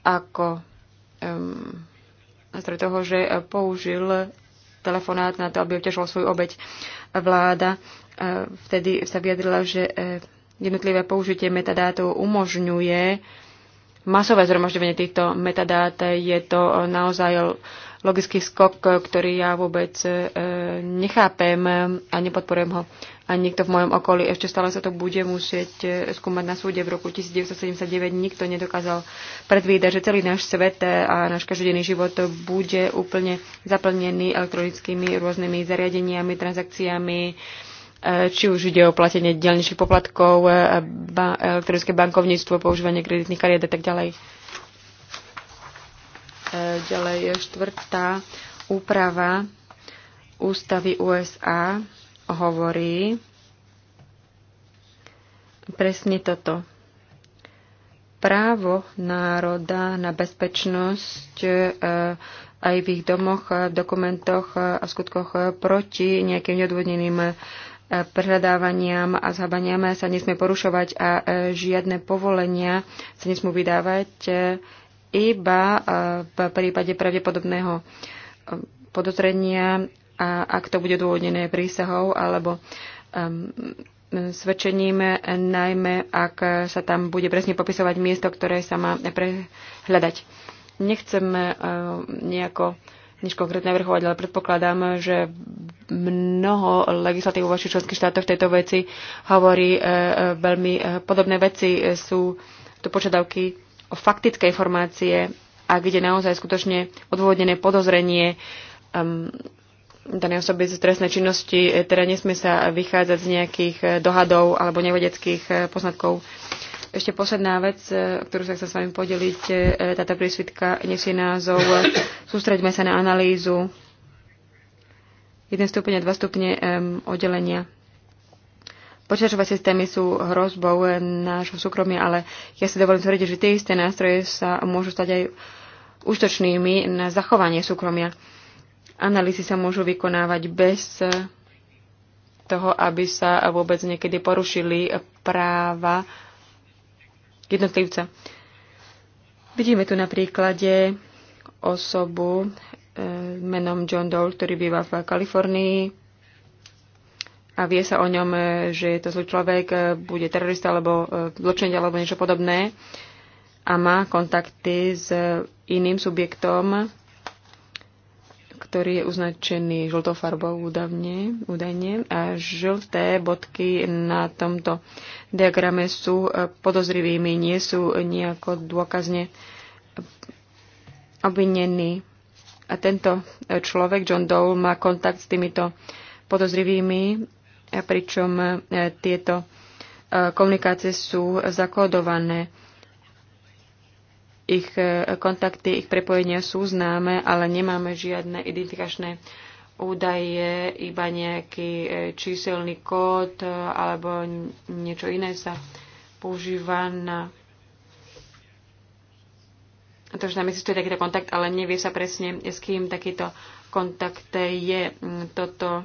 ako zdroj toho, že použil telefonát na to, aby obťažoval svoju obeď. Vláda e, vtedy sa vyjadrila, že jednotlivé použitie metadátov umožňuje masové zhromažďovanie týchto metadát. Je to naozaj logický skok, ktorý ja vôbec e, nechápem a nepodporujem ho. A niekto v mojom okolí ešte stále sa to bude musieť e, skúmať na súde. V roku 1979 nikto nedokázal predvídať, že celý náš svet e, a náš každodenný život bude úplne zaplnený elektronickými rôznymi zariadeniami, transakciami, či už ide o platenie dielničných poplatkov, elektronické bankovníctvo, používanie kreditných kariet a tak ďalej. E, ďalej je štvrtá úprava ústavy USA hovorí presne toto. Právo národa na bezpečnosť e, aj v ich domoch, dokumentoch a skutkoch proti nejakým neodvodneným e, prehľadávaniam a zhabaniam sa nesmie porušovať a žiadne povolenia sa nesmú vydávať iba eh, v prípade pravdepodobného eh, podozrenia, a ak to bude dôvodnené prísahou alebo ehm, svedčením, najmä ak sa tam bude presne popisovať miesto, ktoré sa má prehľadať. Nechcem eh, nejako nič konkrétne vrchovať, ale predpokladám, že mnoho legislatív vo vašich členských štátoch v tejto veci hovorí veľmi podobné veci. Sú tu požiadavky o faktické informácie, a kde naozaj skutočne odvodnené podozrenie um, danej osoby z trestnej činnosti, e, teda nesmie sa vychádzať z nejakých e, dohadov alebo nevedeckých e, poznatkov. Ešte posledná vec, ktorú sa chcem s vami podeliť, táto prísvitka nesie názov Sústreďme sa na analýzu 1 stupňa, 2 stupne um, oddelenia Počítačové systémy sú hrozbou nášho súkromia, ale ja si dovolím tvrdiť, že tie isté nástroje sa môžu stať aj útočnými na zachovanie súkromia. Analýzy sa môžu vykonávať bez toho, aby sa vôbec niekedy porušili práva jednotlivca. Vidíme tu na príklade osobu eh, menom John Doe, ktorý býva v Kalifornii, a vie sa o ňom, e, že je to zlý človek, e, bude terorista alebo e, zločinec alebo niečo podobné a má kontakty s iným subjektom, ktorý je uznačený žltou farbou údavne, údajne a žlté bodky na tomto diagrame sú podozrivými, nie sú nejako dôkazne obvinení. A tento človek, John Dole, má kontakt s týmito podozrivými pričom e, tieto e, komunikácie sú zakódované. Ich e, kontakty, ich prepojenia sú známe, ale nemáme žiadne identifikačné údaje, iba nejaký číselný kód alebo niečo iné sa používa na to, že tam existuje takýto kontakt, ale nevie sa presne, s kým takýto kontakt je. Mm, toto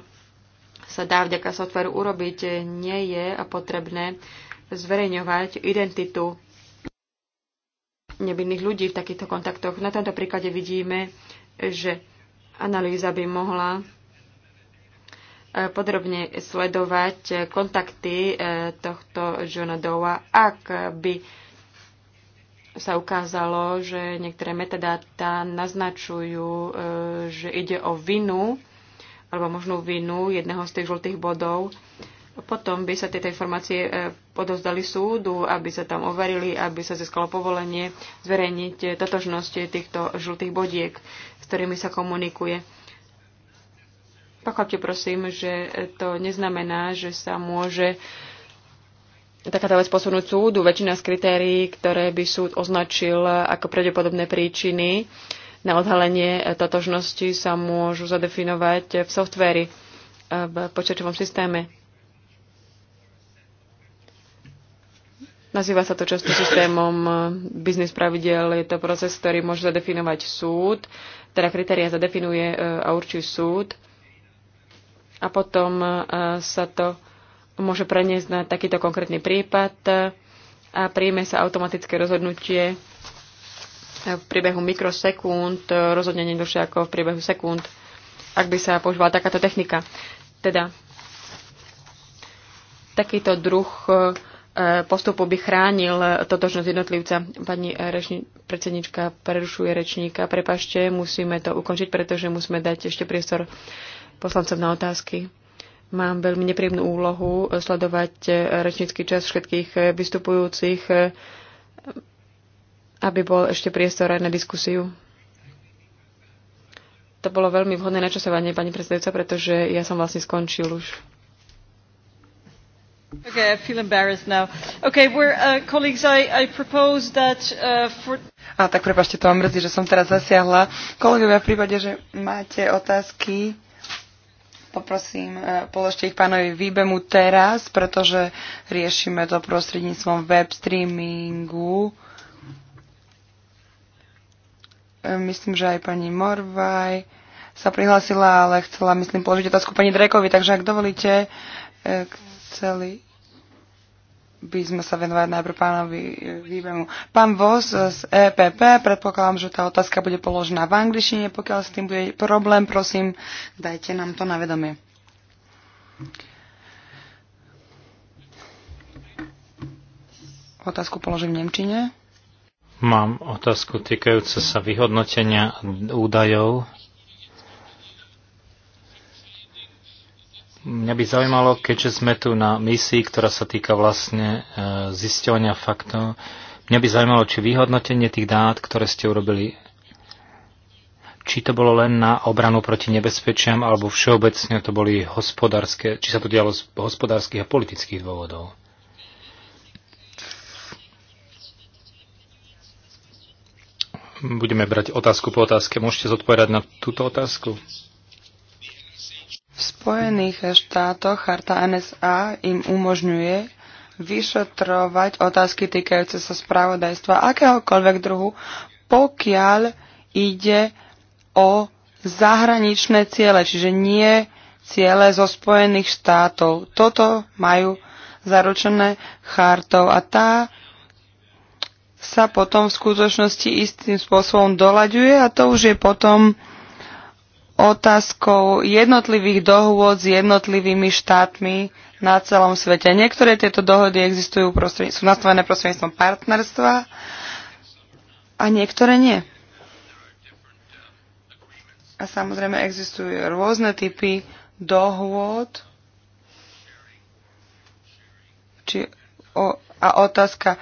sa dá vďaka softveru urobiť, nie je potrebné zverejňovať identitu nevinných ľudí v takýchto kontaktoch. Na tomto príklade vidíme, že analýza by mohla e, podrobne sledovať kontakty e, tohto Johna Dowa, ak by sa ukázalo, že niektoré metadáta naznačujú, e, že ide o vinu alebo možnú vinu jedného z tých žltých bodov. Potom by sa tieto informácie podozdali e, súdu, aby sa tam overili, aby sa získalo povolenie zverejniť e, totožnosť týchto žltých bodiek, s ktorými sa komunikuje. Pochopte prosím, že e, to neznamená, že sa môže takáto vec posunúť súdu. Väčšina z kritérií, ktoré by súd označil ako pravdepodobné príčiny, na odhalenie totožnosti sa môžu zadefinovať v softvéri, v počítačovom systéme. Nazýva sa to často systémom biznis pravidel. Je to proces, ktorý môže zadefinovať súd, teda kritéria zadefinuje e, a určí súd. A potom e, sa to môže preniesť na takýto konkrétny prípad e, a príjme sa automatické rozhodnutie v priebehu mikrosekúnd, e, rozhodne nedošli ako v priebehu sekúnd, ak by sa používala takáto technika. Teda takýto druh e, e, postupu by chránil totožnosť jednotlivca. Pani rečni, predsednička prerušuje rečníka. Prepašte, musíme to ukončiť, pretože musíme dať ešte priestor poslancom na otázky. Mám veľmi nepríjemnú úlohu sledovať rečnícky čas všetkých vystupujúcich aby bol ešte priestor aj na diskusiu. To bolo veľmi vhodné načasovanie, pani predsedajúca, pretože ja som vlastne skončil už. Okay, I feel embarrassed now. Okay, we're, uh, colleagues, I, I propose that uh, for... A tak prepašte, to vám mrzí, že som teraz zasiahla. Kolegovia, v prípade, že máte otázky, poprosím, uh, položte ich pánovi Výbemu teraz, pretože riešime to prostredníctvom web streamingu. Uh, E, myslím, že aj pani Morvaj sa prihlásila, ale chcela, myslím, položiť otázku pani Drekovi, takže ak dovolíte, e, chceli by sme sa venovať najprv pánovi e, Výbemu. Pán Vos z EPP, predpokladám, že tá otázka bude položená v angličtine. Pokiaľ s tým bude problém, prosím, dajte nám to na vedomie. Otázku položím v Nemčine. Mám otázku týkajúce sa vyhodnotenia údajov. Mňa by zaujímalo, keďže sme tu na misii, ktorá sa týka vlastne e, zisťovania faktov, mňa by zaujímalo, či vyhodnotenie tých dát, ktoré ste urobili, či to bolo len na obranu proti nebezpečiam, alebo všeobecne to boli hospodárske, či sa to dialo z hospodárskych a politických dôvodov. budeme brať otázku po otázke. Môžete zodpovedať na túto otázku? V Spojených štátoch charta NSA im umožňuje vyšetrovať otázky týkajúce sa spravodajstva akéhokoľvek druhu, pokiaľ ide o zahraničné ciele, čiže nie ciele zo Spojených štátov. Toto majú zaručené chartou a tá sa potom v skutočnosti istým spôsobom dolaďuje a to už je potom otázkou jednotlivých dohôd s jednotlivými štátmi na celom svete. Niektoré tieto dohody existujú sú nastavené prostredníctvom partnerstva a niektoré nie. A samozrejme existujú rôzne typy dohôd či o, a otázka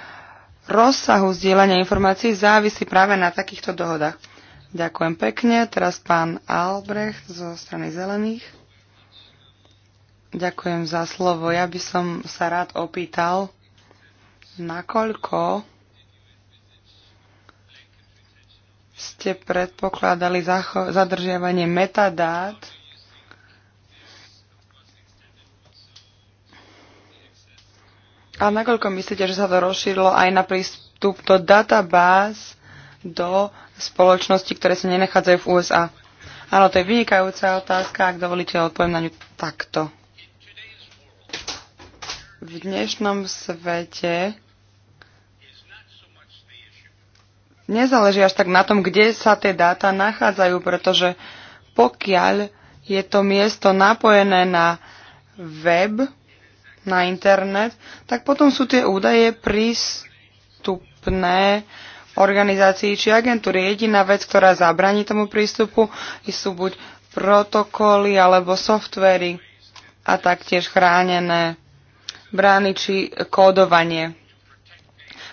rozsahu zdieľania informácií závisí práve na takýchto dohodách. Ďakujem pekne. Teraz pán Albrecht zo strany Zelených. Ďakujem za slovo. Ja by som sa rád opýtal, nakoľko ste predpokladali zadržiavanie metadát A nakoľko myslíte, že sa to rozšírilo aj na prístup do databáz do spoločnosti, ktoré sa nenachádzajú v USA? Áno, to je vynikajúca otázka, ak dovolíte, odpoviem na ňu takto. V dnešnom svete nezáleží až tak na tom, kde sa tie dáta nachádzajú, pretože pokiaľ je to miesto napojené na web, na internet, tak potom sú tie údaje prístupné organizácii či agentúry. Jediná vec, ktorá zabraní tomu prístupu, sú buď protokoly alebo softvery a taktiež chránené brány či kódovanie.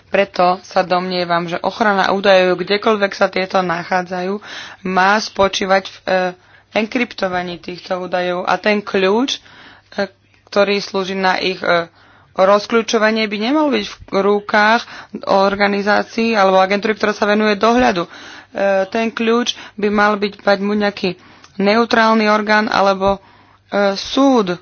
Preto sa domnievam, že ochrana údajov, kdekoľvek sa tieto nachádzajú, má spočívať v e, enkryptovaní týchto údajov a ten kľúč ktorý slúži na ich e, rozkľúčovanie by nemal byť v rukách organizácií alebo agentúry, ktorá sa venuje dohľadu. E, ten kľúč by mal byť mať mu nejaký neutrálny orgán alebo e, súd.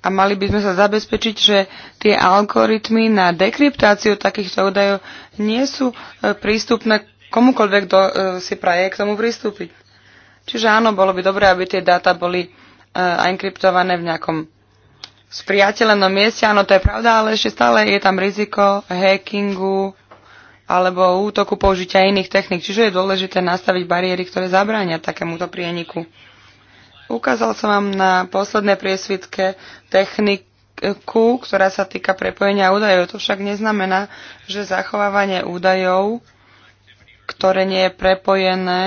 A mali by sme sa zabezpečiť, že tie algoritmy na dekryptáciu takýchto údajov nie sú prístupné komukoľvek, kto si praje k tomu pristúpiť. Čiže áno, bolo by dobré, aby tie dáta boli a enkryptované v nejakom spriateľenom mieste. Áno, to je pravda, ale ešte stále je tam riziko hackingu alebo útoku použitia iných technik. Čiže je dôležité nastaviť bariéry, ktoré zabránia takémuto prieniku. Ukázal som vám na poslednej priesvitke techniku, ktorá sa týka prepojenia údajov. To však neznamená, že zachovávanie údajov, ktoré nie je prepojené,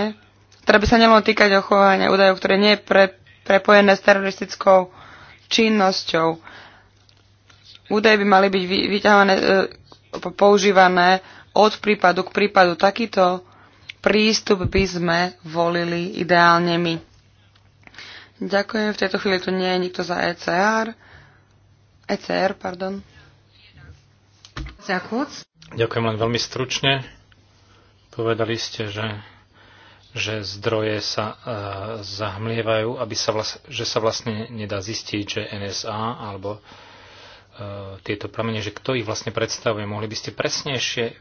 ktoré by sa nemalo týkať ochovania údajov, ktoré nie je pre, prepojené s teroristickou činnosťou. Údaje by mali byť vyťahované, e, používané od prípadu k prípadu. Takýto prístup by sme volili ideálne my. Ďakujem, v tejto chvíli tu nie je nikto za ECR. ECR, pardon. Ďakujem len veľmi stručne. Povedali ste, že že zdroje sa e, zahmlievajú, aby sa vlas, že sa vlastne nedá zistiť, že NSA alebo e, tieto pramene, že kto ich vlastne predstavuje. Mohli by ste presnejšie e,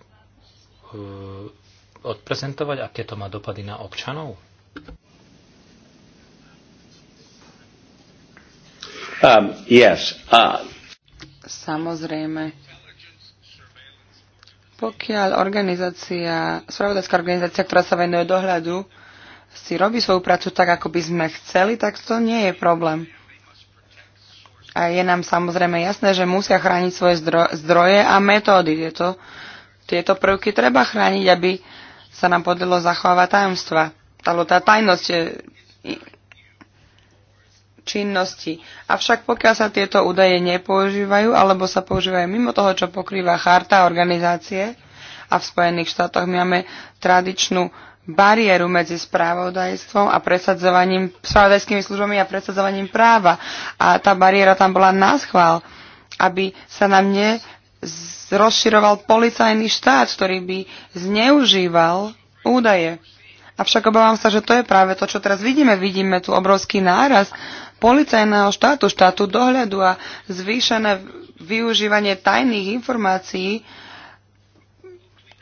odprezentovať, aké to má dopady na občanov? Um, yes. Uh... Samozrejme pokiaľ organizácia, spravodajská organizácia, ktorá sa venuje dohľadu, si robí svoju prácu tak, ako by sme chceli, tak to nie je problém. A je nám samozrejme jasné, že musia chrániť svoje zdroje a metódy. Tieto, tieto prvky treba chrániť, aby sa nám podelo zachovávať tajomstva. Tá tajnosť činnosti. Avšak pokiaľ sa tieto údaje nepoužívajú alebo sa používajú mimo toho, čo pokrýva charta organizácie, a v Spojených štátoch my máme tradičnú bariéru medzi spravodajstvom a presadzovaním, spravodajskými službami a presadzovaním práva. A tá bariéra tam bola na schvál, aby sa na mne rozširoval policajný štát, ktorý by zneužíval údaje. Avšak obávam sa, že to je práve to, čo teraz vidíme. Vidíme tu obrovský náraz policajného štátu, štátu dohľadu a zvýšené využívanie tajných informácií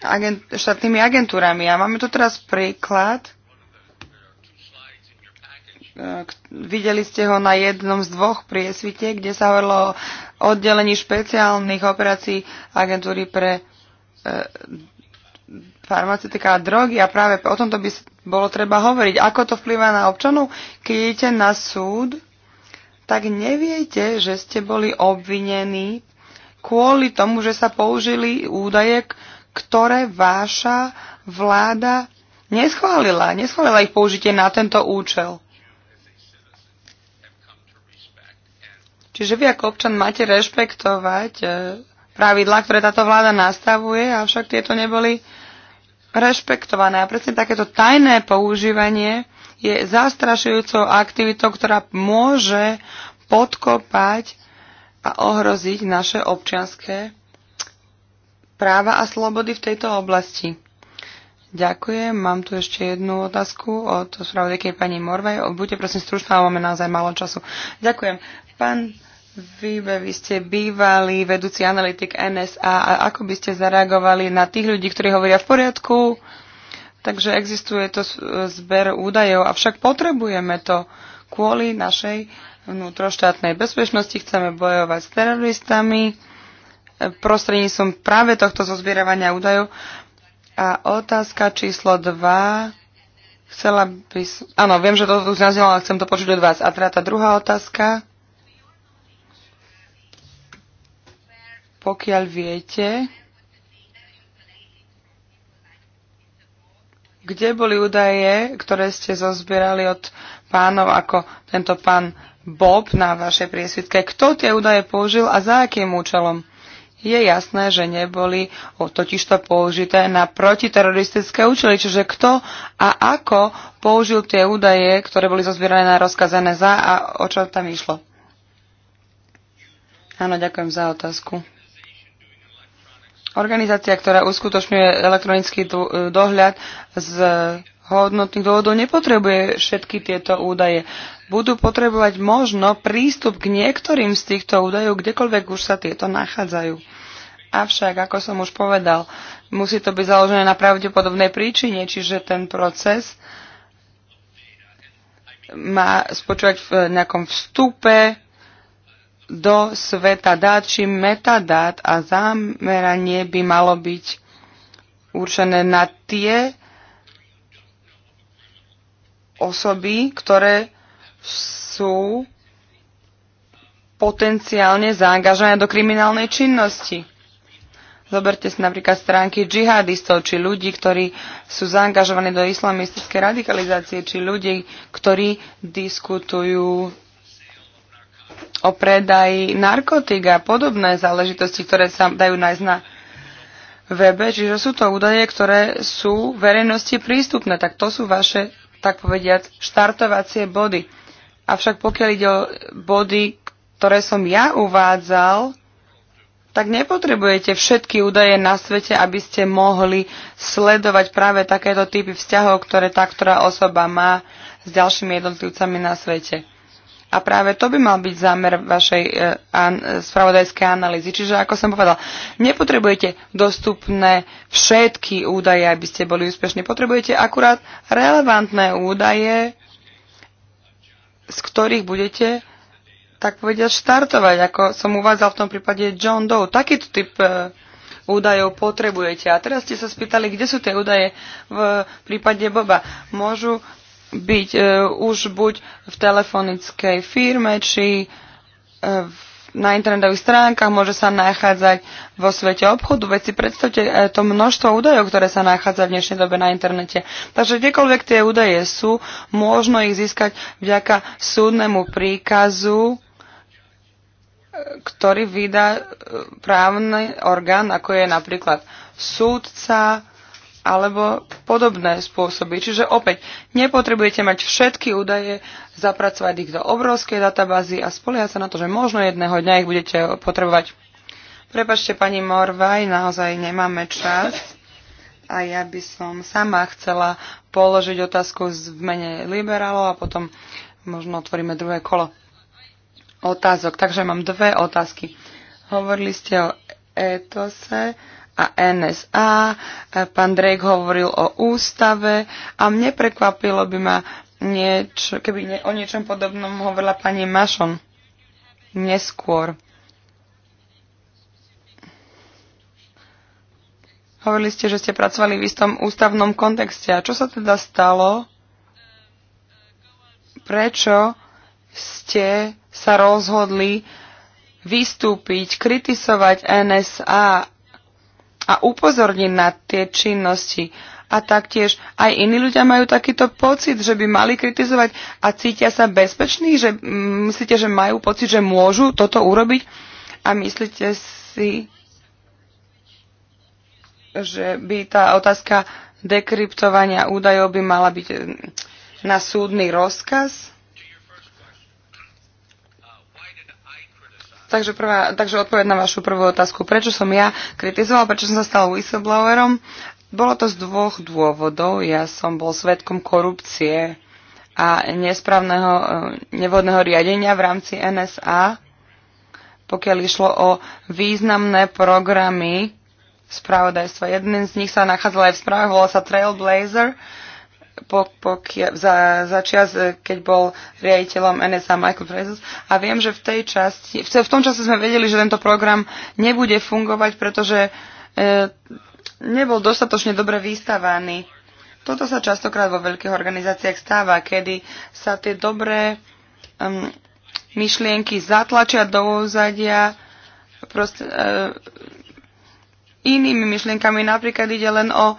agent, štátnymi agentúrami. A máme tu teraz príklad. E, videli ste ho na jednom z dvoch priesvite, kde sa hovorilo o oddelení špeciálnych operácií agentúry pre e, farmaceutika a drogy a práve o tomto by bolo treba hovoriť. Ako to vplýva na občanov, keď idete na súd tak neviete, že ste boli obvinení kvôli tomu, že sa použili údaje, ktoré váša vláda neschválila. Neschválila ich použitie na tento účel. Čiže vy ako občan máte rešpektovať e, pravidlá, ktoré táto vláda nastavuje, avšak tieto neboli rešpektované. A presne takéto tajné používanie je zastrašujúcou aktivitou, ktorá môže podkopať a ohroziť naše občianské práva a slobody v tejto oblasti. Ďakujem. Mám tu ešte jednu otázku od spravodajky pani Morvej. Buďte prosím stručná, máme naozaj málo času. Ďakujem. Pán vybe, vy ste bývalý vedúci analytik NSA. A ako by ste zareagovali na tých ľudí, ktorí hovoria v poriadku? Takže existuje to zber údajov, avšak potrebujeme to kvôli našej vnútroštátnej bezpečnosti. Chceme bojovať s teroristami e, prostredníctvom práve tohto zozbieravania údajov. A otázka číslo 2. Chcela by som... Áno, viem, že to už zaznelo, ale chcem to počuť od vás. A teda tá druhá otázka. Pokiaľ viete, Kde boli údaje, ktoré ste zozbierali od pánov ako tento pán Bob na vašej priesvitke? Kto tie údaje použil a za akým účelom? Je jasné, že neboli totižto použité na protiteroristické účely, čiže kto a ako použil tie údaje, ktoré boli zozbierané na rozkaz NSA a o čo tam išlo? Áno, ďakujem za otázku. Organizácia, ktorá uskutočňuje elektronický e, dohľad z hodnotných dôvodov nepotrebuje všetky tieto údaje. Budú potrebovať možno prístup k niektorým z týchto údajov, kdekoľvek už sa tieto nachádzajú. Avšak, ako som už povedal, musí to byť založené na pravdepodobnej príčine, čiže ten proces má spočívať v nejakom vstupe, do sveta dát či metadát a zameranie by malo byť určené na tie osoby, ktoré sú potenciálne zaangažované do kriminálnej činnosti. Zoberte si napríklad stránky džihadistov, či ľudí, ktorí sú zaangažovaní do islamistickej radikalizácie, či ľudí, ktorí diskutujú o predaji narkotik a podobné záležitosti, ktoré sa dajú nájsť na webe, čiže sú to údaje, ktoré sú verejnosti prístupné, tak to sú vaše, tak povediať, štartovacie body. Avšak pokiaľ ide o body, ktoré som ja uvádzal, tak nepotrebujete všetky údaje na svete, aby ste mohli sledovať práve takéto typy vzťahov, ktoré tá ktorá osoba má s ďalšími jednotlivcami na svete. A práve to by mal byť zámer vašej e, spravodajskej analýzy. Čiže, ako som povedal, nepotrebujete dostupné všetky údaje, aby ste boli úspešní. Potrebujete akurát relevantné údaje, z ktorých budete tak povediať štartovať, ako som uvádzal v tom prípade John Doe. Takýto typ e, údajov potrebujete. A teraz ste sa spýtali, kde sú tie údaje v prípade Boba. Môžu byť e, už buď v telefonickej firme, či e, na internetových stránkach, môže sa nachádzať vo svete obchodu. Veď si predstavte e, to množstvo údajov, ktoré sa nachádza v dnešnej dobe na internete. Takže kdekoľvek tie údaje sú, možno ich získať vďaka súdnemu príkazu, e, ktorý vydá e, právny orgán, ako je napríklad súdca, alebo podobné spôsoby. Čiže opäť, nepotrebujete mať všetky údaje, zapracovať ich do obrovskej databázy a spoliehať sa na to, že možno jedného dňa ich budete potrebovať. Prepačte, pani Morvaj, naozaj nemáme čas a ja by som sama chcela položiť otázku v mene liberálov a potom možno otvoríme druhé kolo otázok. Takže mám dve otázky. Hovorili ste o etose a NSA. Pán Drake hovoril o ústave a mne prekvapilo by ma niečo, keby nie, o niečom podobnom hovorila pani Mašon neskôr. Hovorili ste, že ste pracovali v istom ústavnom kontexte. A čo sa teda stalo? Prečo ste sa rozhodli vystúpiť, kritizovať NSA a upozorniť na tie činnosti. A taktiež aj iní ľudia majú takýto pocit, že by mali kritizovať a cítia sa bezpeční, že mm, myslíte, že majú pocit, že môžu toto urobiť a myslíte si, že by tá otázka dekryptovania údajov by mala byť mm, na súdny rozkaz? Takže, prvá, takže odpoved na vašu prvú otázku. Prečo som ja kritizoval, prečo som sa stal whistleblowerom? Bolo to z dvoch dôvodov. Ja som bol svetkom korupcie a nesprávneho, e, nevhodného riadenia v rámci NSA, pokiaľ išlo o významné programy spravodajstva. Jedným z nich sa nachádzal aj v správach, volal sa Trailblazer pok za, za čas, e, keď bol riaditeľom NSA Michael Prezes. A viem, že v, tej časti, v tom čase sme vedeli, že tento program nebude fungovať, pretože e, nebol dostatočne dobre vystavaný. Toto sa častokrát vo veľkých organizáciách stáva, kedy sa tie dobré um, myšlienky zatlačia do úzadia proste, e, inými myšlienkami. Napríklad ide len o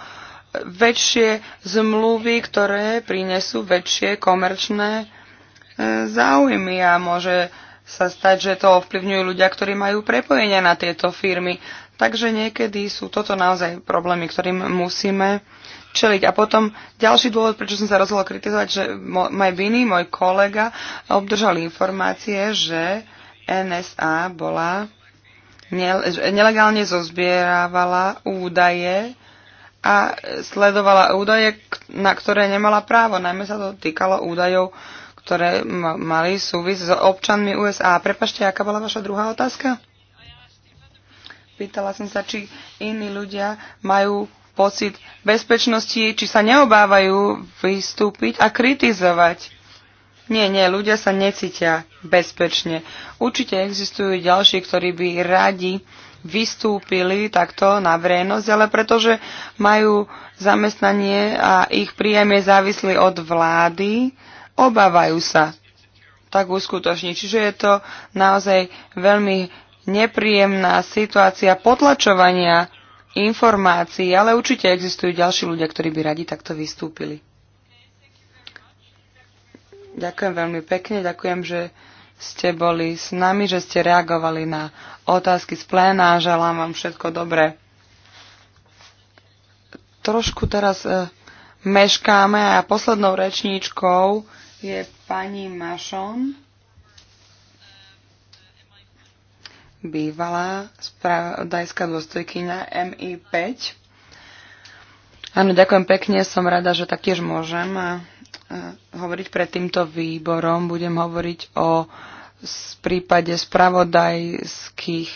väčšie zmluvy, ktoré prinesú väčšie komerčné e, záujmy a môže sa stať, že to ovplyvňujú ľudia, ktorí majú prepojenia na tieto firmy. Takže niekedy sú toto naozaj problémy, ktorým musíme čeliť. A potom ďalší dôvod, prečo som sa rozhodla kritizovať, že môj Viny, môj kolega, obdržal informácie, že NSA bola nelegálne zozbierávala údaje a sledovala údaje, na ktoré nemala právo. Najmä sa to týkalo údajov, ktoré mali súvis s občanmi USA. Prepašte, aká bola vaša druhá otázka? Pýtala som sa, či iní ľudia majú pocit bezpečnosti, či sa neobávajú vystúpiť a kritizovať. Nie, nie, ľudia sa necítia bezpečne. Určite existujú ďalší, ktorí by radi vystúpili takto na verejnosť, ale pretože majú zamestnanie a ich príjem je závislý od vlády, obávajú sa tak uskutočniť. Čiže je to naozaj veľmi nepríjemná situácia potlačovania informácií, ale určite existujú ďalší ľudia, ktorí by radi takto vystúpili. Ďakujem veľmi pekne, ďakujem, že ste boli s nami, že ste reagovali na otázky z pléna a želám vám všetko dobré. Trošku teraz e, meškáme a poslednou rečníčkou je pani Mašon, bývalá spravodajská dôstojkyňa MI5. Áno, ďakujem pekne, som rada, že taktiež môžem Eh, hovoriť pred týmto výborom, budem hovoriť o prípade spravodajských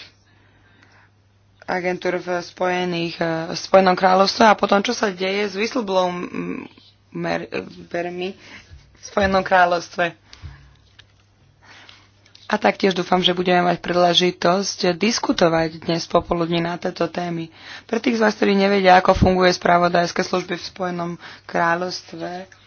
agentúr v, Spojených, v eh, Spojenom kráľovstve a potom, čo sa deje s whistleblowermi v Spojenom kráľovstve. A taktiež dúfam, že budeme mať príležitosť diskutovať dnes popoludní na tieto témy. Pre tých z vás, ktorí nevedia, ako funguje spravodajské služby v Spojenom kráľovstve,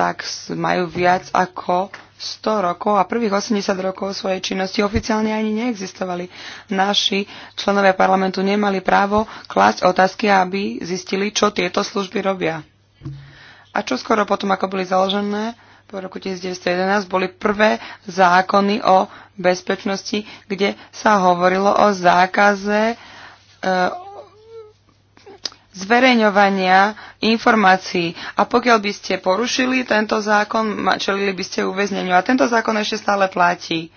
tak majú viac ako 100 rokov a prvých 80 rokov svojej činnosti oficiálne ani neexistovali. Naši členovia parlamentu nemali právo klásť otázky, aby zistili, čo tieto služby robia. A čo skoro potom, ako boli založené, po roku 1911 boli prvé zákony o bezpečnosti, kde sa hovorilo o zákaze e, zverejňovania informácií. A pokiaľ by ste porušili tento zákon, čelili by ste uväzneniu. A tento zákon ešte stále platí.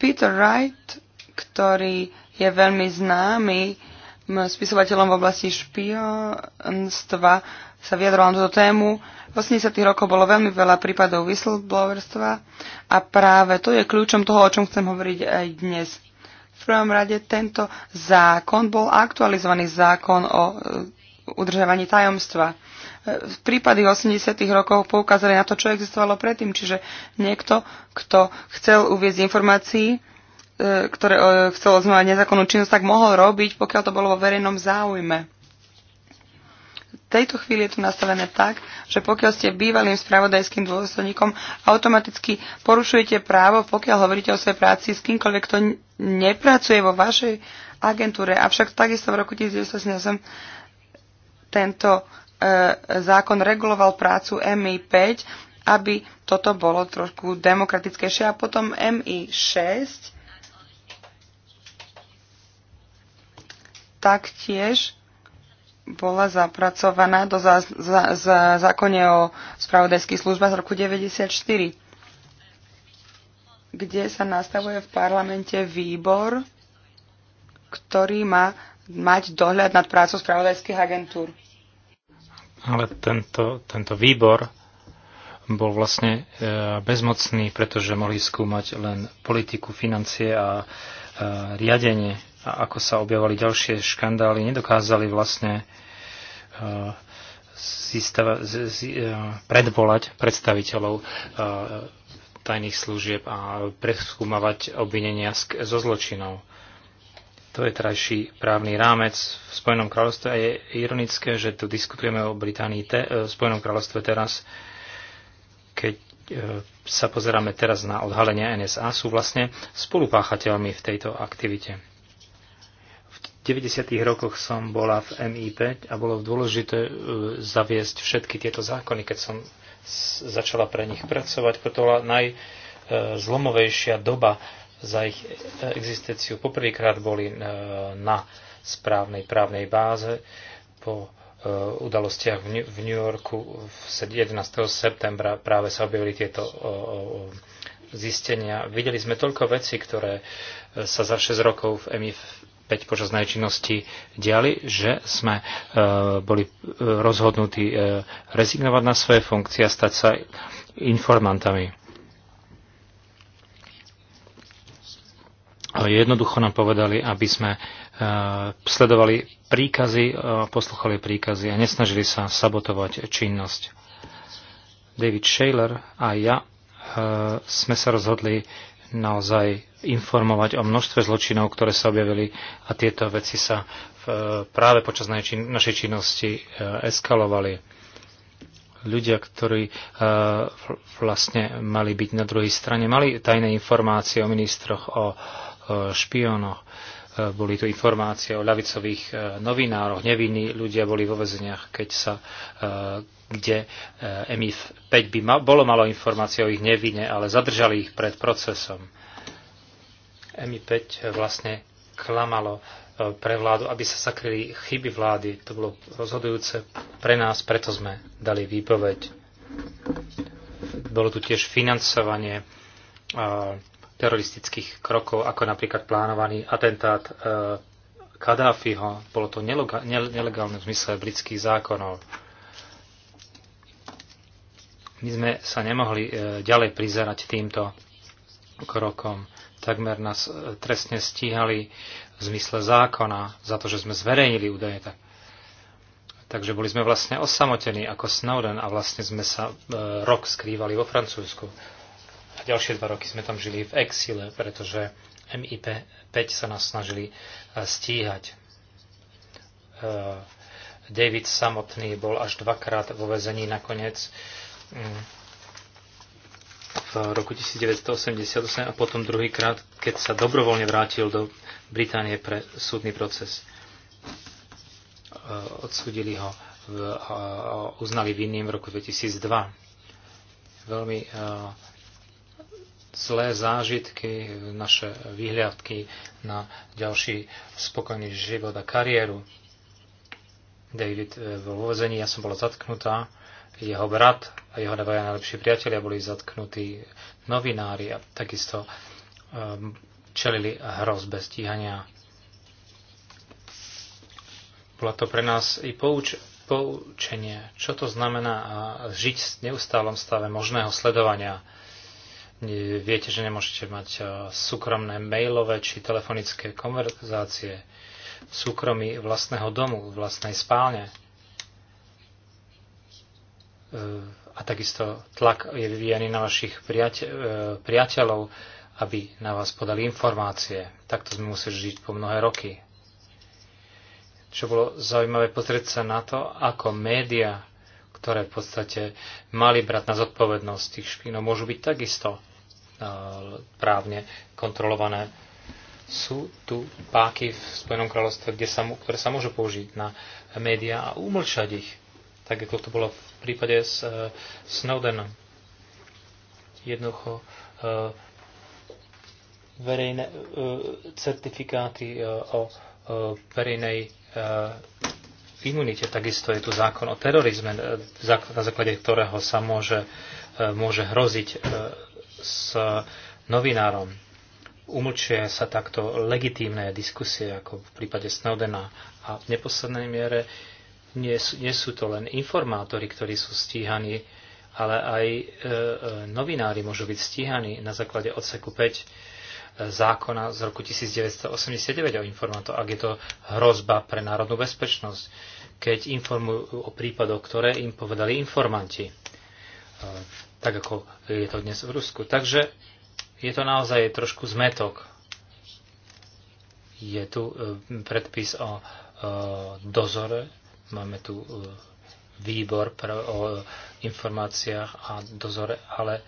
Peter Wright, ktorý je veľmi známy spisovateľom v oblasti špionstva, sa vyjadroval na túto tému. V 80. rokoch bolo veľmi veľa prípadov whistleblowerstva a práve to je kľúčom toho, o čom chcem hovoriť aj dnes prvom rade tento zákon bol aktualizovaný zákon o e, udržiavaní tajomstva. V e, prípady 80. rokov poukázali na to, čo existovalo predtým, čiže niekto, kto chcel uviezť informácií, e, ktoré chcel oznovať nezákonnú činnosť, tak mohol robiť, pokiaľ to bolo vo verejnom záujme tejto chvíli je to nastavené tak, že pokiaľ ste bývalým spravodajským dôsledníkom, automaticky porušujete právo, pokiaľ hovoríte o svojej práci s kýmkoľvek, kto nepracuje vo vašej agentúre. Avšak takisto v roku 1988 tento e, zákon reguloval prácu MI5, aby toto bolo trošku demokratickejšie. A potom MI6 taktiež bola zapracovaná do zá, zá, zá, zákone o spravodajských službách z roku 1994, kde sa nastavuje v parlamente výbor, ktorý má mať dohľad nad prácou spravodajských agentúr. Ale tento, tento výbor bol vlastne e, bezmocný, pretože mohli skúmať len politiku, financie a e, riadenie a ako sa objavali ďalšie škandály, nedokázali vlastne uh, zistava, z, z, uh, predvolať predstaviteľov uh, tajných služieb a preskúmavať obvinenia zo zločinov. To je trajší právny rámec v Spojenom kráľovstve a je ironické, že tu diskutujeme o Británii, te, eh, v Spojenom kráľovstve teraz, keď eh, sa pozeráme teraz na odhalenie NSA, sú vlastne spolupáchateľmi v tejto aktivite. 90. rokoch som bola v MI5 a bolo dôležité e, zaviesť všetky tieto zákony, keď som začala pre nich pracovať. To bola najzlomovejšia e, doba za ich existenciu. Poprvýkrát boli e, na správnej právnej báze po udalostiach v New Yorku 11. septembra práve sa objavili tieto zistenia. Videli sme toľko vecí, ktoré sa za 6 rokov v MI 5 počasnej činnosti diali, že sme e, boli e, rozhodnutí e, rezignovať na svoje funkcie a stať sa informantami. Jednoducho nám povedali, aby sme sledovali príkazy, posluchali príkazy a nesnažili sa sabotovať činnosť. David Shaler a ja sme sa rozhodli naozaj informovať o množstve zločinov, ktoré sa objavili a tieto veci sa v, práve počas našej činnosti e, eskalovali. Ľudia, ktorí e, vlastne mali byť na druhej strane, mali tajné informácie o ministroch, o špionoch, e, boli tu informácie o ľavicových novinároch, nevinní ľudia boli vo väzeniach, keď sa kde MIF 5 by ma, bolo malo informácie o ich nevine, ale zadržali ich pred procesom MI5 vlastne klamalo e, pre vládu, aby sa sakryli chyby vlády. To bolo rozhodujúce pre nás, preto sme dali výpoveď. Bolo tu tiež financovanie e, teroristických krokov, ako napríklad plánovaný atentát e, Kadáfiho. Bolo to nelegálne v zmysle britských zákonov. My sme sa nemohli ďalej prizerať týmto krokom takmer nás e, trestne stíhali v zmysle zákona za to, že sme zverejnili údaje. Takže boli sme vlastne osamotení ako Snowden a vlastne sme sa e, rok skrývali vo Francúzsku. A ďalšie dva roky sme tam žili v exile, pretože MIP 5 sa nás snažili e, stíhať. E, David samotný bol až dvakrát vo vezení nakoniec. Mm v roku 1988 a potom druhýkrát, keď sa dobrovoľne vrátil do Británie pre súdny proces. E, odsúdili ho a e, uznali vinným v roku 2002. Veľmi e, zlé zážitky, naše výhľadky na ďalší spokojný život a kariéru. David vo vození, ja som bola zatknutá jeho brat a jeho dvaja najlepší priatelia boli zatknutí novinári a takisto ehm, čelili hrozbe stíhania. Bola to pre nás i pouč- poučenie, čo to znamená žiť v neustálom stave možného sledovania. Viete, že nemôžete mať e, súkromné mailové či telefonické konverzácie v súkromí vlastného domu, v vlastnej spálne E, a takisto tlak je vyvíjaný na vašich e, priateľov, aby na vás podali informácie. Takto sme museli žiť po mnohé roky. Čo bolo zaujímavé pozrieť sa na to, ako média, ktoré v podstate mali brať na zodpovednosť tých špínov, môžu byť takisto e, právne kontrolované. Sú tu páky v Spojenom kráľovstve, kde sa, ktoré sa môžu použiť na médiá a umlčať ich tak ako to bolo v prípade s e, Snowdenom. Jednoducho e, verejné e, certifikáty o verejnej imunite. Takisto je tu zákon o terorizme, na základe ktorého sa môže, môže hroziť s novinárom. Umlčuje sa takto legitímne diskusie, ako v prípade Snowdena. A v neposlednej miere nie, nie sú to len informátori, ktorí sú stíhaní, ale aj e, e novinári môžu byť stíhaní na základe odseku 5 e, zákona z roku 1989 o informátoch, ak je to hrozba pre národnú bezpečnosť, keď informujú o prípadoch, ktoré im povedali informanti, e, tak ako je to dnes v Rusku. Takže je to naozaj trošku zmetok. Je tu e, predpis o e, dozore Máme tu e, výbor pre, o informáciách a dozore, ale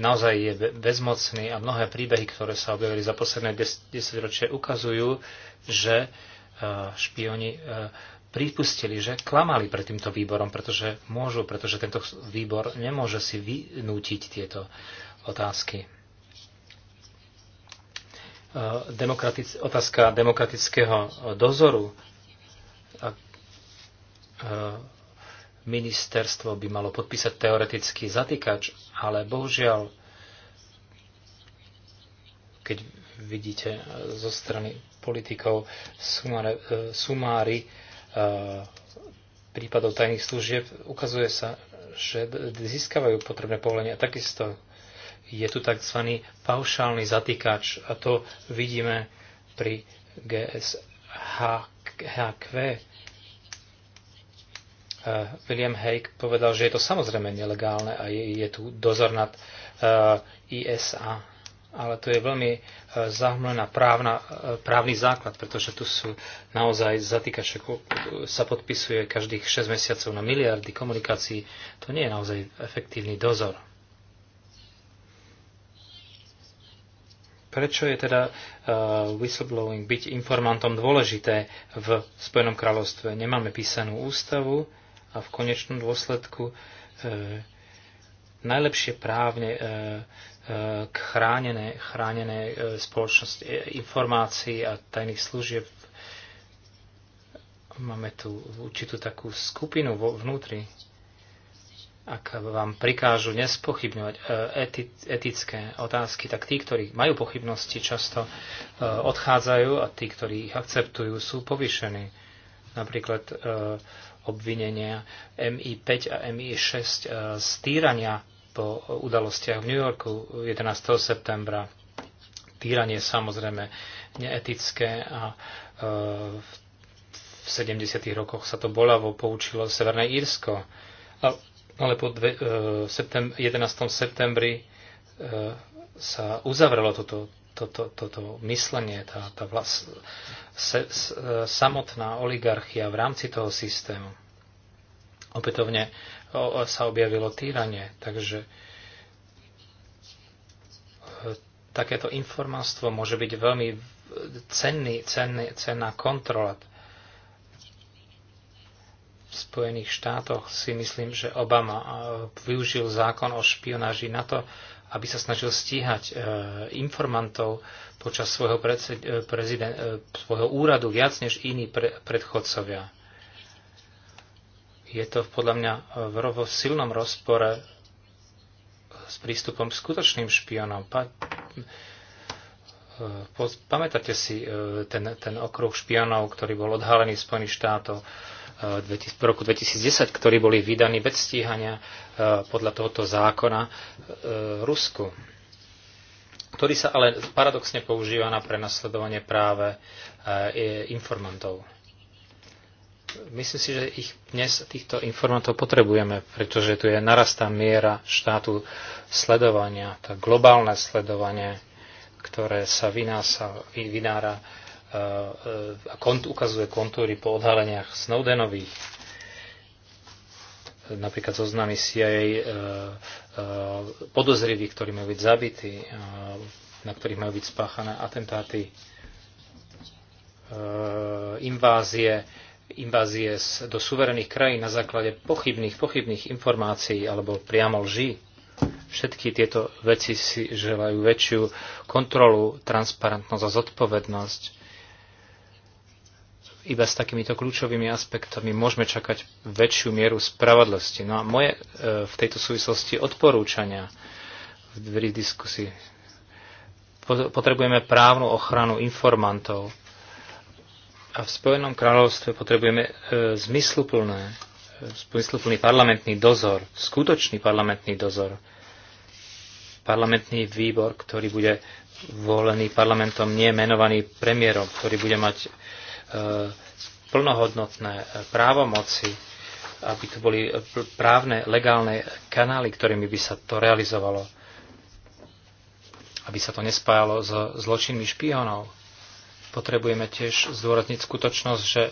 naozaj je bezmocný a mnohé príbehy, ktoré sa objavili za posledné 10 ročie, ukazujú, že e, špioni e, pripustili, že klamali pred týmto výborom, pretože môžu, pretože tento výbor nemôže si vynútiť tieto otázky. Demokratic, otázka demokratického dozoru E, ministerstvo by malo podpísať teoretický zatýkač, ale bohužiaľ, keď vidíte e, zo strany politikov sumáre, e, sumári prípadov tajných služieb, ukazuje sa, že získavajú potrebné A Takisto je tu tzv. paušálny zatýkač a to vidíme pri GSHQ William Hague povedal, že je to samozrejme nelegálne a je, je tu dozor nad uh, e, ISA. Ale to je veľmi uh, zahmlená právna, uh, právny základ, pretože tu sú naozaj zatýkače, sa podpisuje každých 6 mesiacov na miliardy komunikácií. To nie je naozaj efektívny dozor. Prečo je teda uh, whistleblowing byť informantom dôležité v Spojenom kráľovstve? Nemáme písanú ústavu, uh, a v konečnom dôsledku e, najlepšie právne e, e, chránené, chránené e, e, informácií a tajných služieb. Máme tu určitú takú skupinu vo, vnútri, ak vám prikážu nespochybňovať e, etické otázky, tak tí, ktorí majú pochybnosti, často e, odchádzajú a tí, ktorí ich akceptujú, sú povyšení. Napríklad e, obvinenia MI5 a MI6 eh, z týrania po udalostiach v New Yorku 11. septembra. Týranie samozrejme neetické a eh, v 70. rokoch sa to bolavo poučilo Severné Írsko. Ale po 11. Eh, septembri sa uzavrelo toto toto to, to, myslenie, tá, tá vlast, se, s, e, samotná oligarchia v rámci toho systému. Opätovne o, o, sa objavilo týranie, takže e, takéto informáctvo môže byť veľmi cenný, cenný, cenná kontrola. V Spojených štátoch si myslím, že Obama e, využil zákon o špionáži na to, aby sa snažil stíhať e, informantov počas svojho, e, e, svojho úradu viac než iní pre- predchodcovia. Je to podľa mňa v rovo silnom rozpore s prístupom k skutočným špionom. Pa- pamätáte si ten, ten okruh špionov, ktorý bol odhalený v Spojených štátoch? v roku 2010, ktorí boli vydaní bez stíhania e, podľa tohoto zákona e, Rusku, ktorý sa ale paradoxne používa na prenasledovanie práve e, informantov. Myslím si, že ich dnes týchto informantov potrebujeme, pretože tu je narastá miera štátu sledovania, to globálne sledovanie, ktoré sa vynása, vynára kont, ukazuje kontúry po odhaleniach Snowdenových, napríklad zoznamy CIA e, e, podozrivých, ktorí majú byť zabití, e, na ktorých majú byť spáchané atentáty, invázie, invázie do suverených krajín na základe pochybných, pochybných informácií alebo priamo lží. Všetky tieto veci si želajú väčšiu kontrolu, transparentnosť a zodpovednosť iba s takýmito kľúčovými aspektami môžeme čakať väčšiu mieru spravodlosti. No a moje e, v tejto súvislosti odporúčania v diskusii. Potrebujeme právnu ochranu informantov a v Spojenom kráľovstve potrebujeme e, zmysluplné, e, zmysluplný parlamentný dozor, skutočný parlamentný dozor, parlamentný výbor, ktorý bude volený parlamentom, nie menovaný premiérom, ktorý bude mať e, E, plnohodnotné právomoci, aby tu boli právne, legálne kanály, ktorými by sa to realizovalo. Aby sa to nespájalo so zločinmi špionov. Potrebujeme tiež zdôrazniť skutočnosť, že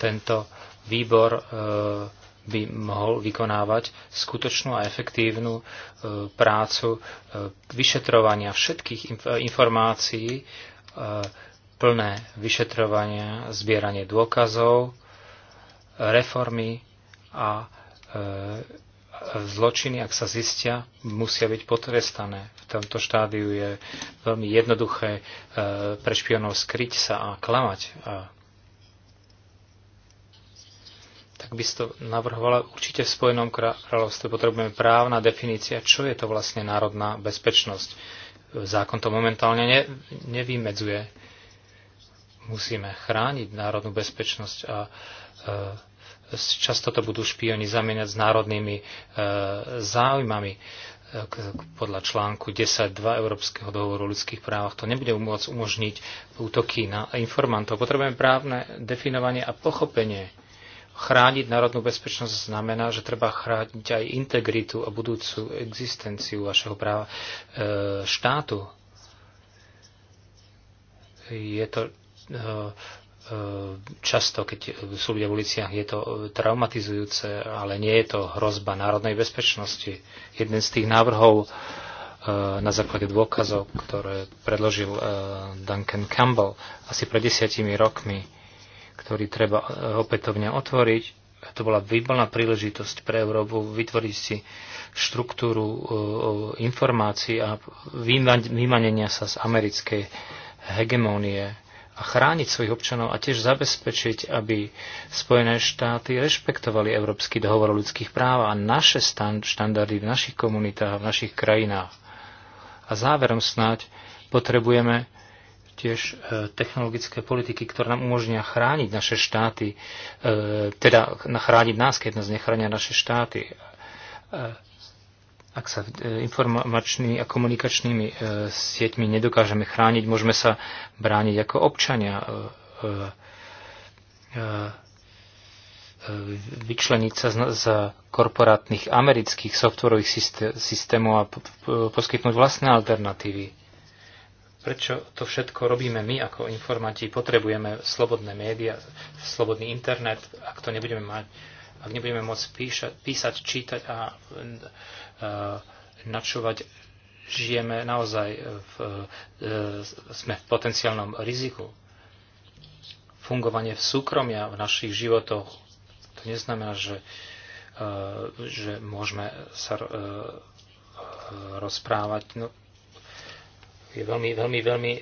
tento výbor e, by mohol vykonávať skutočnú a efektívnu e, prácu vyšetrovania všetkých informácií, plné vyšetrovania, zbieranie dôkazov, reformy a e, zločiny, ak sa zistia, musia byť potrestané. V tomto štádiu je veľmi jednoduché e, pre špionov skryť sa a klamať. A tak by si to navrhovala určite v Spojenom kráľovstve. Potrebujeme právna definícia, čo je to vlastne národná bezpečnosť. Zákon to momentálne ne, nevymedzuje Musíme chrániť národnú bezpečnosť a e, často to budú špioni zamieňať s národnými e, záujmami e, podľa článku 10.2 Európskeho dohovoru o ľudských právach. To nebude môcť umožniť útoky na informantov. Potrebujeme právne definovanie a pochopenie. Chrániť národnú bezpečnosť znamená, že treba chrániť aj integritu a budúcu existenciu vašeho práva, štátu. Je to E, e, často, keď sú ľudia v uliciach, je to traumatizujúce, ale nie je to hrozba národnej bezpečnosti. Jeden z tých návrhov e, na základe dôkazov, ktoré predložil Duncan Campbell asi pred desiatimi rokmi, ktorý treba opätovne otvoriť, to bola výborná príležitosť pre Európu vytvoriť si štruktúru informácií a vymanenia sa z americkej hegemónie a chrániť svojich občanov a tiež zabezpečiť, aby Spojené štáty rešpektovali Európsky dohovor o ľudských práv a naše štandardy v našich komunitách, v našich krajinách. A záverom snáď potrebujeme tiež e, technologické politiky, ktoré nám umožnia chrániť naše štáty, e, teda chrániť nás, keď nás nechránia naše štáty. E, ak sa e, informačnými a komunikačnými e, sieťmi nedokážeme chrániť, môžeme sa brániť ako občania, e, vyčleniť sa z korporátnych amerických softwarových systémov a poskytnúť vlastné alternatívy. Prečo to všetko robíme my ako informáti? Potrebujeme slobodné médiá, slobodný internet, ak to nebudeme mať, ak nebudeme môcť píšať, písať, čítať a Eh, načúvať. Žijeme naozaj, v, eh, sme v potenciálnom riziku. Fungovanie v súkromia v našich životoch, to neznamená, že, eh, že môžeme sa rozprávať. No, je veľmi, veľmi, veľmi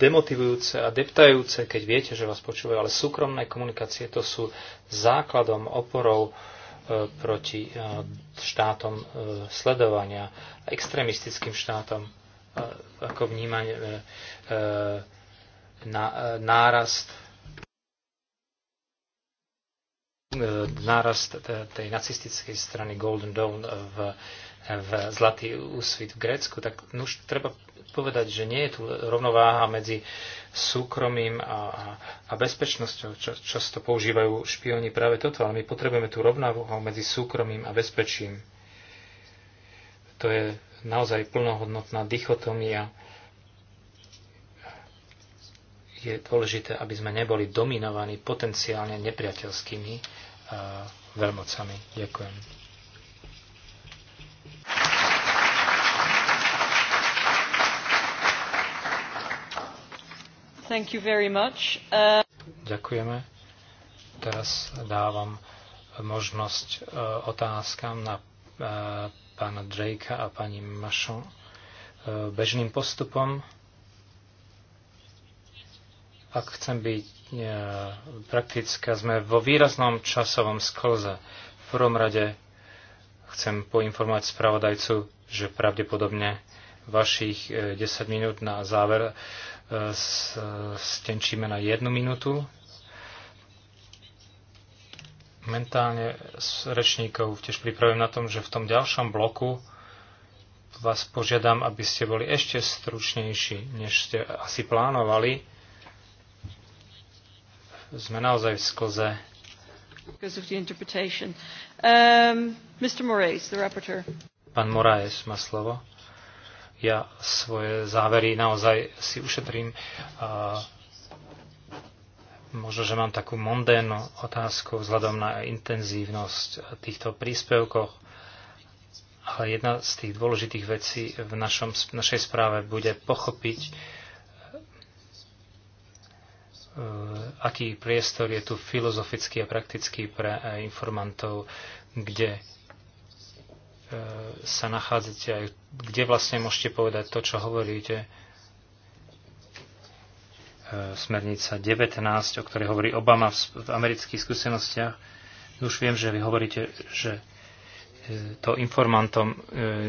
demotivujúce a deptajúce, keď viete, že vás počúvajú, ale súkromné komunikácie to sú základom, oporou E, proti e, štátom e, sledovania, extrémistickým štátom, ako vnímanie nárast nárast tej nacistickej strany Golden Dawn v, v Zlatý úsvit v Grécku, tak už treba povedať, že nie je tu rovnováha medzi súkromím a, a, a bezpečnosťou. Čo, často používajú špioni práve toto, ale my potrebujeme tú rovnováhu medzi súkromím a bezpečím. To je naozaj plnohodnotná dichotomia. Je dôležité, aby sme neboli dominovaní potenciálne nepriateľskými eh, veľmocami. Ďakujem. Thank you very much. Uh... Ďakujeme. Teraz dávam možnosť uh, otázkam na uh, pána Drakea a pani Mašon. Uh, bežným postupom, ak chcem byť uh, praktická, sme vo výraznom časovom sklze. V prvom rade chcem poinformovať spravodajcu, že pravdepodobne vašich 10 minút na záver stenčíme na jednu minútu. Mentálne s rečníkov tiež pripravím na tom, že v tom ďalšom bloku vás požiadam, aby ste boli ešte stručnejší, než ste asi plánovali. Sme naozaj v sklze. Um, Moraes, Pán Moraes má slovo. Ja svoje závery naozaj si ušetrím. A možno, že mám takú mondénnu otázku vzhľadom na intenzívnosť týchto príspevkoch, ale jedna z tých dôležitých vecí v našom, našej správe bude pochopiť, e, aký priestor je tu filozofický a praktický pre e, informantov, kde E, sa nachádzate aj kde vlastne môžete povedať to, čo hovoríte. E, smernica 19, o ktorej hovorí Obama v amerických skúsenostiach. Už viem, že vy hovoríte, že e, to informantom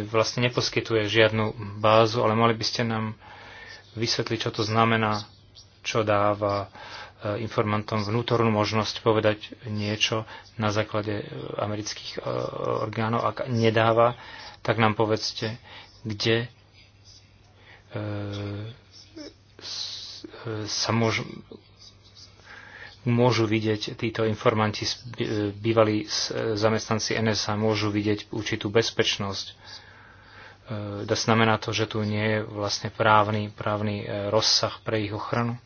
vlastne neposkytuje žiadnu bázu, ale mohli by ste nám vysvetliť, čo to znamená, čo dáva Eh, informantom vnútornú možnosť povedať niečo na základe eh, amerických eh, orgánov. Ak nedáva, tak nám povedzte, kde sa môžu, môžu vidieť títo informanti, bývalí zamestnanci NSA, môžu vidieť určitú bezpečnosť. Znamená to, že tu nie je vlastne právny, právny rozsah pre ich ochranu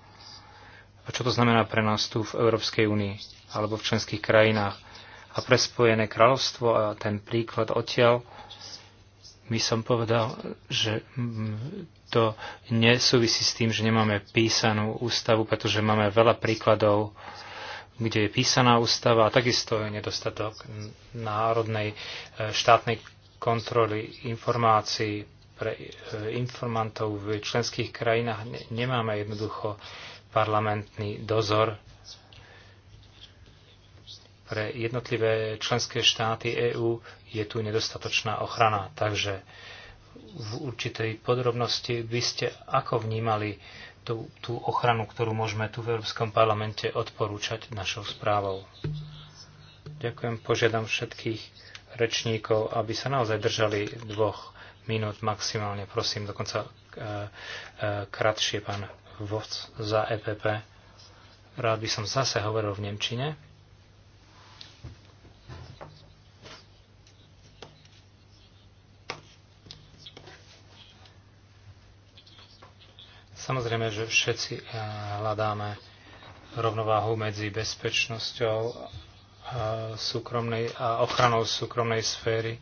a čo to znamená pre nás tu v Európskej únii alebo v členských krajinách. A pre Spojené kráľovstvo a ten príklad odtiaľ by som povedal, že mm, to nesúvisí s tým, že nemáme písanú ústavu, pretože máme veľa príkladov, kde je písaná ústava a takisto je nedostatok národnej e, štátnej kontroly informácií pre e, informantov v členských krajinách. Nemáme jednoducho parlamentný dozor pre jednotlivé členské štáty EÚ je tu nedostatočná ochrana. Takže v určitej podrobnosti by ste ako vnímali tú, tú ochranu, ktorú môžeme tu v Európskom parlamente odporúčať našou správou. Ďakujem, požiadam všetkých rečníkov, aby sa naozaj držali dvoch minút maximálne, prosím, dokonca e, e, kratšie, pán Voc za EPP. Rád by som zase hovoril v Nemčine. Samozrejme, že všetci eh, hľadáme rovnováhu medzi bezpečnosťou eh, súkromnej a ochranou súkromnej sféry.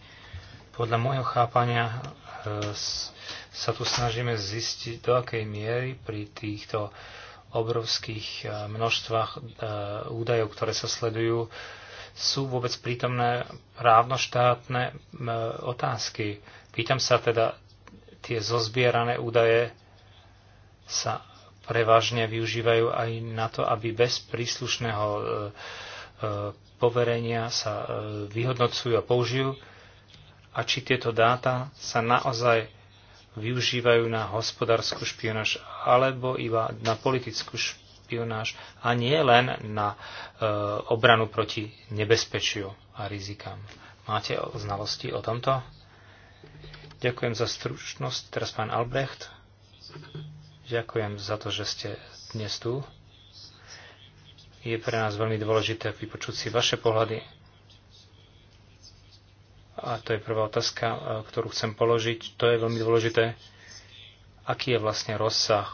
Podľa môjho chápania eh, sa tu snažíme zistiť, do akej miery pri týchto obrovských e, množstvách e, údajov, ktoré sa sledujú, sú vôbec prítomné právnoštátne e, otázky. Pýtam sa teda, tie zozbierané údaje sa prevažne využívajú aj na to, aby bez príslušného poverenia sa vyhodnocujú a použijú a či tieto dáta sa naozaj využívajú na hospodárskú špionáž alebo iba na politickú špionáž a nie len na e, obranu proti nebezpečiu a rizikám. Máte znalosti o tomto? Ďakujem za stručnosť. Teraz pán Albrecht. Ďakujem za to, že ste dnes tu. Je pre nás veľmi dôležité vypočuť si vaše pohľady a to je prvá otázka, e, ktorú chcem položiť, to je veľmi dôležité, aký je vlastne rozsah,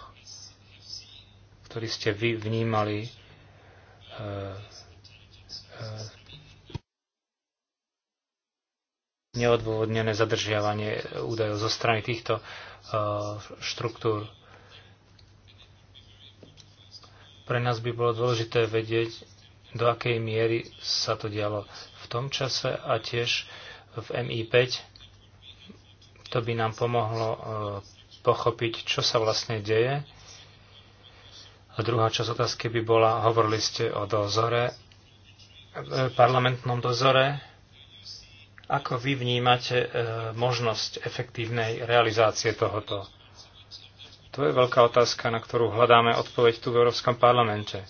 ktorý ste vy vnímali e, e, neodôvodnené zadržiavanie údajov zo strany týchto štruktúr. Pre nás by bolo dôležité vedieť, do akej miery sa to dialo v tom čase a tiež v MI5. To by nám pomohlo e, pochopiť, čo sa vlastne deje. A druhá časť otázky by bola, hovorili ste o dozore, e, parlamentnom dozore. Ako vy vnímate e, možnosť efektívnej realizácie tohoto? To je veľká otázka, na ktorú hľadáme odpoveď tu v Európskom parlamente.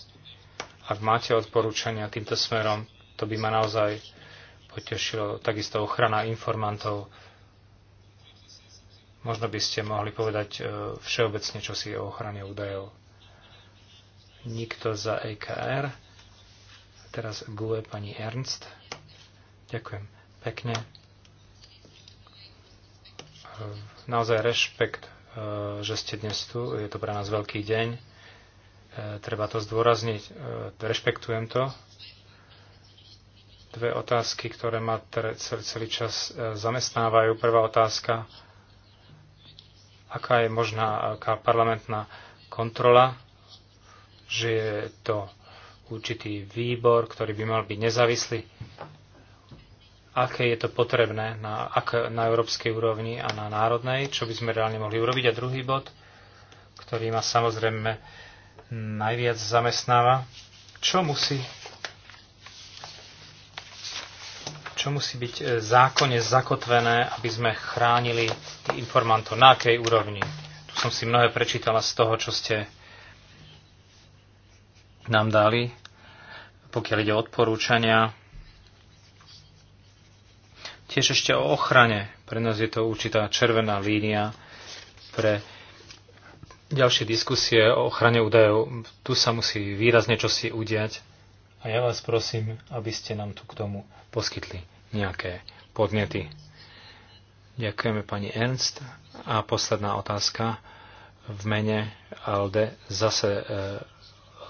Ak máte odporúčania týmto smerom, to by ma naozaj potešilo takisto ochrana informantov. Možno by ste mohli povedať e, všeobecne, čo si o ochrane údajov. Nikto za EKR. Teraz GUE pani Ernst. Ďakujem pekne. E, naozaj rešpekt, e, že ste dnes tu. Je to pre nás veľký deň. Treba to zdôrazniť. Rešpektujem to dve otázky, ktoré ma celý čas e, zamestnávajú. Prvá otázka, aká je možná aká parlamentná kontrola, že je to určitý výbor, ktorý by mal byť nezávislý. Aké je to potrebné na, ak, na európskej úrovni a na národnej, čo by sme reálne mohli urobiť. A druhý bod, ktorý ma samozrejme najviac zamestnáva, čo musí čo musí byť e, zákonne zakotvené, aby sme chránili informantov, na akej úrovni. Tu som si mnohé prečítala z toho, čo ste nám dali, pokiaľ ide o odporúčania. Tiež ešte o ochrane. Pre nás je to určitá červená línia pre ďalšie diskusie o ochrane údajov. Tu sa musí výrazne čosi udiať a ja vás prosím, aby ste nám tu k tomu poskytli nejaké podnety. Ďakujeme pani Ernst. A posledná otázka v mene Alde zase e,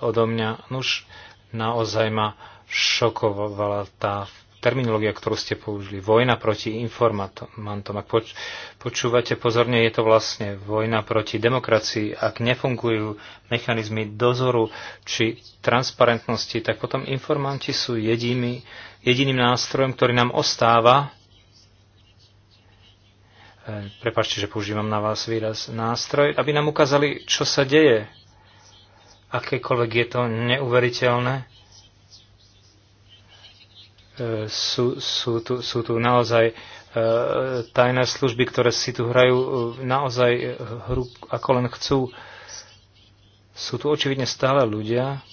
odo mňa. Nuž, naozaj ma šokovala tá terminológia, ktorú ste použili, vojna proti informantom. Ak poč- počúvate pozorne, je to vlastne vojna proti demokracii. Ak nefungujú mechanizmy dozoru či transparentnosti, tak potom informanti sú jedinými, jediným nástrojom, ktorý nám ostáva. E, prepačte, že používam na vás výraz nástroj, aby nám ukázali, čo sa deje. Akékoľvek je to neuveriteľné E, sú, sú, tu, sú tu naozaj e, tajné služby, ktoré si tu hrajú e, naozaj hru ako len chcú. Sú tu očividne stále ľudia,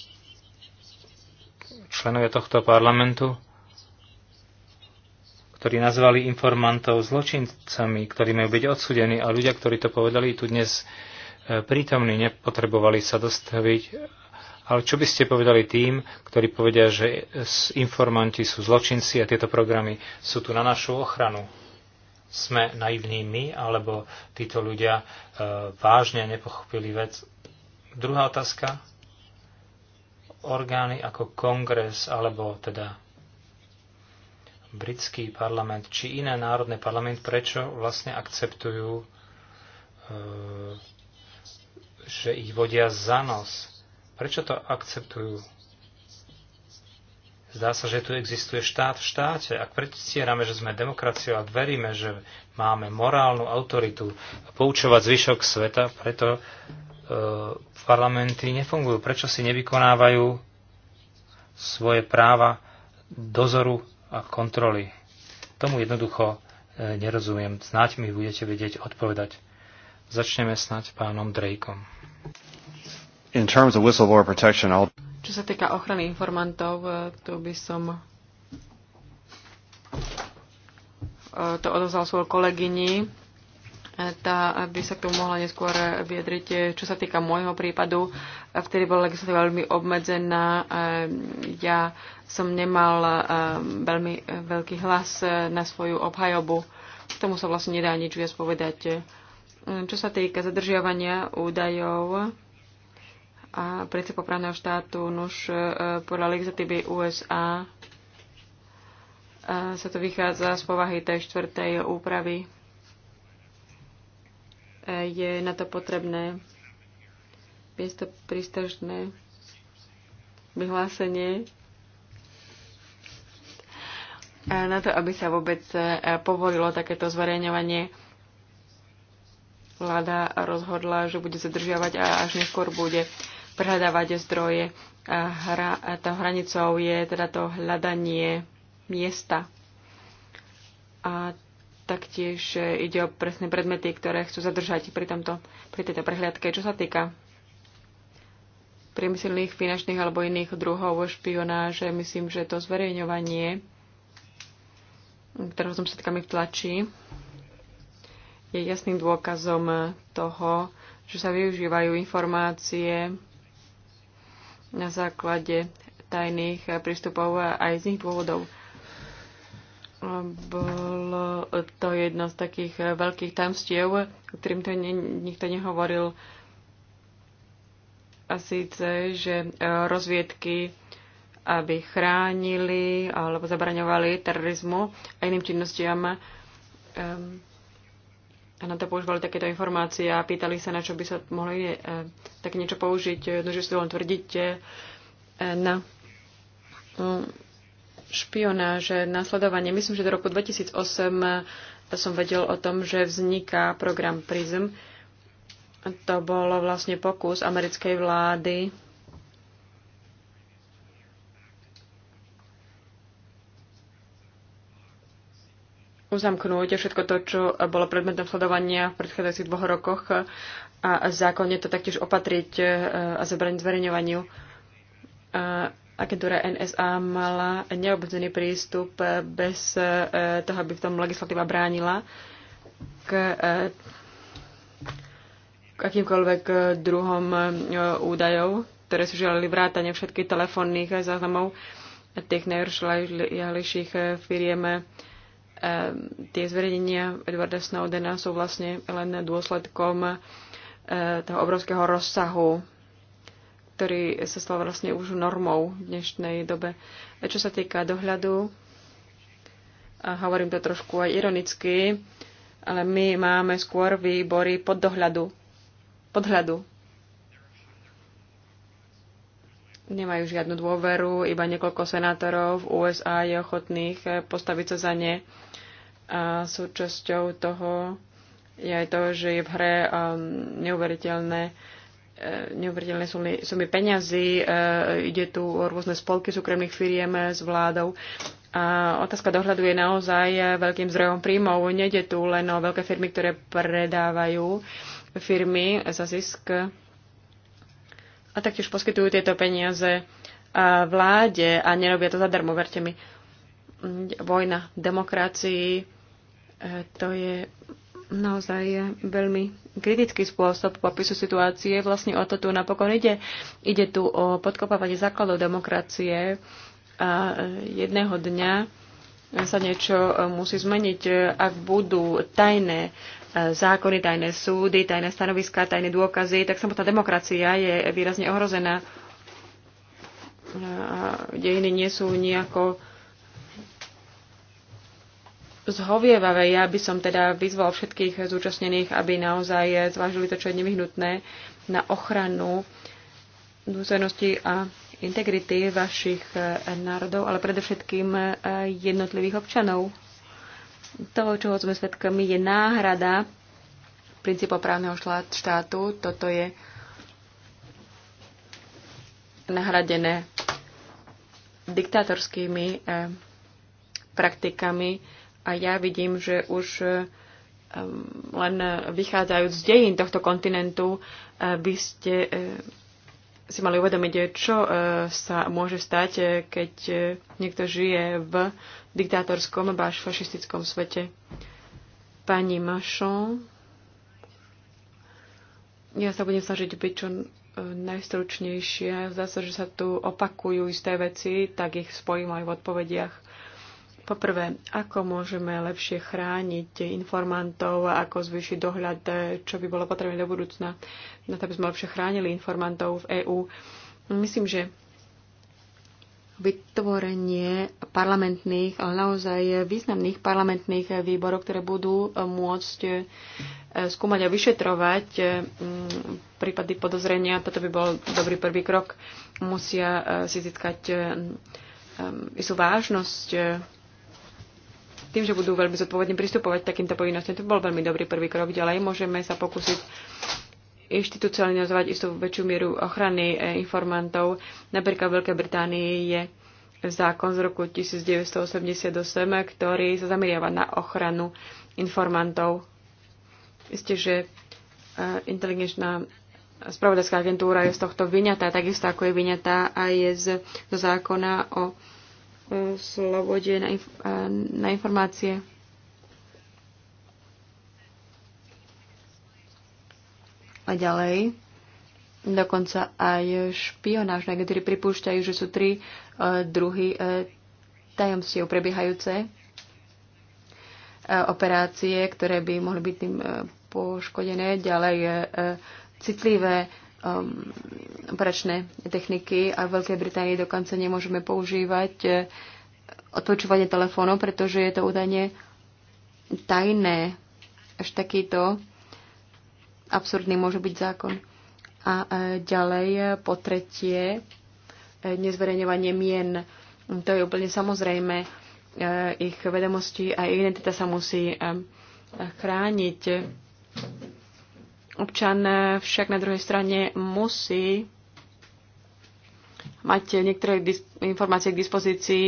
členovia tohto parlamentu, ktorí nazvali informantov zločincami, ktorí majú byť odsudení a ľudia, ktorí to povedali, tu dnes prítomní nepotrebovali sa dostaviť ale čo by ste povedali tým, ktorí povedia, že informanti sú zločinci a tieto programy sú tu na našu ochranu? Sme naivní my, alebo títo ľudia e, vážne nepochopili vec? Druhá otázka. Orgány ako kongres, alebo teda britský parlament, či iné národné parlament, prečo vlastne akceptujú, e, že ich vodia za nos? Prečo to akceptujú? Zdá sa, že tu existuje štát v štáte. Ak predstierame, že sme demokraciou a veríme, že máme morálnu autoritu poučovať zvyšok sveta, preto e, parlamenty nefungujú. Prečo si nevykonávajú svoje práva dozoru a kontroly? Tomu jednoducho e, nerozumiem. Znáť mi budete vedieť odpovedať. Začneme snať pánom Drejkom. In terms of whistleblower protection, I'll... Čo sa týka ochrany informantov, e, tu by som e, to odovzal svojou kolegyni. E, tá by sa k tomu mohla neskôr vyjadriť. Čo sa týka môjho prípadu, vtedy bola legislatíva veľmi obmedzená. Ja som nemal veľmi veľký hlas na svoju obhajobu. K tomu sa vlastne nedá nič viac povedať. Čo sa týka zadržiavania údajov, a princípov právneho štátu, nuž e, podľa legislatívy USA e, sa to vychádza z povahy tej štvrtej úpravy. E, je na to potrebné miesto prístažné vyhlásenie na to, aby sa vôbec povolilo takéto zverejňovanie vláda rozhodla, že bude zadržiavať a až neskôr bude prehľadávať zdroje. A hra, a tá hranicou je teda to hľadanie miesta. A taktiež ide o presné predmety, ktoré chcú zadržať pri, tomto, pri tejto prehliadke. Čo sa týka priemyselných, finančných alebo iných druhov špionáže. Myslím, že to zverejňovanie, ktorého som sa v tlačí, je jasným dôkazom toho, že sa využívajú informácie na základe tajných prístupov aj z nich dôvodov. Bolo to jedno z takých veľkých tamstiev, ktorým to ne, nikto nehovoril. A síce, že e, rozviedky, aby chránili alebo zabraňovali terorizmu a iným činnostiam, um, a na to používali takéto informácie a pýtali sa, na čo by sa mohli e, tak niečo použiť, no, že si len tvrdíte e, na no, špionáže, sledovanie. Myslím, že do roku 2008 e, som vedel o tom, že vzniká program PRISM. To bolo vlastne pokus americkej vlády uzamknúť všetko to, čo bolo predmetom sledovania v predchádzajúcich dvoch rokoch a zákonne to taktiež opatriť e, a zabraniť zverejňovaniu. E, agentúra NSA mala neobmedzený prístup bez e, toho, aby v tom legislatíva bránila k k akýmkoľvek druhom údajov, ktoré si želali vrátane všetkých telefónnych záznamov tých najrozšľahlejších firiem Ehm, tie zverejnenia Edwarda Snowdena sú vlastne len dôsledkom eh, toho obrovského rozsahu, ktorý sa stal vlastne už normou v dnešnej dobe. Čo sa týka dohľadu, a hovorím to trošku aj ironicky, ale my máme skôr výbory pod dohľadu, podhľadu nemajú žiadnu dôveru, iba niekoľko senátorov v USA je ochotných eh, postaviť sa za ne. A súčasťou toho je aj to, že je v hre ehm, neuveriteľné eh, neuveriteľné sumy, sumy peňazí, eh, ide tu o rôzne spolky súkromných firiem s vládou. A otázka dohľadu je naozaj veľkým zdrojom príjmov. Nede tu len o veľké firmy, ktoré predávajú firmy za zisk a taktiež poskytujú tieto peniaze vláde a nerobia to zadarmo, verte mi. Vojna demokracii, e, to je naozaj je veľmi kritický spôsob popisu situácie. Vlastne o to tu napokon ide. Ide tu o podkopávanie základov demokracie a e, jedného dňa sa niečo e, musí zmeniť, e, ak budú tajné e, zákony, tajné súdy, tajné stanoviská, tajné dôkazy, tak samotná demokracia je výrazne ohrozená. Dejiny nie sú nejako zhovievavé. Ja by som teda vyzval všetkých zúčastnených, aby naozaj zvážili to, čo je nevyhnutné na ochranu dôslednosti a integrity vašich eh, národov, ale predovšetkým eh, jednotlivých občanov. To, čoho sme svedkami, je náhrada princípov právneho štátu. Toto je nahradené diktátorskými eh, praktikami a ja vidím, že už len vychádzajúc z dejín tohto kontinentu by ste si mali uvedomiť, čo e, sa môže stať, e, keď e, niekto žije v diktátorskom alebo až fašistickom svete. Pani Mašon, ja sa budem snažiť byť čo najstručnejšia. Zdá sa, že sa tu opakujú isté veci, tak ich spojím aj v odpovediach. Poprvé, ako môžeme lepšie chrániť informantov, ako zvýšiť dohľad, eh, čo by bolo potrebné do budúcna, na to, aby sme lepšie chránili informantov v EÚ. Myslím, že vytvorenie parlamentných, ale naozaj významných parlamentných výborov, ktoré budú eh, môcť eh, skúmať a vyšetrovať mm, prípady podozrenia. Toto by bol dobrý prvý krok. Musia si získať mm, istú vážnosť tým, že budú veľmi zodpovedne pristupovať k takýmto povinnostiam. To bol veľmi dobrý prvý krok. Ďalej môžeme sa pokúsiť inštitucionalizovať istú väčšiu mieru ochrany e, informantov. Napríklad v Veľkej Británii je zákon z roku 1988, ktorý sa zameriava na ochranu informantov. Isté, že e, inteligenčná spravodajská agentúra je z tohto vyňatá, takisto ako je vyňatá aj je z, do zákona o slobode na, inf- na informácie. A ďalej, dokonca aj špionážne agentúry pripúšťajú, že sú tri e, druhy e, tajomstiev prebiehajúce e, operácie, ktoré by mohli byť tým e, poškodené. Ďalej e, e citlivé e, um, operačné techniky a v Veľkej Británii dokonca nemôžeme používať eh, odpočúvanie telefónov, pretože je to údajne tajné. Až takýto absurdný môže byť zákon. A eh, ďalej, po tretie, eh, nezverejňovanie mien. To je úplne samozrejme. Ich vedomosti a identita sa musí chrániť Občan však na druhej strane musí mať niektoré informácie k dispozícii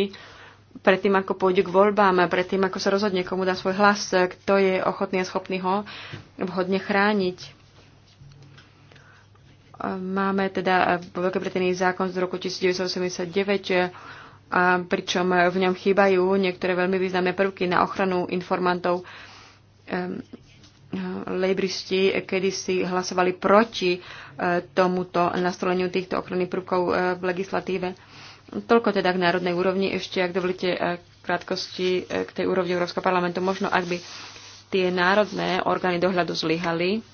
predtým, ako pôjde k voľbám, predtým, ako sa rozhodne, komu dá svoj hlas, kto je ochotný a schopný ho vhodne chrániť. Máme teda vo Veľkej Británii zákon z roku 1989, pričom v ňom chýbajú niektoré veľmi významné prvky na ochranu informantov. Ehm, lejbristi kedysi hlasovali proti e, tomuto nastoleniu týchto ochranných prvkov e, v legislatíve. Toľko teda k národnej úrovni. Ešte, ak dovolíte, e, krátkosti k tej úrovni Európskeho parlamentu. Možno, ak by tie národné orgány dohľadu zlyhali,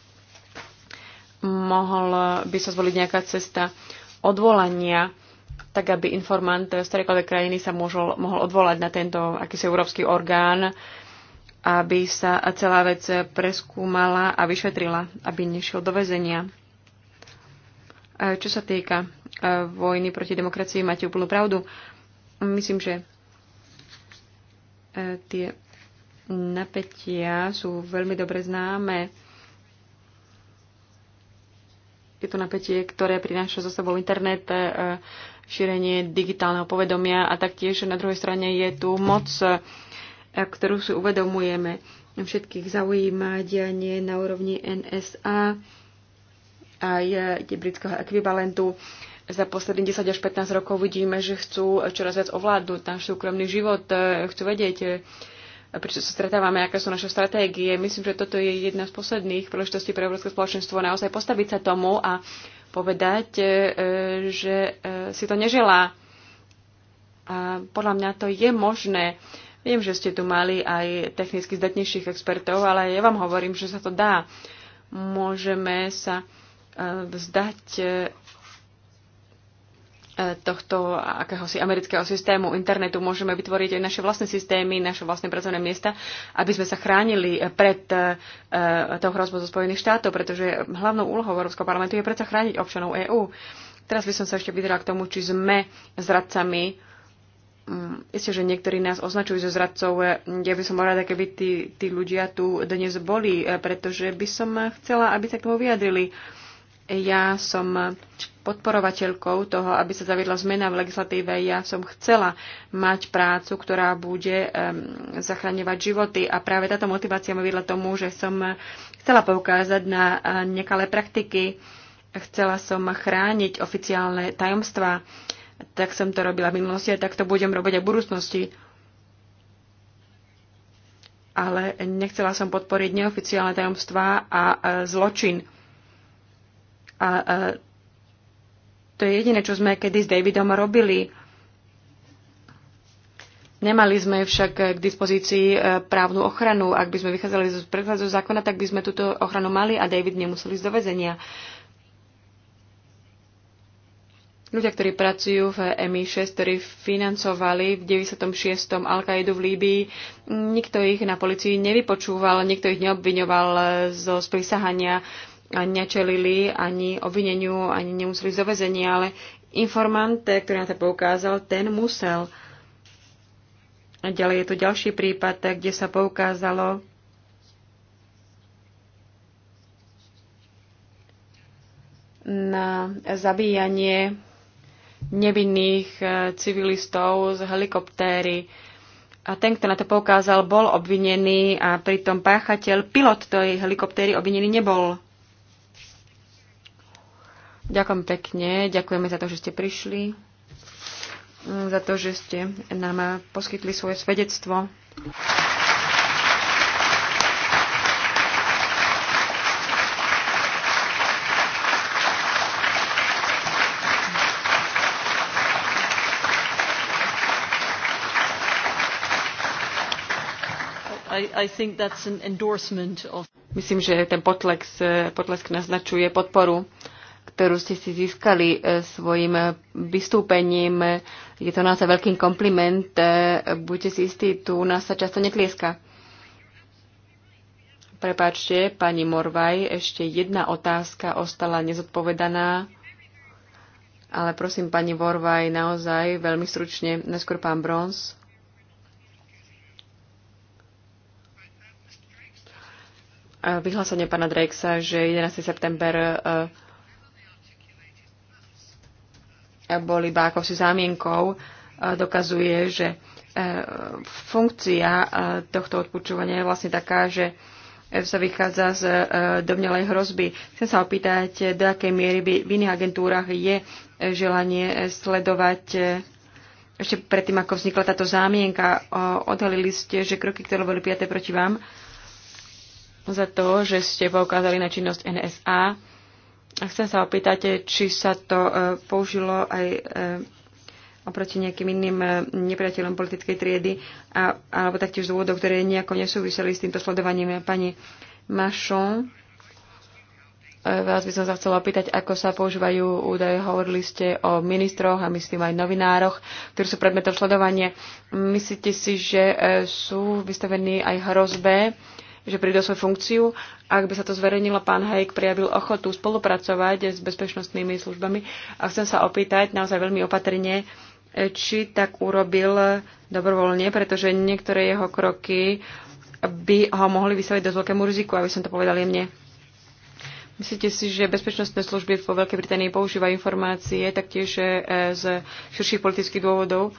mohol by sa zvoliť nejaká cesta odvolania, tak aby informant z ktorejkoľvek krajiny sa môžol, mohol odvolať na tento akýsi európsky orgán, aby sa celá vec preskúmala a vyšetrila, aby nešiel do väzenia. Čo sa týka e, vojny proti demokracii, máte úplnú pravdu. Myslím, že e, tie napätia sú veľmi dobre známe. Je to napätie, ktoré prináša so sebou internet, e, šírenie digitálneho povedomia a taktiež na druhej strane je tu moc ktorú si uvedomujeme. Všetkých zaujíma dianie na úrovni NSA aj eh, britského ekvivalentu. Za posledných 10 až 15 rokov vidíme, že chcú čoraz viac ovládnuť náš súkromný život, eh, chcú vedieť, eh, prečo sa stretávame, aké sú naše stratégie. Myslím, že toto je jedna z posledných príležitostí pre Európske spoločenstvo naozaj postaviť sa tomu a povedať, že si to neželá. A podľa mňa to je možné. Viem, že ste tu mali aj technicky zdatnejších expertov, ale ja vám hovorím, že sa to dá. Môžeme sa e, vzdať e, tohto akéhosi amerického systému internetu. Môžeme vytvoriť aj naše vlastné systémy, naše vlastné pracovné miesta, aby sme sa chránili pred e, tou hrozbou zo Spojených štátov, pretože hlavnou úlohou Európskeho parlamentu je predsa chrániť občanov EÚ. Teraz by som sa ešte vydala k tomu, či sme zradcami Mm, isté, že niektorí nás označujú zo zradcov. Ja by som rada, keby tí, tí ľudia tu dnes boli, e, pretože by som chcela, aby sa k tomu vyjadrili. Ja som podporovateľkou toho, aby sa zaviedla zmena v legislatíve. Ja som chcela mať prácu, ktorá bude um, zachraňovať životy. A práve táto motivácia ma viedla tomu, že som chcela poukázať na e, nekalé praktiky. Chcela som chrániť oficiálne tajomstvá tak som to robila v minulosti a tak to budem robiť aj v budúcnosti. Ale nechcela som podporiť neoficiálne tajomstvá a zločin. A to je jediné, čo sme kedy s Davidom robili. Nemali sme však k dispozícii e, právnu ochranu. Ak by sme vychádzali z predkladu zákona, tak by sme túto ochranu mali a David nemusel ísť do vezenia. Uh, Ľudia, ktorí pracujú v MI6, ktorí financovali v 96. Al-Qaidu v Líbii, nikto ich na policii nevypočúval, nikto ich neobviňoval zo sprísahania a nečelili ani obvineniu, ani nemuseli ísť vezenia, ale informant, ktorý na to poukázal, ten musel. A ďalej je tu ďalší prípad, kde sa poukázalo, na zabíjanie nevinných e, civilistov z helikoptéry. A ten, kto na to poukázal, bol obvinený a pritom páchateľ, pilot tej helikoptéry obvinený nebol. Ďakujem pekne, ďakujeme za to, že ste prišli, mm, za to, že ste nám e, poskytli svoje svedectvo. I, think that's an endorsement of... Myslím, že ten potlesk, eh, potlesk naznačuje podporu, ktorú ste si získali eh, svojim vystúpením. Je to naozaj veľký kompliment. Eh, buďte si istí, tu nás sa často netlieska. Prepáčte, pani Morvaj, ešte jedna otázka ostala nezodpovedaná. Ale prosím, pani Vorvaj, naozaj veľmi stručne, neskôr pán Brons. vyhlásenie pána Drakesa, že 11. september e, e, bol iba si zámienkou, e, dokazuje, že funkcia tohto odpočúvania je vlastne taká, že sa vychádza z domnelej hrozby. Chcem sa opýtať, do akej miery by v iných agentúrach je želanie sledovať ešte predtým, ako vznikla táto zámienka, odhalili ste, že kroky, ktoré boli piaté proti vám, za to, že ste poukázali na činnosť NSA. A chcem sa opýtať, či sa to e, použilo aj e, oproti nejakým iným e, nepriateľom politickej triedy, a, alebo taktiež dôvodov, ktoré nejako nesúviseli s týmto sledovaním. Pani Mašon, vás by som sa chcela opýtať, ako sa používajú údaje. Hovorili ste o ministroch a myslím aj novinároch, ktorí sú predmetom sledovania. Myslíte si, že sú vystavení aj hrozbe že príde svoju funkciu. Ak by sa to zverejnilo, pán Hajek prijavil ochotu spolupracovať s bezpečnostnými službami. A chcem sa opýtať naozaj veľmi opatrne, či tak urobil dobrovoľne, pretože niektoré jeho kroky by ho mohli vystaviť do veľkému riziku, aby som to povedal jemne. Myslíte si, že bezpečnostné služby po Veľkej Británii používajú informácie taktiež e, z širších politických dôvodov?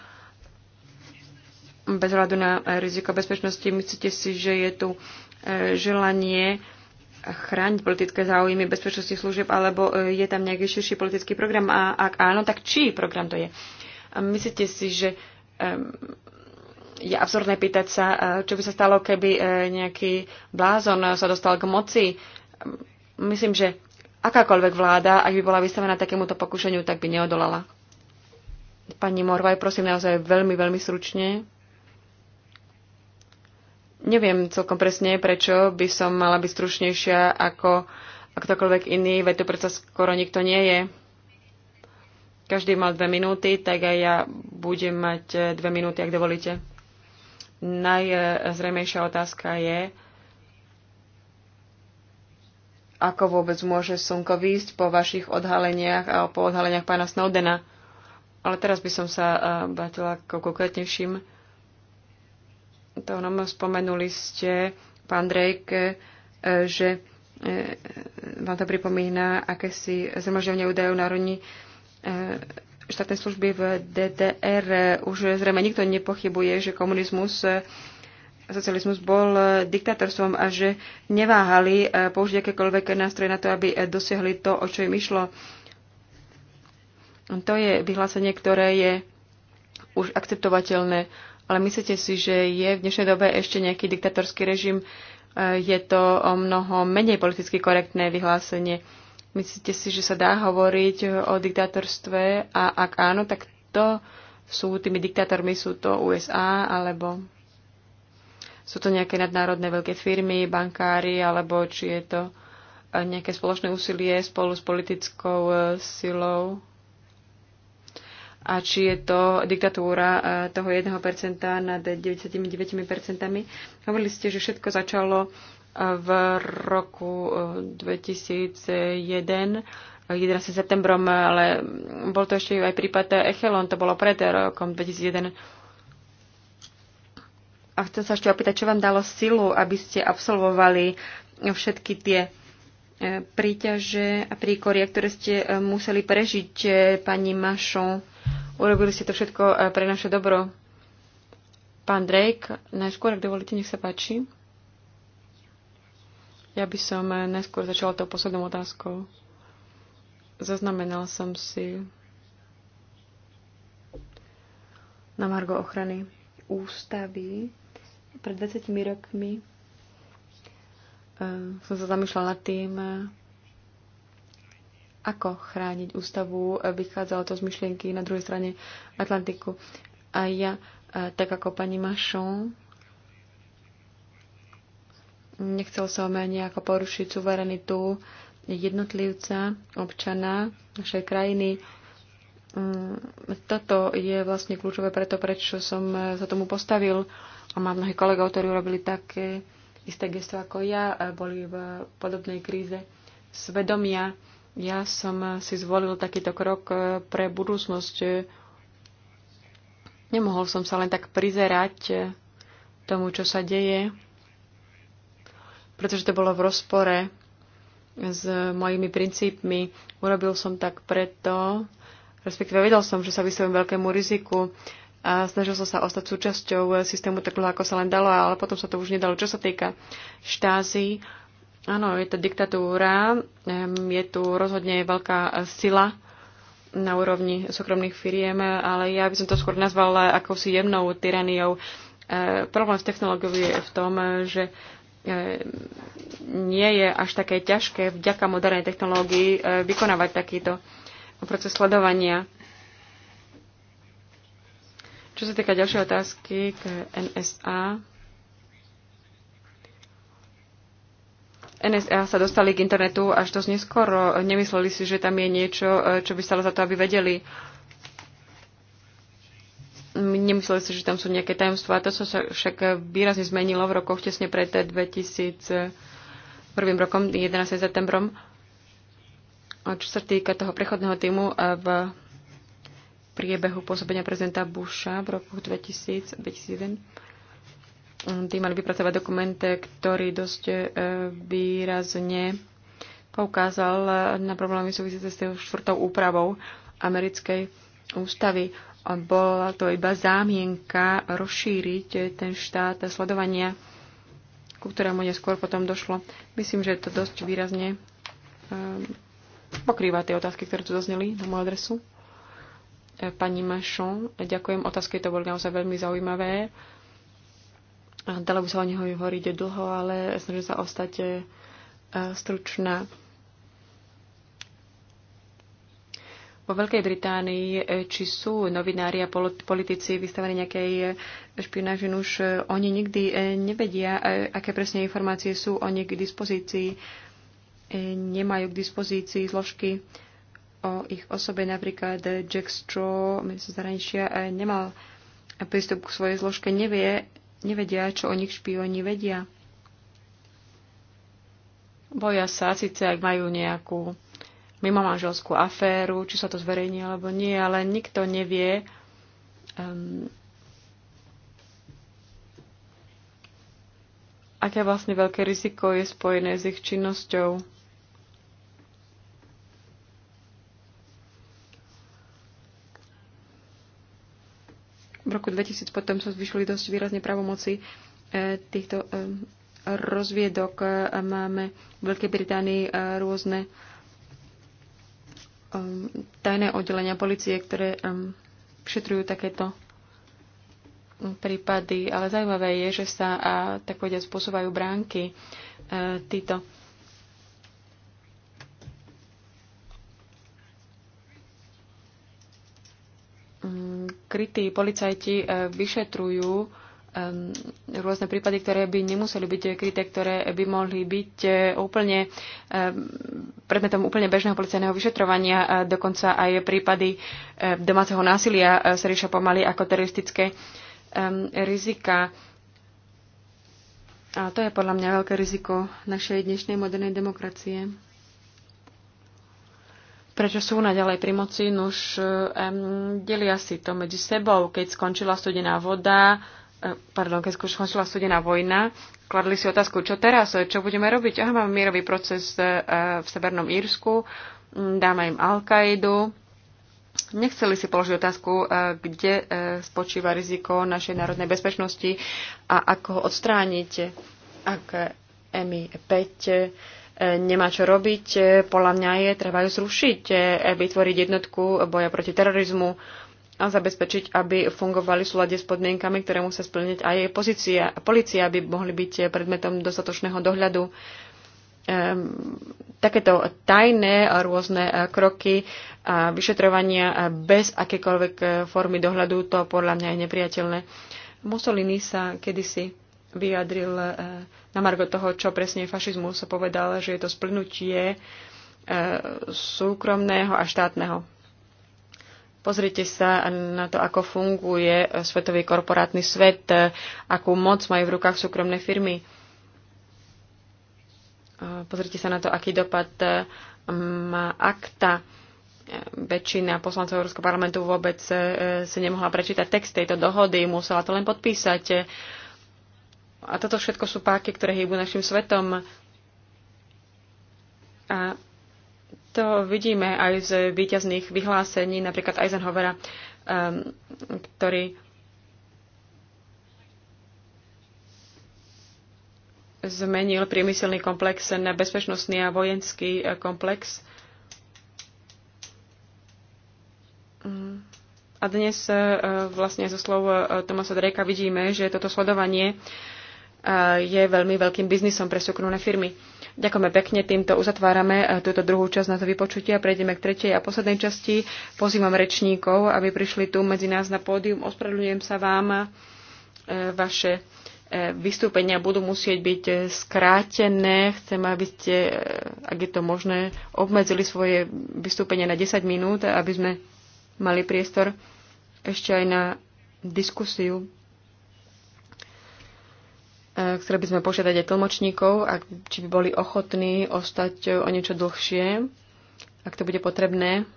Bez hľadu na riziko bezpečnosti, myslíte si, že je tu želanie chrániť politické záujmy bezpečnosti služieb, alebo e, je tam nejaký širší politický program a ak áno, tak čí program to je? A myslíte si, že je absurdné pýtať sa, e, čo by sa stalo, keby e, nejaký blázon sa dostal k moci? Myslím, že akákoľvek vláda, ak by bola vystavená takémuto pokušeniu, tak by neodolala. Pani Morvaj, prosím naozaj veľmi, veľmi stručne. Neviem celkom presne, prečo by som mala byť stručnejšia ako ktokoľvek iný, veď tu predsa skoro nikto nie je. Každý mal dve minúty, tak aj ja budem mať eh, dve minúty, ak dovolíte. Najzrejmejšia otázka je, ako vôbec môže slnko výjsť po vašich odhaleniach a po odhaleniach pána Snowdena. Ale teraz by som sa bátila eh, k konkrétnejším to nám spomenuli ste, pán Drejk, e, že e, vám to pripomína akési zhromažďovanie údajov národní e, štátnej služby v DDR. Už zrejme nikto nepochybuje, že komunizmus socializmus bol diktátorstvom a že neváhali použiť akékoľvek nástroje na to, aby dosiahli to, o čo im išlo. To je vyhlásenie, ktoré je už akceptovateľné. Ale myslíte si, že je v dnešnej dobe ešte nejaký diktatorský režim? Je to o mnoho menej politicky korektné vyhlásenie. Myslíte si, že sa dá hovoriť o diktátorstve? A ak áno, tak to sú tými diktátormi, sú to USA alebo sú to nejaké nadnárodné veľké firmy, bankári, alebo či je to nejaké spoločné úsilie spolu s politickou silou? a či je to diktatúra e, toho 1% nad 99%. Hovorili ste, že všetko začalo e, v roku 2001, e, 11. septembrom, ale bol to ešte aj prípad Echelon, to bolo pred rokom 2001. A chcem sa ešte opýtať, čo vám dalo silu, aby ste absolvovali všetky tie príťaže a príkoria, ktoré ste museli prežiť, pani Mašon? Urobili ste to všetko e, pre naše dobro. Pán Drake, najskôr, ak dovolíte, nech sa páči. Ja by som e, najskôr začala tou poslednou otázkou. Zaznamenal som si na Margo ochrany ústavy pred 20 rokmi e, som sa zamýšľala nad tým, ako chrániť ústavu. E, vychádzalo to z myšlienky na druhej strane Atlantiku. A ja, e, tak ako pani Mašon, nechcel som nejako porušiť suverenitu jednotlivca, občana našej krajiny. Mm, toto je vlastne kľúčové preto, prečo som e, sa tomu postavil. A mám mnohí kolegov, ktorí urobili také isté gesto ako ja, boli v podobnej kríze svedomia ja som si zvolil takýto krok eh, pre budúcnosť. Nemohol som sa len tak prizerať eh, tomu, čo sa deje, pretože to bolo v rozpore s mojimi princípmi. Urobil som tak preto, respektíve vedel som, že sa vystavujem veľkému riziku a snažil som sa ostať súčasťou eh, systému tak dlho, ako sa len dalo, ale potom sa to už nedalo. Čo sa týka štázy, Áno, je to diktatúra, je tu rozhodne veľká sila na úrovni súkromných firiem, ale ja by som to skôr nazvala akousi jemnou tyraniou. E, problém s technológiou je v tom, že e, nie je až také ťažké vďaka modernej technológii e, vykonávať takýto proces sledovania. Čo sa týka ďalšej otázky k NSA, NSA sa dostali k internetu až dosť neskoro. Nemysleli si, že tam je niečo, e, čo by stalo za to, aby vedeli. Nemysleli si, že tam sú nejaké tajomstvá. To sa však výrazne zmenilo v rokoch tesne pred 2001 rokom, 11. septembrom. A čo sa týka toho prechodného týmu e, v priebehu pôsobenia prezidenta Busha v roku 2000, 2001, Tí mali vypracovať dokument, ktorý dosť e, výrazne poukázal na problémy súvisiace s štvrtou úpravou americkej ústavy. Bola to iba zámienka rozšíriť ten štát sledovania, ku ktorému neskôr potom došlo. Myslím, že to dosť výrazne e, pokrýva tie otázky, ktoré tu zazneli na moju adresu. E, pani Machon, ďakujem. Otázky to boli naozaj veľmi zaujímavé. Dalo by sa o neho hovoriť dlho, ale snažím sa ostať e, stručná. Vo Veľkej Británii, e, či sú novinári a politici vystavení nejakej e, špionáži, už oni nikdy nevedia, aké presne informácie sú o nich k dispozícii. Nemajú k dispozícii zložky o ich osobe. Napríklad Jack Straw, minister zahraničia, nemal prístup k svojej zložke, nevie, nevedia, čo o nich špioni vedia. Boja sa síce, ak majú nejakú mimomanželskú aféru, či sa to zverejní alebo nie, ale nikto nevie, um, aké vlastne veľké riziko je spojené s ich činnosťou. V roku 2000 potom sa zvyšili dosť výrazne pravomoci e, týchto e, rozviedok. E, máme v Veľkej Británii rôzne tajné oddelenia policie, ktoré všetrujú takéto prípady, ale zaujímavé je, že sa, a, tak povediať, spôsobajú bránky. títo Mm, krytí policajti e, vyšetrujú rôzne prípady, ktoré by nemuseli byť kryté, ktoré by mohli byť e, úplne predmetom úplne bežného policajného vyšetrovania. Dokonca aj prípady e, domáceho násilia sa riešia pomaly ako teroristické rizika. A to je podľa mňa veľké riziko našej dnešnej modernej demokracie prečo sú naďalej pri moci, nuž um, delia si to medzi sebou. Keď skončila studená voda, e, pardon, keď skončila studená vojna, kladli si otázku, čo teraz, čo budeme robiť? Aha, máme mierový proces e, v Severnom Írsku, mm, dáme im Al-Kaidu. Nechceli si položiť otázku, e, kde spočíva riziko našej národnej bezpečnosti a ako ho odstrániť, ak mi 5 nemá čo robiť. Podľa mňa je treba ju zrušiť, e, vytvoriť jednotku boja proti terorizmu a zabezpečiť, aby fungovali v súlade s podmienkami, ktoré musia splniť aj pozícia, policia, aby mohli byť predmetom dostatočného dohľadu um, takéto tajné rôzne e, kroky a vyšetrovania bez akékoľvek e, formy dohľadu, to podľa mňa je nepriateľné. Mussolini sa kedysi vyjadril eh, na margo toho, čo presne je fašizmus, sa povedal, že je to splnutie eh, súkromného a štátneho. Pozrite sa na to, ako funguje eh, svetový korporátny svet, akú moc majú v rukách súkromné firmy. Pozrite sa na to, aký dopad má akta. Väčšina poslancov Európskeho parlamentu vôbec si nemohla prečítať text tejto dohody, musela to len podpísať a toto všetko sú páky, ktoré hýbu našim svetom. A to vidíme aj z výťazných vyhlásení, napríklad Eisenhowera, um, ktorý zmenil priemyselný komplex na bezpečnostný a vojenský eh, komplex. Mm. A dnes eh, eh, vlastne zo slov Tomasa Drejka vidíme, že toto sledovanie uh, je veľmi veľkým biznisom pre súkromné firmy. Ďakujeme pekne, týmto uzatvárame e, túto druhú časť na to vypočutie a prejdeme k tretej a poslednej časti. Pozývam rečníkov, aby prišli tu medzi nás na pódium. Ospravedlňujem sa vám, e, vaše e, vystúpenia budú musieť byť skrátené. Chcem, aby ste, ak je to možné, obmedzili svoje vystúpenie na 10 minút, aby sme mali priestor ešte aj na diskusiu. Chceli by sme požiadať aj tlmočníkov, ak, či by boli ochotní ostať e, o niečo dlhšie, ak to bude potrebné.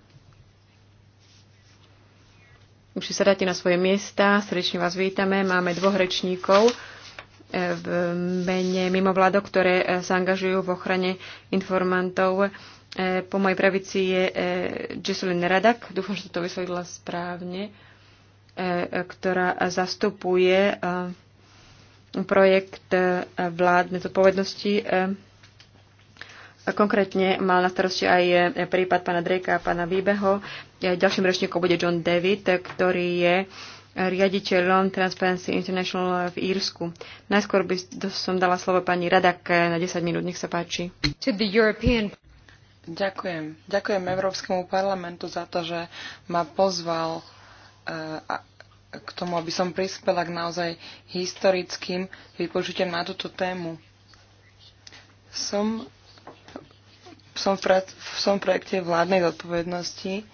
Už si sadáte na svoje miesta, srdečne vás vítame. Máme dvoch rečníkov e, v mene mimovládok, ktoré e, sa angažujú v ochrane informantov. Po mojej pravici je Jesselin Radak, dúfam, že to vysvetlila správne, ktorá zastupuje projekt e, vládnej zodpovednosti. E, konkrétne mal na starosti aj e, prípad pána Drakea a pána Výbeho. Ďalším rečníkom bude John David, ktorý je riaditeľom Transparency International v Írsku. Najskôr by som dala slovo pani Radak na 10 minút. Nech sa páči. Ďakujem. Ďakujem Európskemu parlamentu za to, že ma pozval k tomu, aby som prispela k naozaj historickým vypočutiam na túto tému. Som, som, v, som v projekte vládnej zodpovednosti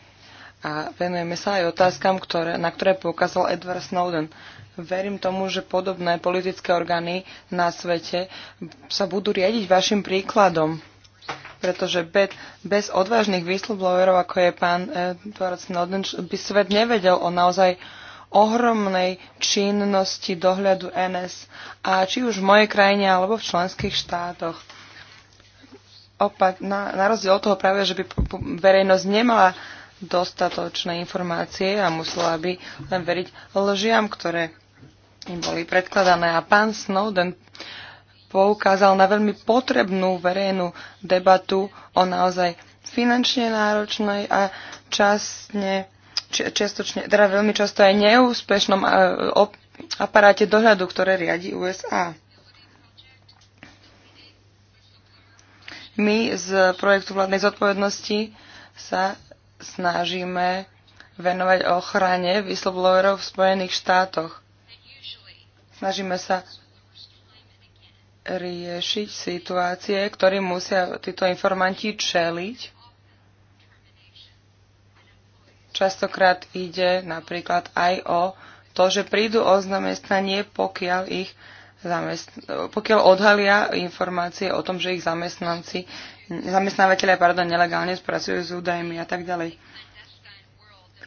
a venujeme sa aj otázkam, ktoré, na ktoré poukázal Edward Snowden. Verím tomu, že podobné politické orgány na svete sa budú riadiť vašim príkladom pretože bez, bez odvážnych whistleblowerov, ako je pán Edward Snowden, by svet nevedel o naozaj uh, ohromnej činnosti dohľadu NS, a či už v mojej krajine alebo v členských štátoch. Opak, na, na rozdiel od toho práve, že by verejnosť nemala dostatočné informácie a musela by len veriť lžiam, ktoré im boli predkladané. A pán Snowden poukázal na veľmi potrebnú verejnú debatu o naozaj finančne náročnej a časne čiastočne, teda veľmi často aj neúspešnom e, aparáte dohľadu, ktoré riadi USA. My z projektu vládnej zodpovednosti sa snažíme venovať ochrane whistleblowerov v Spojených štátoch. Snažíme sa riešiť situácie, ktorým musia títo informanti čeliť Častokrát ide napríklad aj o to, že prídu o zamestnanie, pokiaľ, ich zamest... pokiaľ odhalia informácie o tom, že ich zamestnanci, zamestnávateľia pardon, nelegálne spracujú s údajmi a tak ďalej.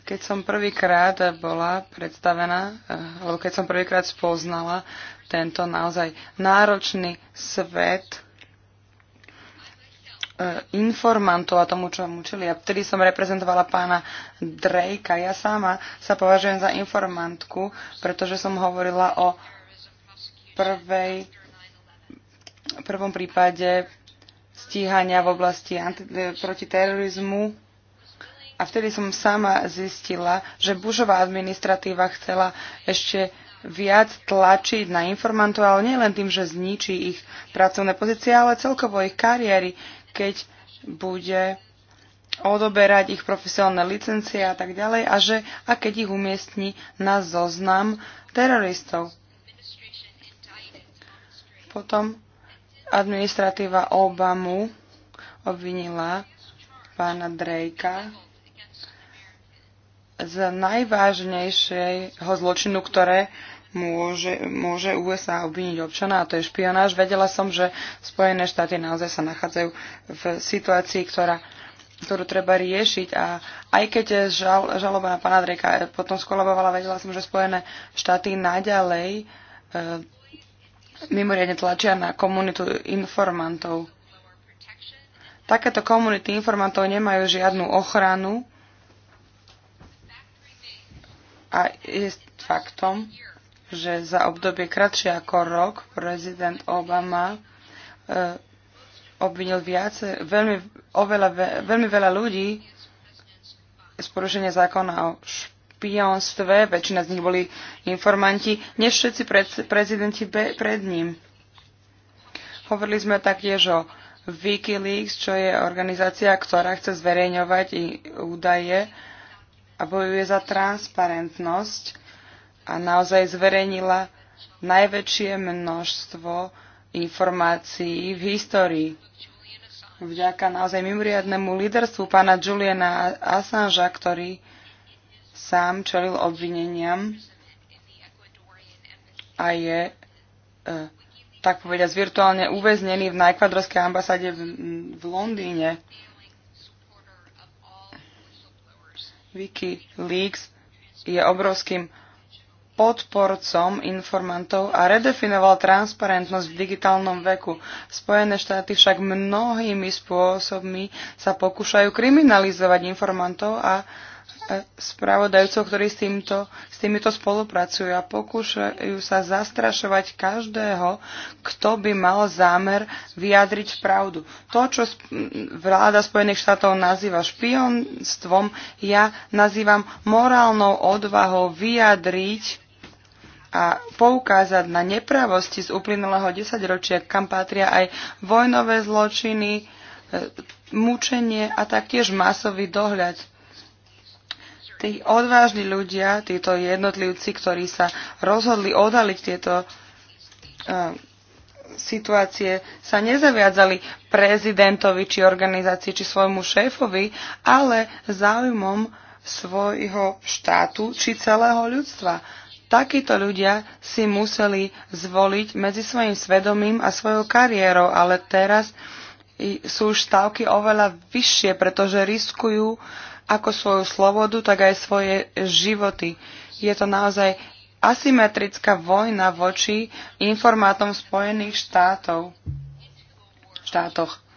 Keď som prvýkrát bola predstavená, alebo keď som prvýkrát spoznala tento naozaj náročný svet informantov a tomu, čo vám učili. Ja vtedy som reprezentovala pána Drakea. Ja sama sa považujem za informantku, pretože som hovorila o prvej, prvom prípade stíhania v oblasti anti, proti terorizmu a vtedy som sama zistila, že Bušová administratíva chcela ešte viac tlačiť na informantov, ale nielen tým, že zničí ich pracovné pozície, ale celkovo ich kariéry keď bude odoberať ich profesionálne licencie a tak ďalej a, že, a keď ich umiestni na zoznam teroristov. Potom administratíva Obamu obvinila pána Drakea z najvážnejšieho zločinu, ktoré môže, môže USA obviniť občana a to je špionáž. Vedela som, že Spojené štáty naozaj sa nachádzajú v situácii, ktorá ktorú treba riešiť. A aj keď žal, žaloba na pana Dreka eh, potom skolabovala, vedela som, že Spojené štáty naďalej e, mimoriadne tlačia na komunitu informantov. Takéto komunity informantov nemajú žiadnu ochranu a je faktom, že za obdobie kratšie ako rok prezident Obama e, obvinil viace, veľmi, oveľa, veľmi veľa ľudí z porušenia zákona o špionstve, väčšina z nich boli informanti, než všetci pred, prezidenti be, pred ním. Hovorili sme taktiež o Wikileaks, čo je organizácia, ktorá chce zverejňovať údaje a bojuje za transparentnosť a naozaj zverejnila najväčšie množstvo informácií v histórii. Vďaka naozaj mimoriadnemu líderstvu pána Juliana Assangea, ktorý sám čelil obvineniam a je, e, tak povediať, virtuálne uväznený v najkvadrovskej ambasáde v, v Londýne. Wikileaks je obrovským podporcom informantov a redefinoval transparentnosť v digitálnom veku. Spojené štáty však mnohými spôsobmi sa pokúšajú kriminalizovať informantov a e, spravodajúcov, ktorí s, týmto, s týmito spolupracujú a pokúšajú sa zastrašovať každého, kto by mal zámer vyjadriť pravdu. To, čo vláda Spojených štátov nazýva špionstvom, ja nazývam morálnou odvahou vyjadriť a poukázať na nepravosti z uplynulého desaťročia, kam patria aj vojnové zločiny, e, mučenie a taktiež masový dohľad. Tí odvážni ľudia, títo jednotlivci, ktorí sa rozhodli odhaliť tieto e, situácie sa nezaviadzali prezidentovi či organizácii či svojmu šéfovi, ale záujmom svojho štátu či celého ľudstva. Takíto ľudia si museli zvoliť medzi svojim svedomím a svojou kariérou, ale teraz sú už oveľa vyššie, pretože riskujú ako svoju slobodu, tak aj svoje životy. Je to naozaj asymetrická vojna voči informátom Spojených štátov. štátoch.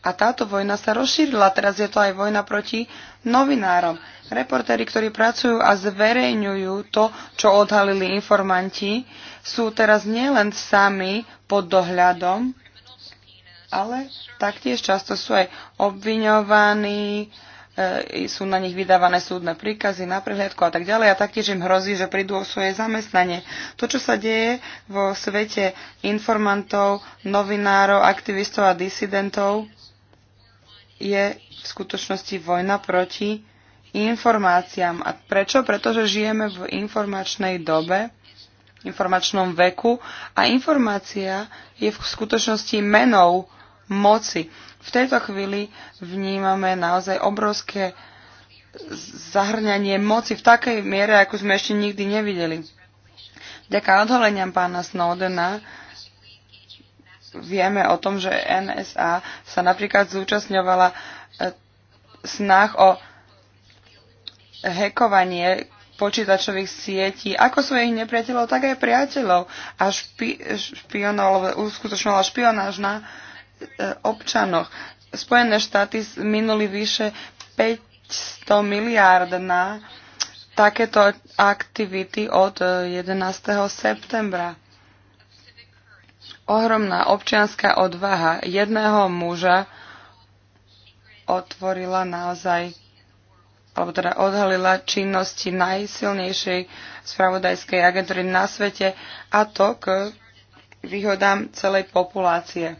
A táto vojna sa rozšírila. Teraz je to aj vojna proti novinárom. Reportéri, ktorí pracujú a zverejňujú to, čo odhalili informanti, sú teraz nielen sami pod dohľadom, ale taktiež často sú aj obviňovaní, e, sú na nich vydávané súdne príkazy na prehliadku a tak ďalej a taktiež im hrozí, že prídu o svoje zamestnanie. To, čo sa deje vo svete informantov, novinárov, aktivistov a disidentov, je v skutočnosti vojna proti informáciám. A prečo? Pretože žijeme v informačnej dobe, informačnom veku a informácia je v skutočnosti menou moci. V tejto chvíli vnímame naozaj obrovské zahrňanie moci v takej miere, ako sme ešte nikdy nevideli. Ďaká odholeniam pána Snowdena vieme o tom, že NSA sa napríklad zúčastňovala e, snah o hekovanie počítačových sietí, ako svojich nepriateľov, tak aj priateľov a špi- uskutočnila špionáž na e, občanoch. Spojené štáty minuli vyše 500 miliárd na takéto aktivity od 11. E, septembra ohromná občianská odvaha jedného muža otvorila naozaj alebo teda odhalila činnosti najsilnejšej spravodajskej agentúry na svete a to k výhodám celej populácie.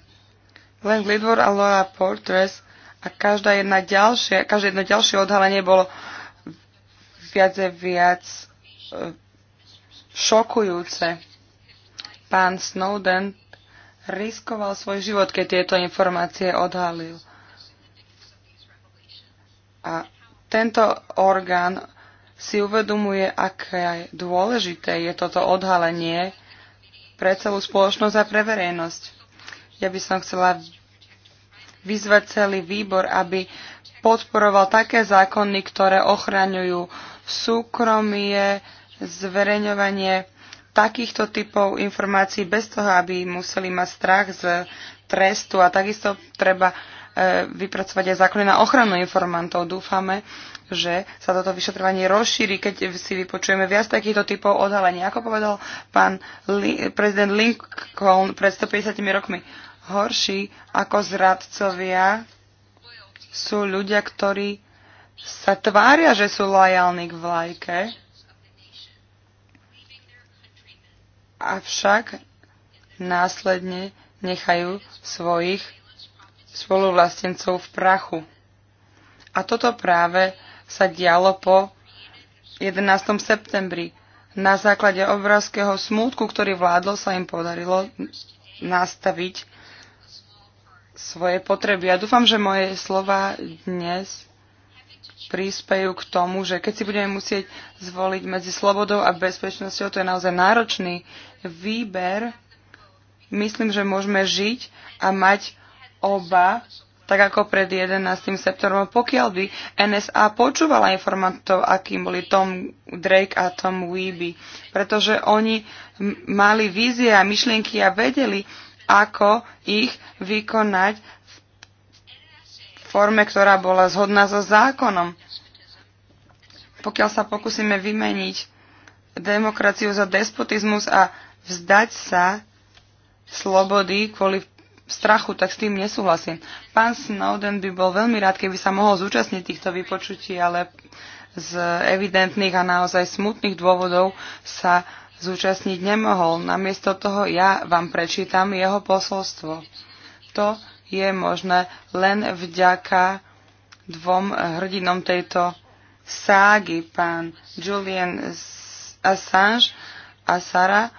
Len Glidvor a Laura Portress a každá jedna ďalšia, každé jedno ďalšie odhalenie bolo viac a viac e, šokujúce. Pán Snowden riskoval svoj život, keď tieto informácie odhalil. A tento orgán si uvedomuje, aké dôležité je toto odhalenie pre celú spoločnosť a pre verejnosť. Ja by som chcela vyzvať celý výbor, aby podporoval také zákony, ktoré ochraňujú súkromie, zverejňovanie takýchto typov informácií bez toho, aby museli mať strach z trestu a takisto treba e, vypracovať aj zákony na ochranu informantov. Dúfame, že sa toto vyšetrovanie rozšíri, keď si vypočujeme viac takýchto typov odhalení. Ako povedal pán Li- prezident Lincoln pred 150 rokmi, horší ako zradcovia sú ľudia, ktorí sa tvária, že sú lojálni k vlajke avšak následne nechajú svojich spoluvlastencov v prachu. A toto práve sa dialo po 11. septembri. Na základe obrovského smútku, ktorý vládol, sa im podarilo nastaviť svoje potreby. Ja dúfam, že moje slova dnes prispejú k tomu, že keď si budeme musieť zvoliť medzi slobodou a bezpečnosťou, to je naozaj náročný výber. Myslím, že môžeme žiť a mať oba, tak ako pred 11. septembrom, pokiaľ by NSA počúvala informantov, akým boli Tom Drake a Tom Weeby. Pretože oni mali vízie a myšlienky a vedeli, ako ich vykonať forme, ktorá bola zhodná so zákonom. Pokiaľ sa pokúsime vymeniť demokraciu za despotizmus a vzdať sa slobody kvôli strachu, tak s tým nesúhlasím. Pán Snowden by bol veľmi rád, keby sa mohol zúčastniť týchto vypočutí, ale z evidentných a naozaj smutných dôvodov sa zúčastniť nemohol. Namiesto toho ja vám prečítam jeho posolstvo. To, je možné len vďaka dvom hrdinom tejto ságy, pán Julian Assange a Sara,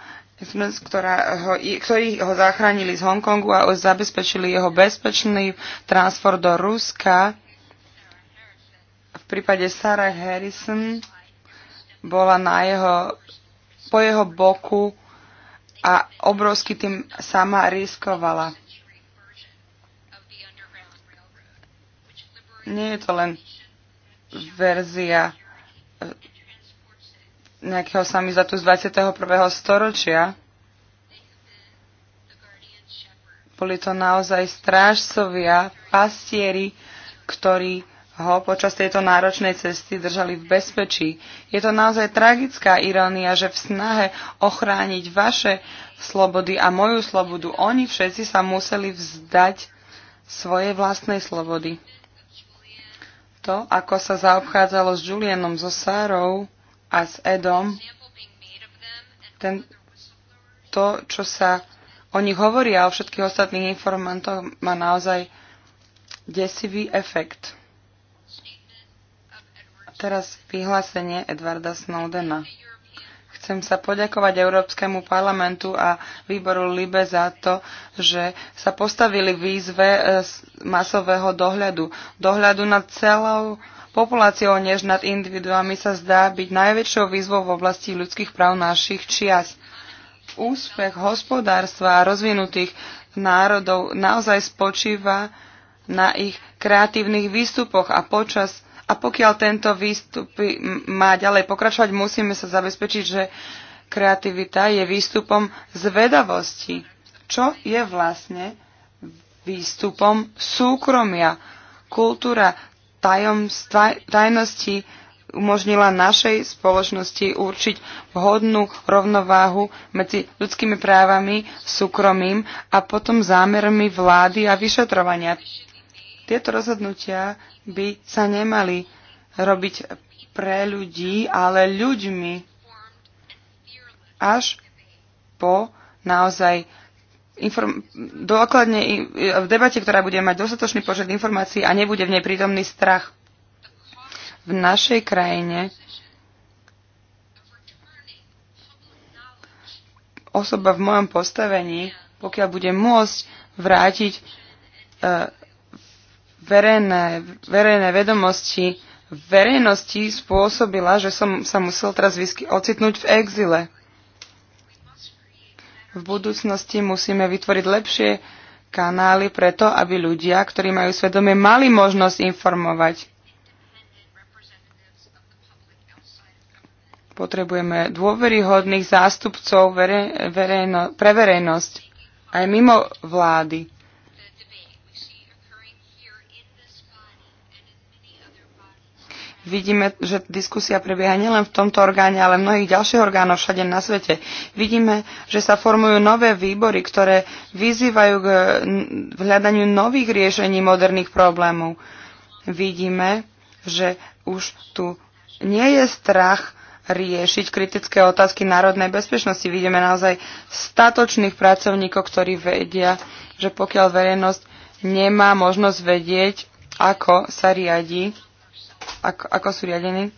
ktorá ho, ktorí ho zachránili z Hongkongu a zabezpečili jeho bezpečný transfer do Ruska. V prípade Sara Harrison bola na jeho, po jeho boku a obrovsky tým sama riskovala. Nie je to len verzia eh, nejakého samizatu z 21. storočia. Boli to naozaj strážcovia, pastieri, ktorí ho počas tejto náročnej cesty držali v bezpečí. Je to naozaj tragická irónia, že v snahe ochrániť vaše slobody a moju slobodu oni všetci sa museli vzdať svojej vlastnej slobody. To, ako sa zaobchádzalo s Julianom, so Sárou a s Edom, ten, to, čo sa o nich hovoria o všetkých ostatných informantoch, má naozaj desivý efekt. A teraz vyhlásenie Edwarda Snowdena. Chcem sa poďakovať Európskemu parlamentu a výboru LIBE za to, že sa postavili výzve e, masového dohľadu. Dohľadu nad celou populáciou, než nad individuami sa zdá byť najväčšou výzvou v oblasti ľudských práv našich čias. Úspech hospodárstva a rozvinutých národov naozaj spočíva na ich kreatívnych výstupoch a počas a pokiaľ tento výstup má ďalej pokračovať, musíme sa zabezpečiť, že kreativita je výstupom zvedavosti. Čo je vlastne výstupom súkromia? Kultúra tajomstva, tajnosti umožnila našej spoločnosti určiť vhodnú rovnováhu medzi ľudskými právami, súkromím a potom zámermi vlády a vyšetrovania. Tieto rozhodnutia by sa nemali robiť pre ľudí, ale ľuďmi až po naozaj inform- dokladne v debate, ktorá bude mať dostatočný počet informácií a nebude v nej prítomný strach. V našej krajine osoba v mojom postavení, pokiaľ bude môcť vrátiť e, verejné, verejné vedomosti verejnosti spôsobila, že som sa musel teraz vysky ocitnúť v exile. V budúcnosti musíme vytvoriť lepšie kanály preto, aby ľudia, ktorí majú svedomie, mali možnosť informovať. Potrebujeme dôveryhodných zástupcov verejno, pre verejnosť aj mimo vlády. Vidíme, že diskusia prebieha nielen v tomto orgáne, ale v mnohých ďalších orgánoch všade na svete. Vidíme, že sa formujú nové výbory, ktoré vyzývajú k hľadaniu nových riešení moderných problémov. Vidíme, že už tu nie je strach riešiť kritické otázky národnej bezpečnosti. Vidíme naozaj statočných pracovníkov, ktorí vedia, že pokiaľ verejnosť nemá možnosť vedieť, ako sa riadi ako, ako sú riadení,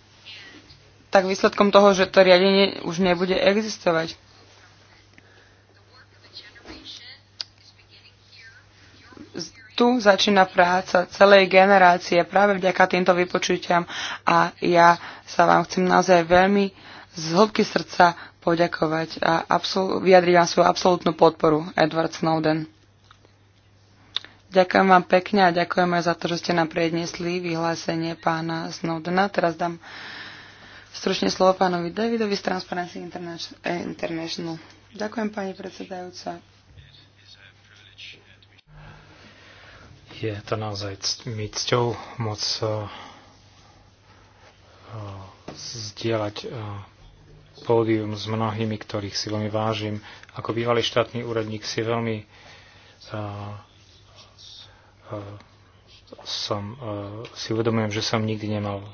tak výsledkom toho, že to riadenie už nebude existovať. tu začína práca celej generácie práve vďaka týmto vypočutiam a ja sa vám chcem naozaj veľmi z hĺbky srdca poďakovať a vyjadriť vám svoju absolútnu podporu, Edward Snowden. Ďakujem vám pekne a ďakujem aj za to, že ste nám predniesli vyhlásenie pána Snowdena. Teraz dám stručne slovo pánovi Davidovi z Transparency eh, International. Ďakujem pani predsedajúca. Je to naozaj mi cťou moc eh, eh, zdieľať pódium s mnohými, ktorých si veľmi vážim. Ako bývalý štátny úradník si veľmi uh, E, som, e, si uvedomujem, že som nikdy nemal e,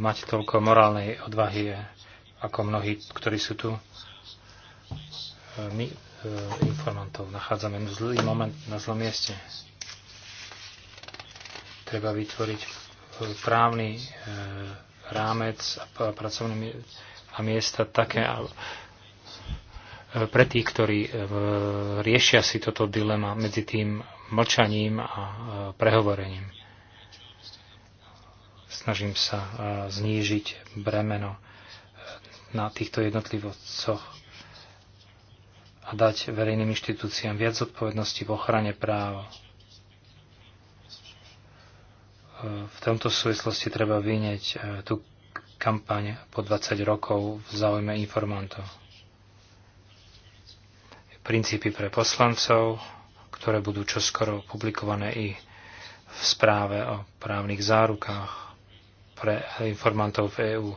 mať toľko morálnej odvahy ako mnohí, ktorí sú tu. My informantov nachádzame zlý moment na zlom mieste. Treba vytvoriť právny rámec a pracovné a miesta také pre tých, ktorí riešia si toto dilema medzi tým mlčaním a e, prehovorením. Snažím sa e, znížiť bremeno e, na týchto jednotlivcoch a dať verejným inštitúciám viac zodpovednosti v ochrane práv. V tomto súvislosti treba vynieť tú kampaň po 20 rokov v záujme informantov. Princípy pre poslancov, ktoré budú čoskoro publikované i v správe o právnych zárukách pre informantov v EÚ.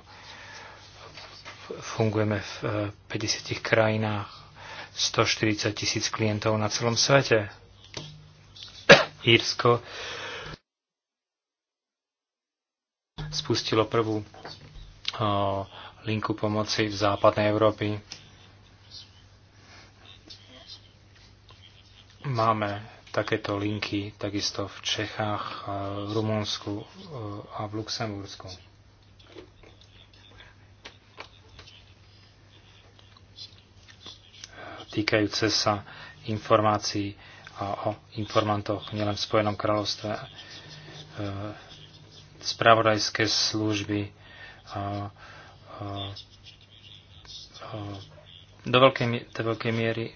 Fungujeme v 50 e, krajinách, 140 tisíc klientov na celom svete. Írsko spustilo prvú linku pomoci v západnej Európy Máme takéto linky takisto v Čechách, eh, v Rumunsku eh, a v Luxembursku. Týkajúce sa informácií o informantoch nielen v Spojenom kráľovstve, eh, spravodajské služby, do veľkej, do veľkej miery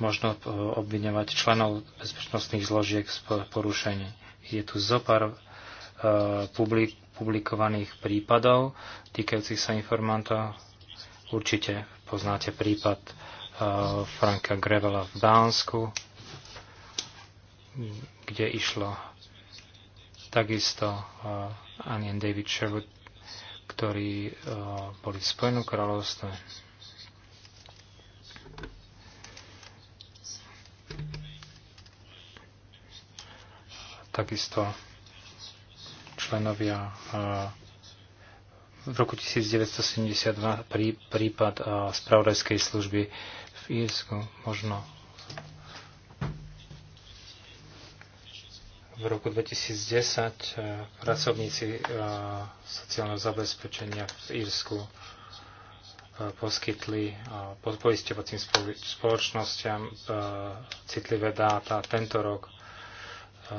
možno e, obviňovať členov bezpečnostných zložiek z porušení. Je tu zopár e, publikovaných prípadov týkajúcich sa informanta. Určite poznáte prípad e, Franka Grevela v Dánsku, kde išlo takisto Anien David Sherwood, ktorí boli v Spojenom kráľovstve Takisto členovia eh, v roku 1972 prí, prípad eh, spravodajskej služby v Írsku možno v roku 2010 eh, pracovníci sociálneho zabezpečenia v Írsku poskytli poisťovacím spoločnosťam citlivé dáta. Tento rok E,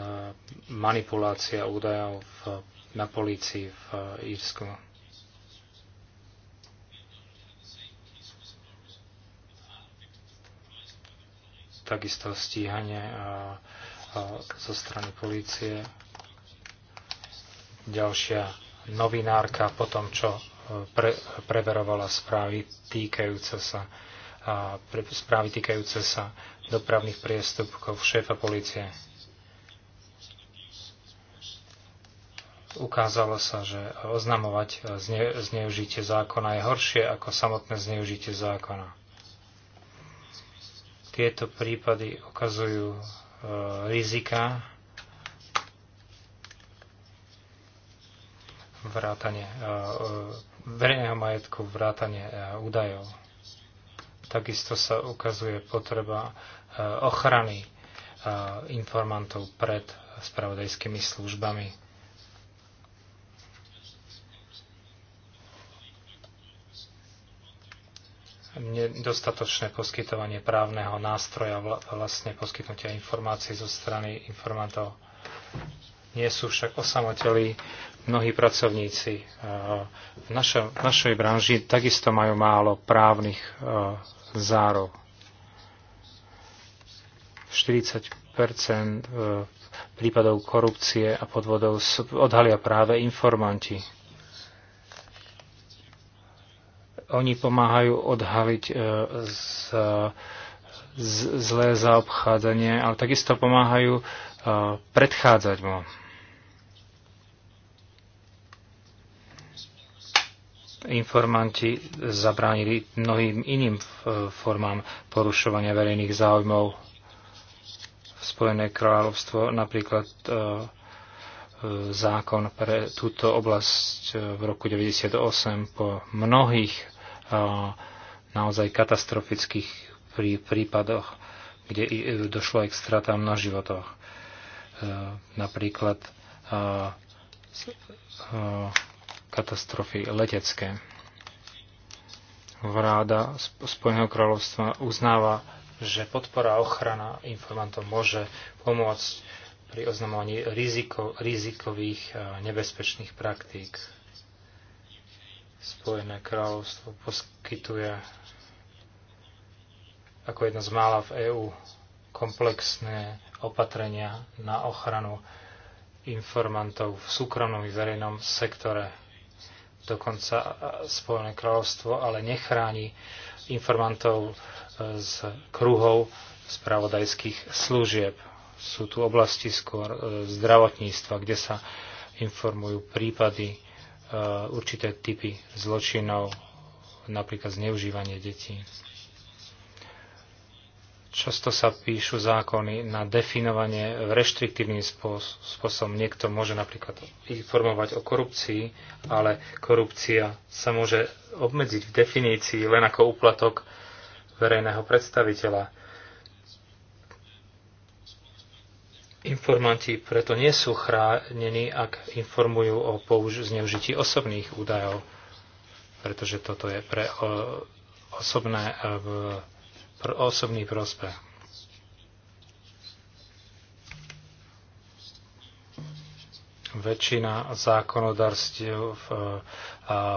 manipulácia údajov v, na polícii v e, Írsku. Takisto stíhanie a, e, a, zo strany polície. Ďalšia novinárka po tom, čo pre, preverovala správy týkajúce sa a, pre, správy týkajúce sa dopravných priestupkov šéfa polície. Ukázalo sa, že oznamovať e, zne, zneužitie zákona je horšie ako samotné zneužitie zákona. Tieto prípady ukazujú e, rizika vrátanie e, e, verejného majetku, vrátanie e, údajov. Takisto sa ukazuje potreba e, ochrany e, informantov pred spravodajskými službami nedostatočné poskytovanie právneho nástroja vlastne poskytnutia informácií zo strany informantov. Nie sú však osamoteli mnohí pracovníci. Eh, v, v našej branži takisto majú málo právnych eh, zárov. 40 eh, prípadov korupcie a podvodov odhalia práve informanti oni pomáhajú odhaliť e, z, z, zlé zaobchádzanie, ale takisto pomáhajú e, predchádzať mu. informanti zabránili mnohým iným e, formám porušovania verejných záujmov. Spojené kráľovstvo napríklad zákon pre túto oblasť v roku 1998 po mnohých naozaj katastrofických prípadoch, kde došlo aj k stratám na životoch. E, napríklad e, e, katastrofy letecké. Vráda Spojeného kráľovstva uznáva, že podpora a ochrana informantov môže pomôcť pri oznamovaní riziko, rizikových a nebezpečných praktík. Spojené kráľovstvo poskytuje ako jedna z mála v EÚ komplexné opatrenia na ochranu informantov v súkromnom i verejnom sektore. Dokonca Spojené kráľovstvo ale nechráni informantov e, z kruhov spravodajských služieb. Sú tu oblasti skôr e, zdravotníctva, kde sa informujú prípady Eh, určité typy zločinov, napríklad zneužívanie detí. Často sa píšu zákony na definovanie v reštriktívnym spôsobom. Niekto môže napríklad informovať o korupcii, ale korupcia sa môže obmedziť v definícii len ako úplatok verejného predstaviteľa Informanti preto nie sú chránení, ak informujú o použ- zneužití osobných údajov, pretože toto je pre o, osobné, e, v, pr- osobný prospech. Väčšina zákonodarstiev v, e,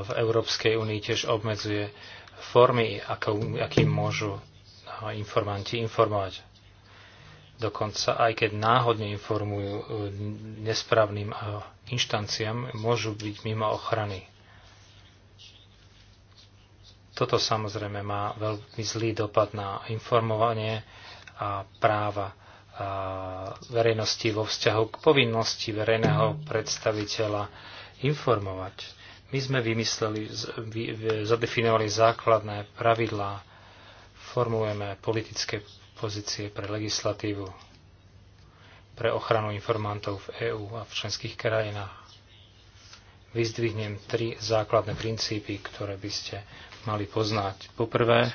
v Európskej únii tiež obmedzuje formy, akým môžu e, informanti informovať dokonca aj keď náhodne informujú e, nesprávnym e, inštanciám, môžu byť mimo ochrany. Toto samozrejme má veľmi zlý dopad na informovanie a práva e, verejnosti vo vzťahu k povinnosti verejného mhm. predstaviteľa informovať. My sme vymysleli, zadefinovali základné pravidlá, formujeme politické pozície pre legislatívu, pre ochranu informantov v EÚ a v členských krajinách. Vyzdvihnem tri základné princípy, ktoré by ste mali poznať. Poprvé,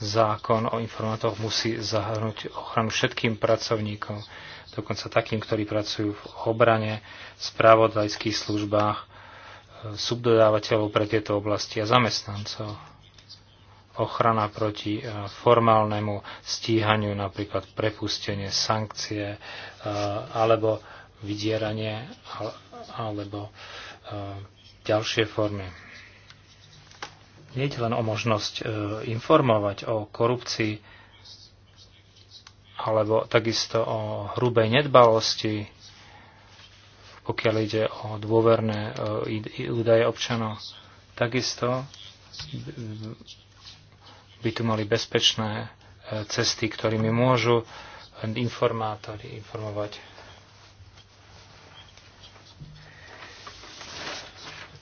zákon o informantoch musí zahrnúť ochranu všetkým pracovníkom, dokonca takým, ktorí pracujú v obrane, spravodajských službách, e, subdodávateľov pre tieto oblasti a zamestnancov ochrana proti e, formálnemu stíhaniu, napríklad prepustenie, sankcie e, alebo vydieranie alebo e, ďalšie formy. Nie len o možnosť informovať o korupcii alebo takisto o hrubej nedbalosti, pokiaľ ide o dôverné údaje občanov. Takisto by tu mali bezpečné e, cesty, ktorými môžu e, informátori informovať.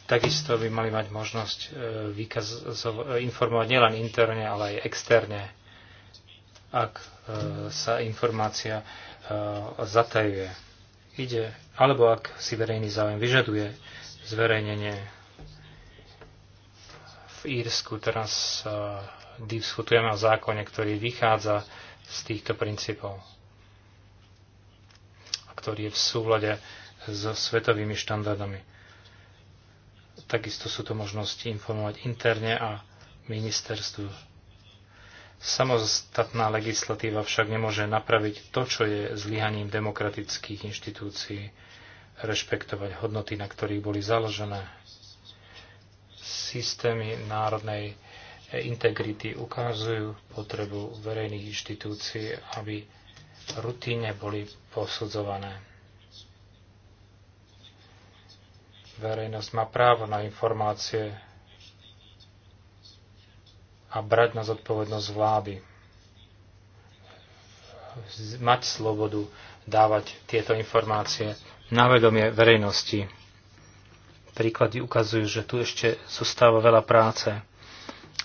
Takisto by mali mať možnosť e, informovať nielen interne, ale aj externe, ak sa informácia zatajuje. Ide, alebo ak si verejný záujem vyžaduje zverejnenie v Írsku teraz diskutujeme o zákone, ktorý vychádza z týchto princípov a ktorý je v súlade so svetovými štandardami. Takisto sú to možnosti informovať interne a ministerstvu. Samostatná legislatíva však nemôže napraviť to, čo je zlyhaním demokratických inštitúcií, rešpektovať hodnoty, na ktorých boli založené. Systémy národnej E, integrity ukazujú potrebu verejných inštitúcií, aby rutíne boli posudzované. Verejnosť má právo na informácie a brať na zodpovednosť vlády. Mať slobodu dávať tieto informácie na vedomie verejnosti. Príklady ukazujú, že tu ešte zostáva veľa práce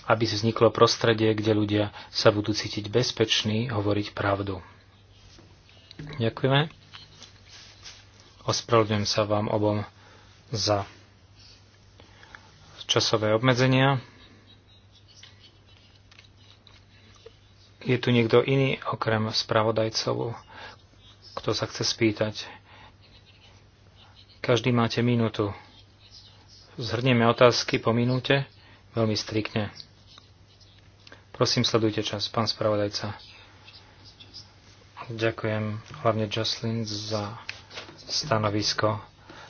aby vzniklo prostredie, kde ľudia sa budú cítiť bezpeční hovoriť pravdu. Ďakujeme. Ospravedlňujem sa vám obom za časové obmedzenia. Je tu niekto iný, okrem spravodajcov, kto sa chce spýtať? Každý máte minútu. Zhrnieme otázky po minúte veľmi striktne. Prosím, sledujte čas, pán spravodajca. Ďakujem hlavne Jocelyn za stanovisko,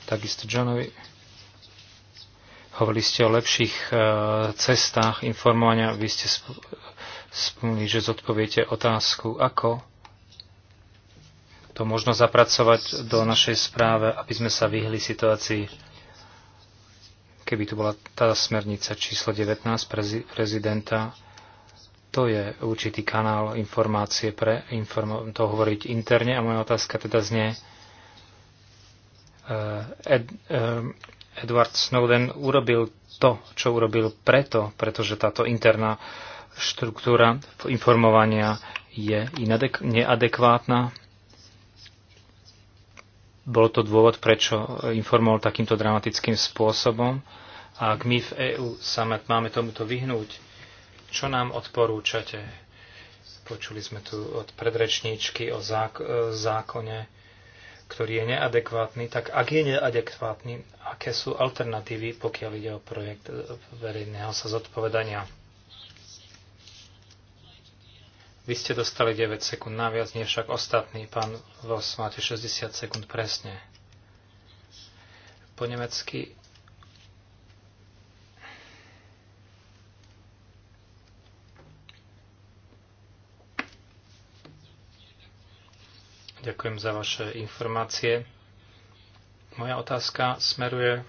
takisto Johnovi. Hovorili ste o lepších e, cestách informovania. Vy ste spomínali, že zodpoviete otázku, ako to možno zapracovať do našej správe, aby sme sa vyhli situácii, keby tu bola tá smernica číslo 19 prezidenta to je určitý kanál informácie pre informo- to hovoriť interne a moja otázka teda znie, e, Ed, e, Edward Snowden urobil to, čo urobil preto, pretože táto interná štruktúra informovania je neadekvátna. Bol to dôvod, prečo informoval takýmto dramatickým spôsobom. A ak my v EU samet máme tomuto vyhnúť, čo nám odporúčate? Počuli sme tu od predrečníčky o e, zákone, ktorý je neadekvátny. Tak ak je neadekvátny, aké sú alternatívy, pokiaľ ide o projekt e, verejného sa zodpovedania? Vy ste dostali 9 sekúnd naviac, nie však ostatný. Pán Vos, máte 60 sekúnd presne. Po nemecky Ďakujem za vaše informácie. Moja otázka smeruje, e,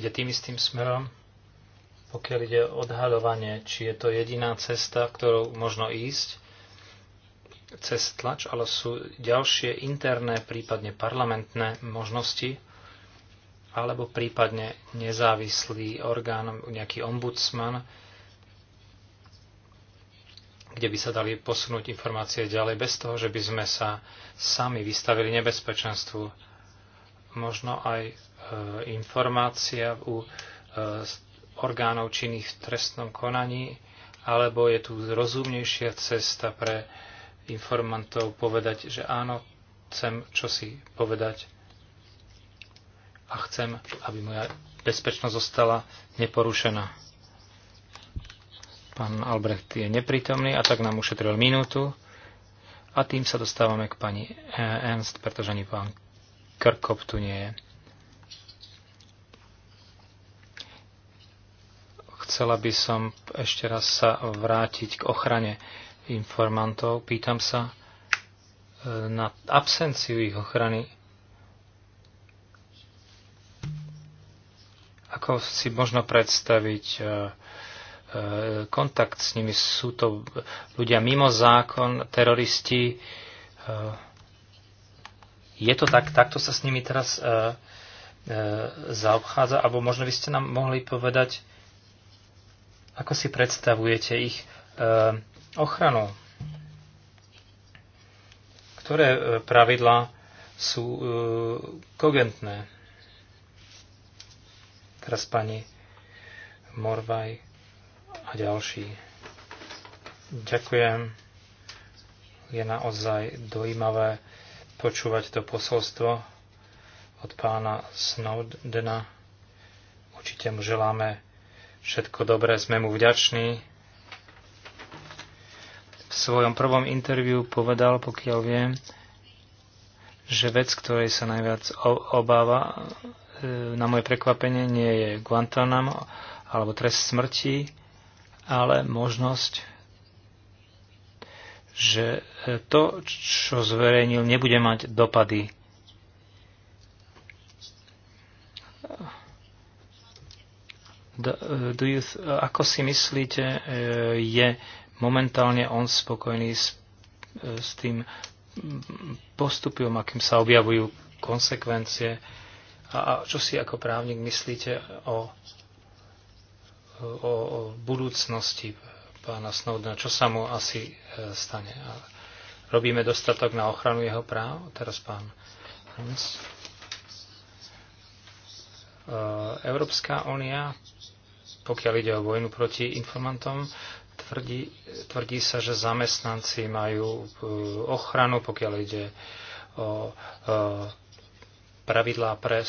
ide tým istým smerom, pokiaľ ide o odhaľovanie, či je to jediná cesta, ktorou možno ísť cez tlač, ale sú ďalšie interné, prípadne parlamentné možnosti, alebo prípadne nezávislý orgán, nejaký ombudsman, kde by sa dali posunúť informácie ďalej bez toho, že by sme sa sami vystavili nebezpečenstvu. Možno aj e, informácia u e, orgánov činných v trestnom konaní, alebo je tu rozumnejšia cesta pre informantov povedať, že áno, chcem čosi povedať a chcem, aby moja bezpečnosť zostala neporušená. Pán Albrecht je neprítomný a tak nám ušetril minútu. A tým sa dostávame k pani e- Ernst, pretože ani pán Krkop tu nie je. Chcela by som ešte raz sa vrátiť k ochrane informantov. Pýtam sa e, na absenciu ich ochrany. Ako si možno predstaviť e, E, kontakt s nimi. Sú to ľudia mimo zákon, teroristi. E, je to tak, takto sa s nimi teraz e, zaobchádza? Alebo možno by ste nám mohli povedať, ako si predstavujete ich ochranu? Ktoré pravidlá sú kogentné? Teraz pani Morvaj a ďalší. Ďakujem. Je naozaj dojímavé počúvať to posolstvo od pána Snowdena. Určite mu želáme všetko dobré, sme mu vďační. V svojom prvom interviu povedal, pokiaľ viem, že vec, ktorej sa najviac obáva, e, na moje prekvapenie, nie je Guantanamo alebo trest smrti, ale možnosť, že e, to, čo zverejnil, nebude mať dopady. Do e, you, ako si myslíte, e, je momentálne on spokojný s, s tým postupom, akým sa objavujú konsekvencie a, a čo si ako právnik myslíte o o, o budúcnosti pána Snowdena, čo sa mu asi e, stane. A robíme dostatok na ochranu jeho práv. Teraz pán Hans. E, Európska únia, pokiaľ ide o vojnu proti informantom, tvrdí, tvrdí sa, že zamestnanci majú e, ochranu, pokiaľ ide o pravidlá pre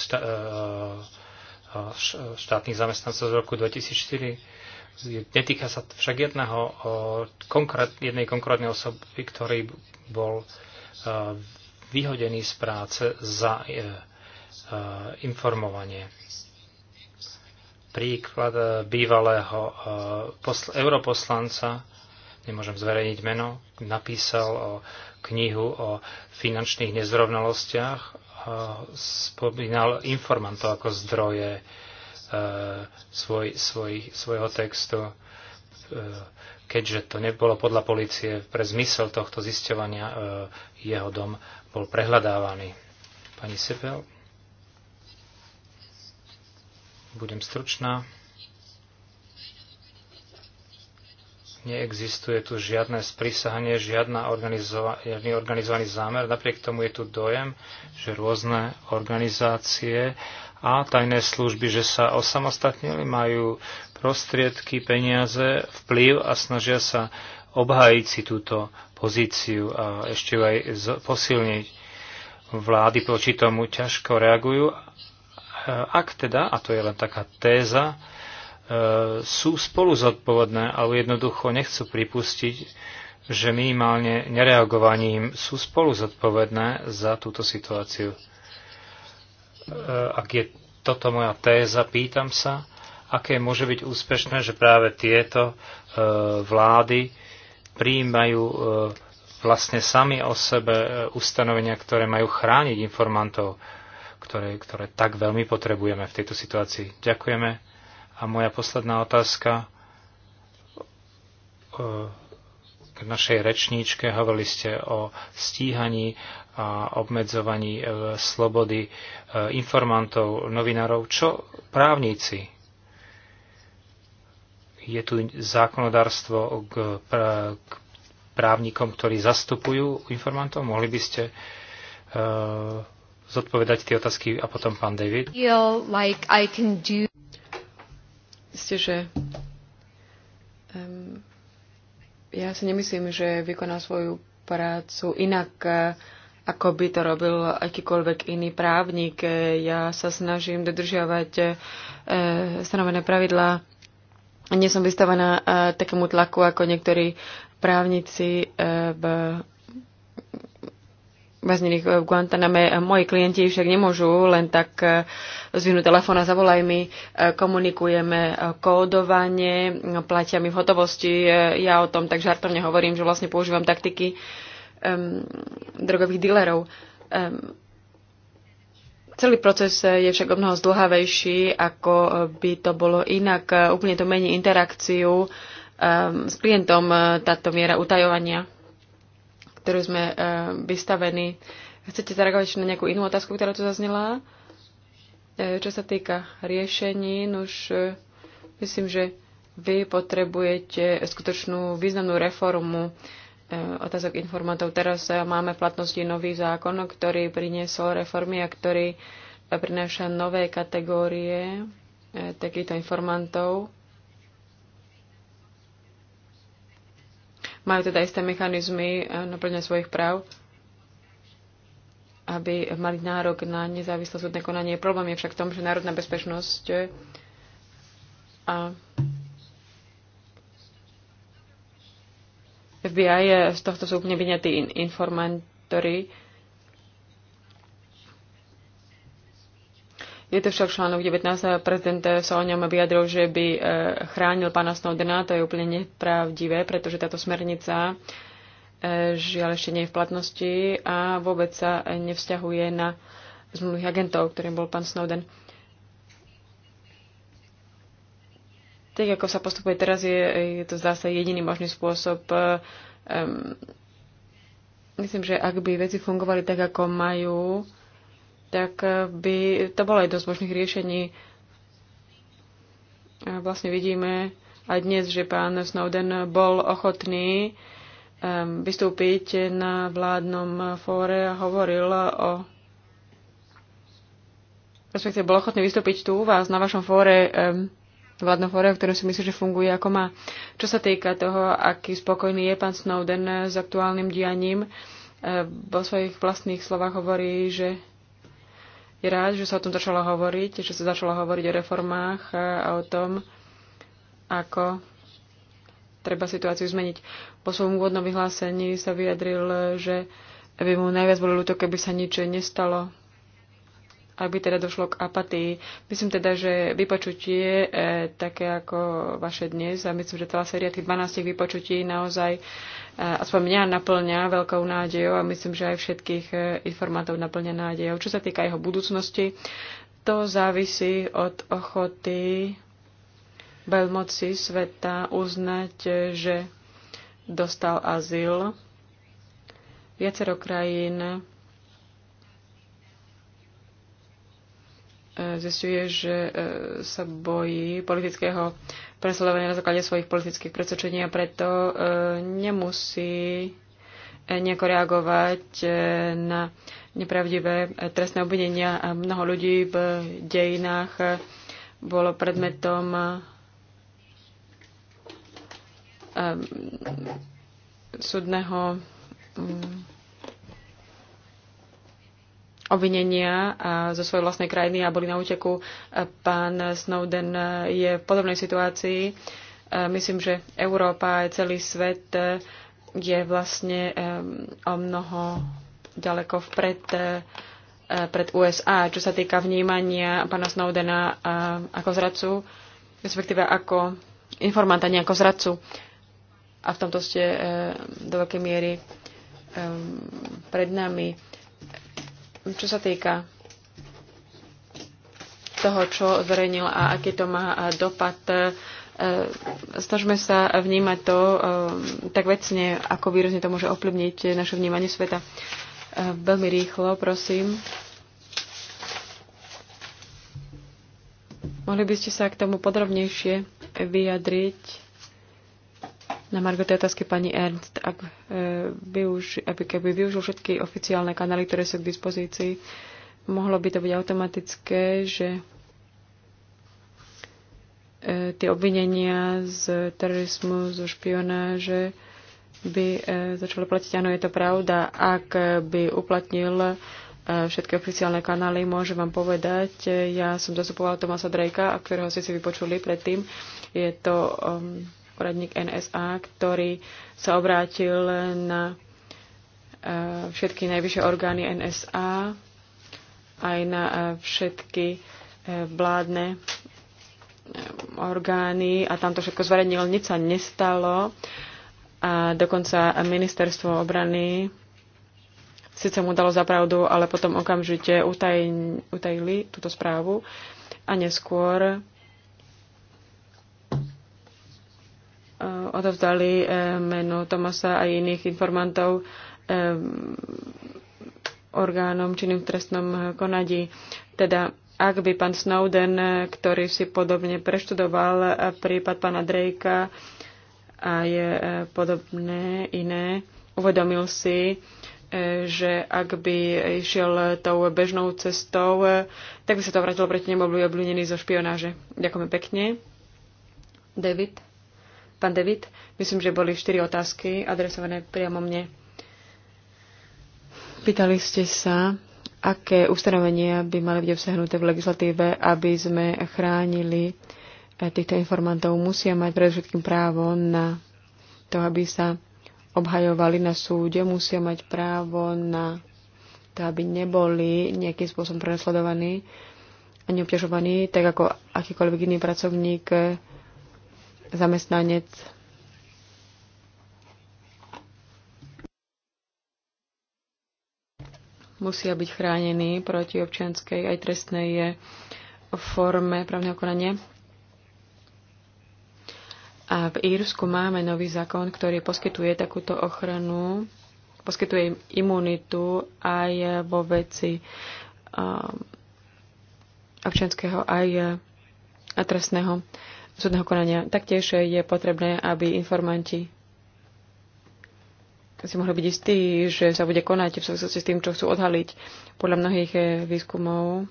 štátnych zamestnancov z roku 2004. Netýka sa však jedného, konkrét, jednej konkrétnej osoby, ktorý bol e, vyhodený z práce za e, e, informovanie. Príklad bývalého europoslanca, nemôžem zverejniť meno, napísal o knihu o finančných nezrovnalostiach Eh, spomínal informantov ako zdroje eh, svoj, svoj, svojho textu, eh, keďže to nebolo podľa policie pre zmysel tohto zisťovania, jeho dom bol prehľadávaný. Pani Sepel, budem stručná. neexistuje tu žiadne sprísahanie, žiadna žiadny organizovaný zámer. Napriek tomu je tu dojem, že rôzne organizácie a tajné služby, že sa osamostatnili, majú prostriedky, peniaze, vplyv a snažia sa obhájiť si túto pozíciu a ešte ju aj posilniť. Vlády proti tomu ťažko reagujú. E, ak teda, a to je len taká téza, sú spolu zodpovedné, ale jednoducho nechcú pripustiť, že minimálne nereagovaním sú spolu zodpovedné za túto situáciu. Ak je toto moja téza, pýtam sa, aké môže byť úspešné, že práve tieto e, vlády prijímajú e, vlastne sami o sebe e, ustanovenia, ktoré majú chrániť informantov, ktoré, ktoré tak veľmi potrebujeme v tejto situácii. Ďakujeme. A moja posledná otázka e, k našej rečníčke. Hovorili ste o stíhaní a obmedzovaní e, slobody e, informantov, novinárov. Čo právnici? Je tu zákonodárstvo k, právnikom, ktorí zastupujú informantov? Mohli by ste zodpovedať tie otázky a potom pán David? Feel like I can do ste, že um, ja si nemyslím, že vykoná svoju prácu inak, eh, ako by to robil akýkoľvek iný právnik. Ja sa snažím dodržiavať eh, stanovené pravidlá. Nie som vystavená e, takému tlaku, ako niektorí právnici v väznených v Guantaname. Moji klienti však nemôžu len tak e, zvinúť telefón a zavolaj mi. E, komunikujeme e, kódovanie, platia mi v hotovosti. Ja o tom tak žartovne hovorím, že vlastne používam taktiky um, drogových dílerov. Um, Celý proces je však o mnoho zdlhavejší, ako by to bolo inak. Úplne to mení interakciu um, s klientom táto miera utajovania ktorú sme eh, vystavení. Chcete zareagovať na nejakú inú otázku, ktorá tu zaznela? Eh, čo sa týka riešení, už eh, myslím, že vy potrebujete skutočnú významnú reformu otázok informantov. Teraz máme v platnosti nový zákon, ktorý priniesol reformy a ktorý prináša nové kategórie takýchto informantov. majú teda isté mechanizmy eh, na plne svojich práv, aby mali nárok na nezávislé súdne konanie. Problém je však v tom, že národná bezpečnosť eh, a FBI je z tohto sú úplne vyňatí informátori, Je to však článok 19. Prezident sa o ňom vyjadril, že by e, chránil pána Snowdena. To je úplne nepravdivé, pretože táto smernica e, žiaľ ešte nie je v platnosti a vôbec sa nevzťahuje na zmluvných agentov, ktorým bol pán Snowden. Tak ako sa postupuje teraz, je, je to zdá sa jediný možný spôsob. Um, myslím, že ak by veci fungovali tak, ako majú, tak eh, by to bolo aj dosť možných riešení. Vlastne vidíme aj dnes, že pán Snowden bol ochotný ehm, vystúpiť na vládnom fóre a hovoril o respektíve bol ochotný vystúpiť tu u vás na vašom fóre ehm, vládnom fóre, ktorom si myslím, že funguje ako má. Čo sa týka toho, aký spokojný je pán Snowden s aktuálnym dianím, eh, vo svojich vlastných slovách hovorí, že je rád, že sa o tom začalo hovoriť, že sa začalo hovoriť o reformách a o tom, ako treba situáciu zmeniť. Po svojom úvodnom vyhlásení sa vyjadril, že by mu najviac bolo ľúto, keby sa nič nestalo aby teda došlo k apatii. Myslím teda, že vypočutie e, také ako vaše dnes, a myslím, že celá séria tých 12 vypočutí naozaj e, aspoň mňa naplňa veľkou nádejou a myslím, že aj všetkých e, informátov naplňa nádejou. Čo sa týka jeho budúcnosti, to závisí od ochoty veľmoci sveta uznať, že dostal azyl. Viacero krajín E, zistuje, že e, sa bojí politického presledovania na základe svojich politických presvedčení a preto e, nemusí nejako reagovať na nepravdivé trestné obvinenia. A mnoho ľudí v dejinách bolo predmetom súdneho mm, obvinenia zo svojej vlastnej krajiny a boli na úteku. Pán Snowden je v podobnej situácii. Myslím, že Európa aj celý svet je vlastne o mnoho ďaleko vpred pred USA, čo sa týka vnímania pána Snowdena ako zradcu, respektíve ako informanta, nie ako zradcu. A v tomto ste e, do veľkej miery e, pred nami čo sa týka toho, čo zverejnil a aký to má eh, dopad, eh, snažme sa vnímať to eh, tak vecne, ako výrazne to môže ovplyvniť naše vnímanie sveta. Veľmi rýchlo, prosím. Mohli by ste sa k tomu podrobnejšie vyjadriť? Na Margo tej otázky pani Ernst, ak, e, využ, aby keby využil všetky oficiálne kanály, ktoré sú k dispozícii, mohlo by to byť automatické, že e, tie obvinenia z terorizmu, zo špionáže by e, začali platiť. Áno, je to pravda. Ak by uplatnil e, všetky oficiálne kanály, môžem vám povedať. E, ja som zastupovala Tomasa Drejka, ktorého ste si vypočuli predtým. Je to um, poradník NSA, ktorý sa obrátil na e, všetky najvyššie orgány NSA, aj na e, všetky e, vládne orgány a tam to všetko zverejnil, nič sa nestalo a dokonca ministerstvo obrany síce mu dalo zapravdu, ale potom okamžite utajili túto správu a neskôr odovzdali eh, meno Tomasa a iných informantov eh, orgánom činným v trestnom eh, konadí. Teda ak by pán Snowden, ktorý si podobne preštudoval prípad pána Drakea a je podobné iné, uvedomil si, že ak by išiel tou bežnou cestou, tak by sa to vrátilo proti nemu, bol obvinený zo špionáže. Ďakujeme pekne. David. Pán David, myslím, že boli štyri otázky adresované priamo mne. Pýtali ste sa, aké ustanovenia by mali byť obsahnuté v legislatíve, aby sme chránili eh, týchto informantov. Musia mať predovšetkým právo na to, aby sa obhajovali na súde, musia mať právo na to, aby neboli nejakým spôsobom prenasledovaní ani obťažovaní, tak ako akýkoľvek iný pracovník eh, zamestnanec musia byť chránení proti občianskej aj trestnej eh, forme právneho konania. A v Írsku máme nový zákon, ktorý poskytuje takúto ochranu, poskytuje im imunitu aj vo veci eh, občianského aj eh, trestného súdneho konania. Taktiež je potrebné, aby informanti si mohli byť istí, že sa bude konať v súvislosti s tým, čo chcú odhaliť. Podľa mnohých eh, výskumov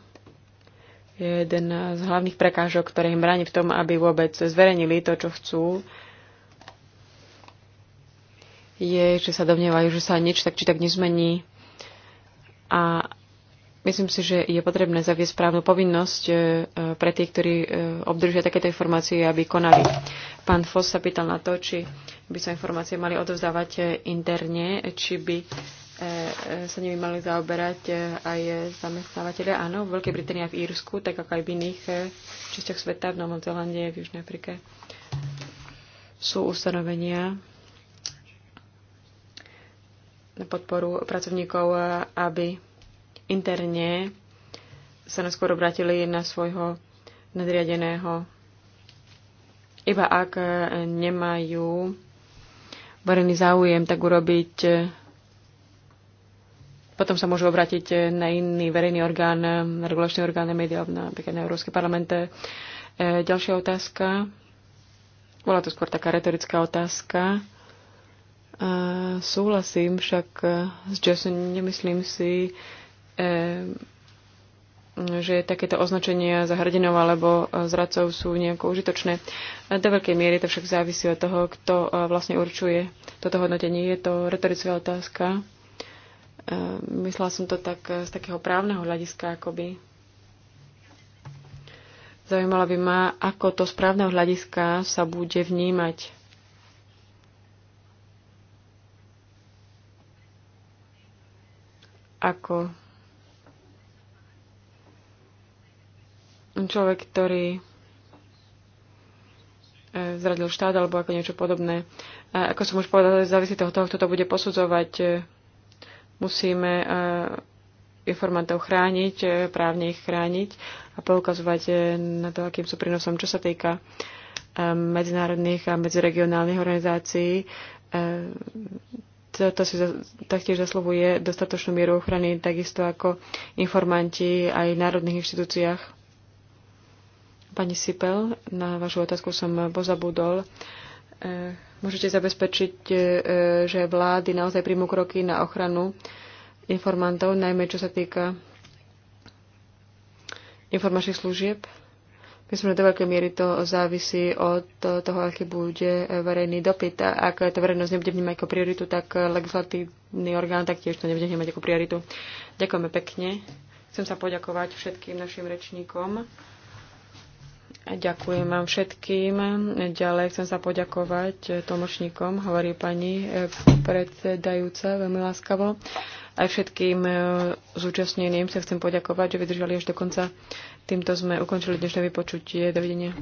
je jeden z hlavných prekážok, ktoré im bráni v tom, aby vôbec zverejnili to, čo chcú, je, že sa domnievajú, že sa nič tak či tak nezmení a Myslím si, že je potrebné zaviesť správnu povinnosť e, e, pre tých, ktorí e, obdržia takéto informácie, aby konali. Pán Foss sa pýtal na to, či by sa informácie mali odovzdávať interne, či by sa nimi mali zaoberať aj zamestnávateľe. Áno, v Veľkej Británii a v Írsku, tak ako aj v iných častiach sveta, v Novom Zelande, v Južnej Afrike, sú ustanovenia na podporu pracovníkov, aby interne sa neskôr obratili na svojho nadriadeného. Iba ak e, nemajú verejný záujem, tak urobiť e, potom sa môžu obratiť e, na iný verejný orgán, na regulačný orgán, na médiá, napríklad na Európske parlamente. ďalšia otázka. Bola to skôr taká retorická otázka. súhlasím však s Jason, nemyslím si, Ehm, že takéto označenia za hrdinov alebo e, zradcov sú nejako užitočné. E, do veľkej miery to však závisí od toho, kto e, vlastne určuje toto hodnotenie. Je to retorická otázka. Ehm, myslela som to tak z takého právneho hľadiska, akoby. Zaujímalo by ma, ako to z právneho hľadiska sa bude vnímať. Ako Človek, ktorý e, zradil štát alebo ako niečo podobné. A ako som už povedala, závisí toho, od toho, kto to bude posudzovať. E, musíme e, informantov chrániť, právne ich chrániť a poukazovať na to, akým sú prínosom, čo sa týka medzinárodných a medziregionálnych organizácií. To si taktiež zaslovuje dostatočnú mieru ochrany, takisto ako informanti aj v národných inštitúciách Pani Sipel, na vašu otázku som pozabudol. E, môžete zabezpečiť, e, že vlády naozaj príjmu kroky na ochranu informantov, najmä čo sa týka informačných služieb? Myslím, že do veľkej miery to závisí od toho, aký bude verejný dopyt. A ak to verejnosť nebude vnímať ako prioritu, tak legislatívny orgán taktiež to nebude vnímať ako prioritu. Ďakujeme pekne. Chcem sa poďakovať všetkým našim rečníkom. Ďakujem vám všetkým. Ďalej chcem sa poďakovať tlmočníkom, hovorí pani eh, predsedajúca veľmi láskavo. Aj všetkým eh, zúčastneným sa chcem poďakovať, že vydržali až do konca. Týmto sme ukončili dnešné vypočutie. Dovidenia.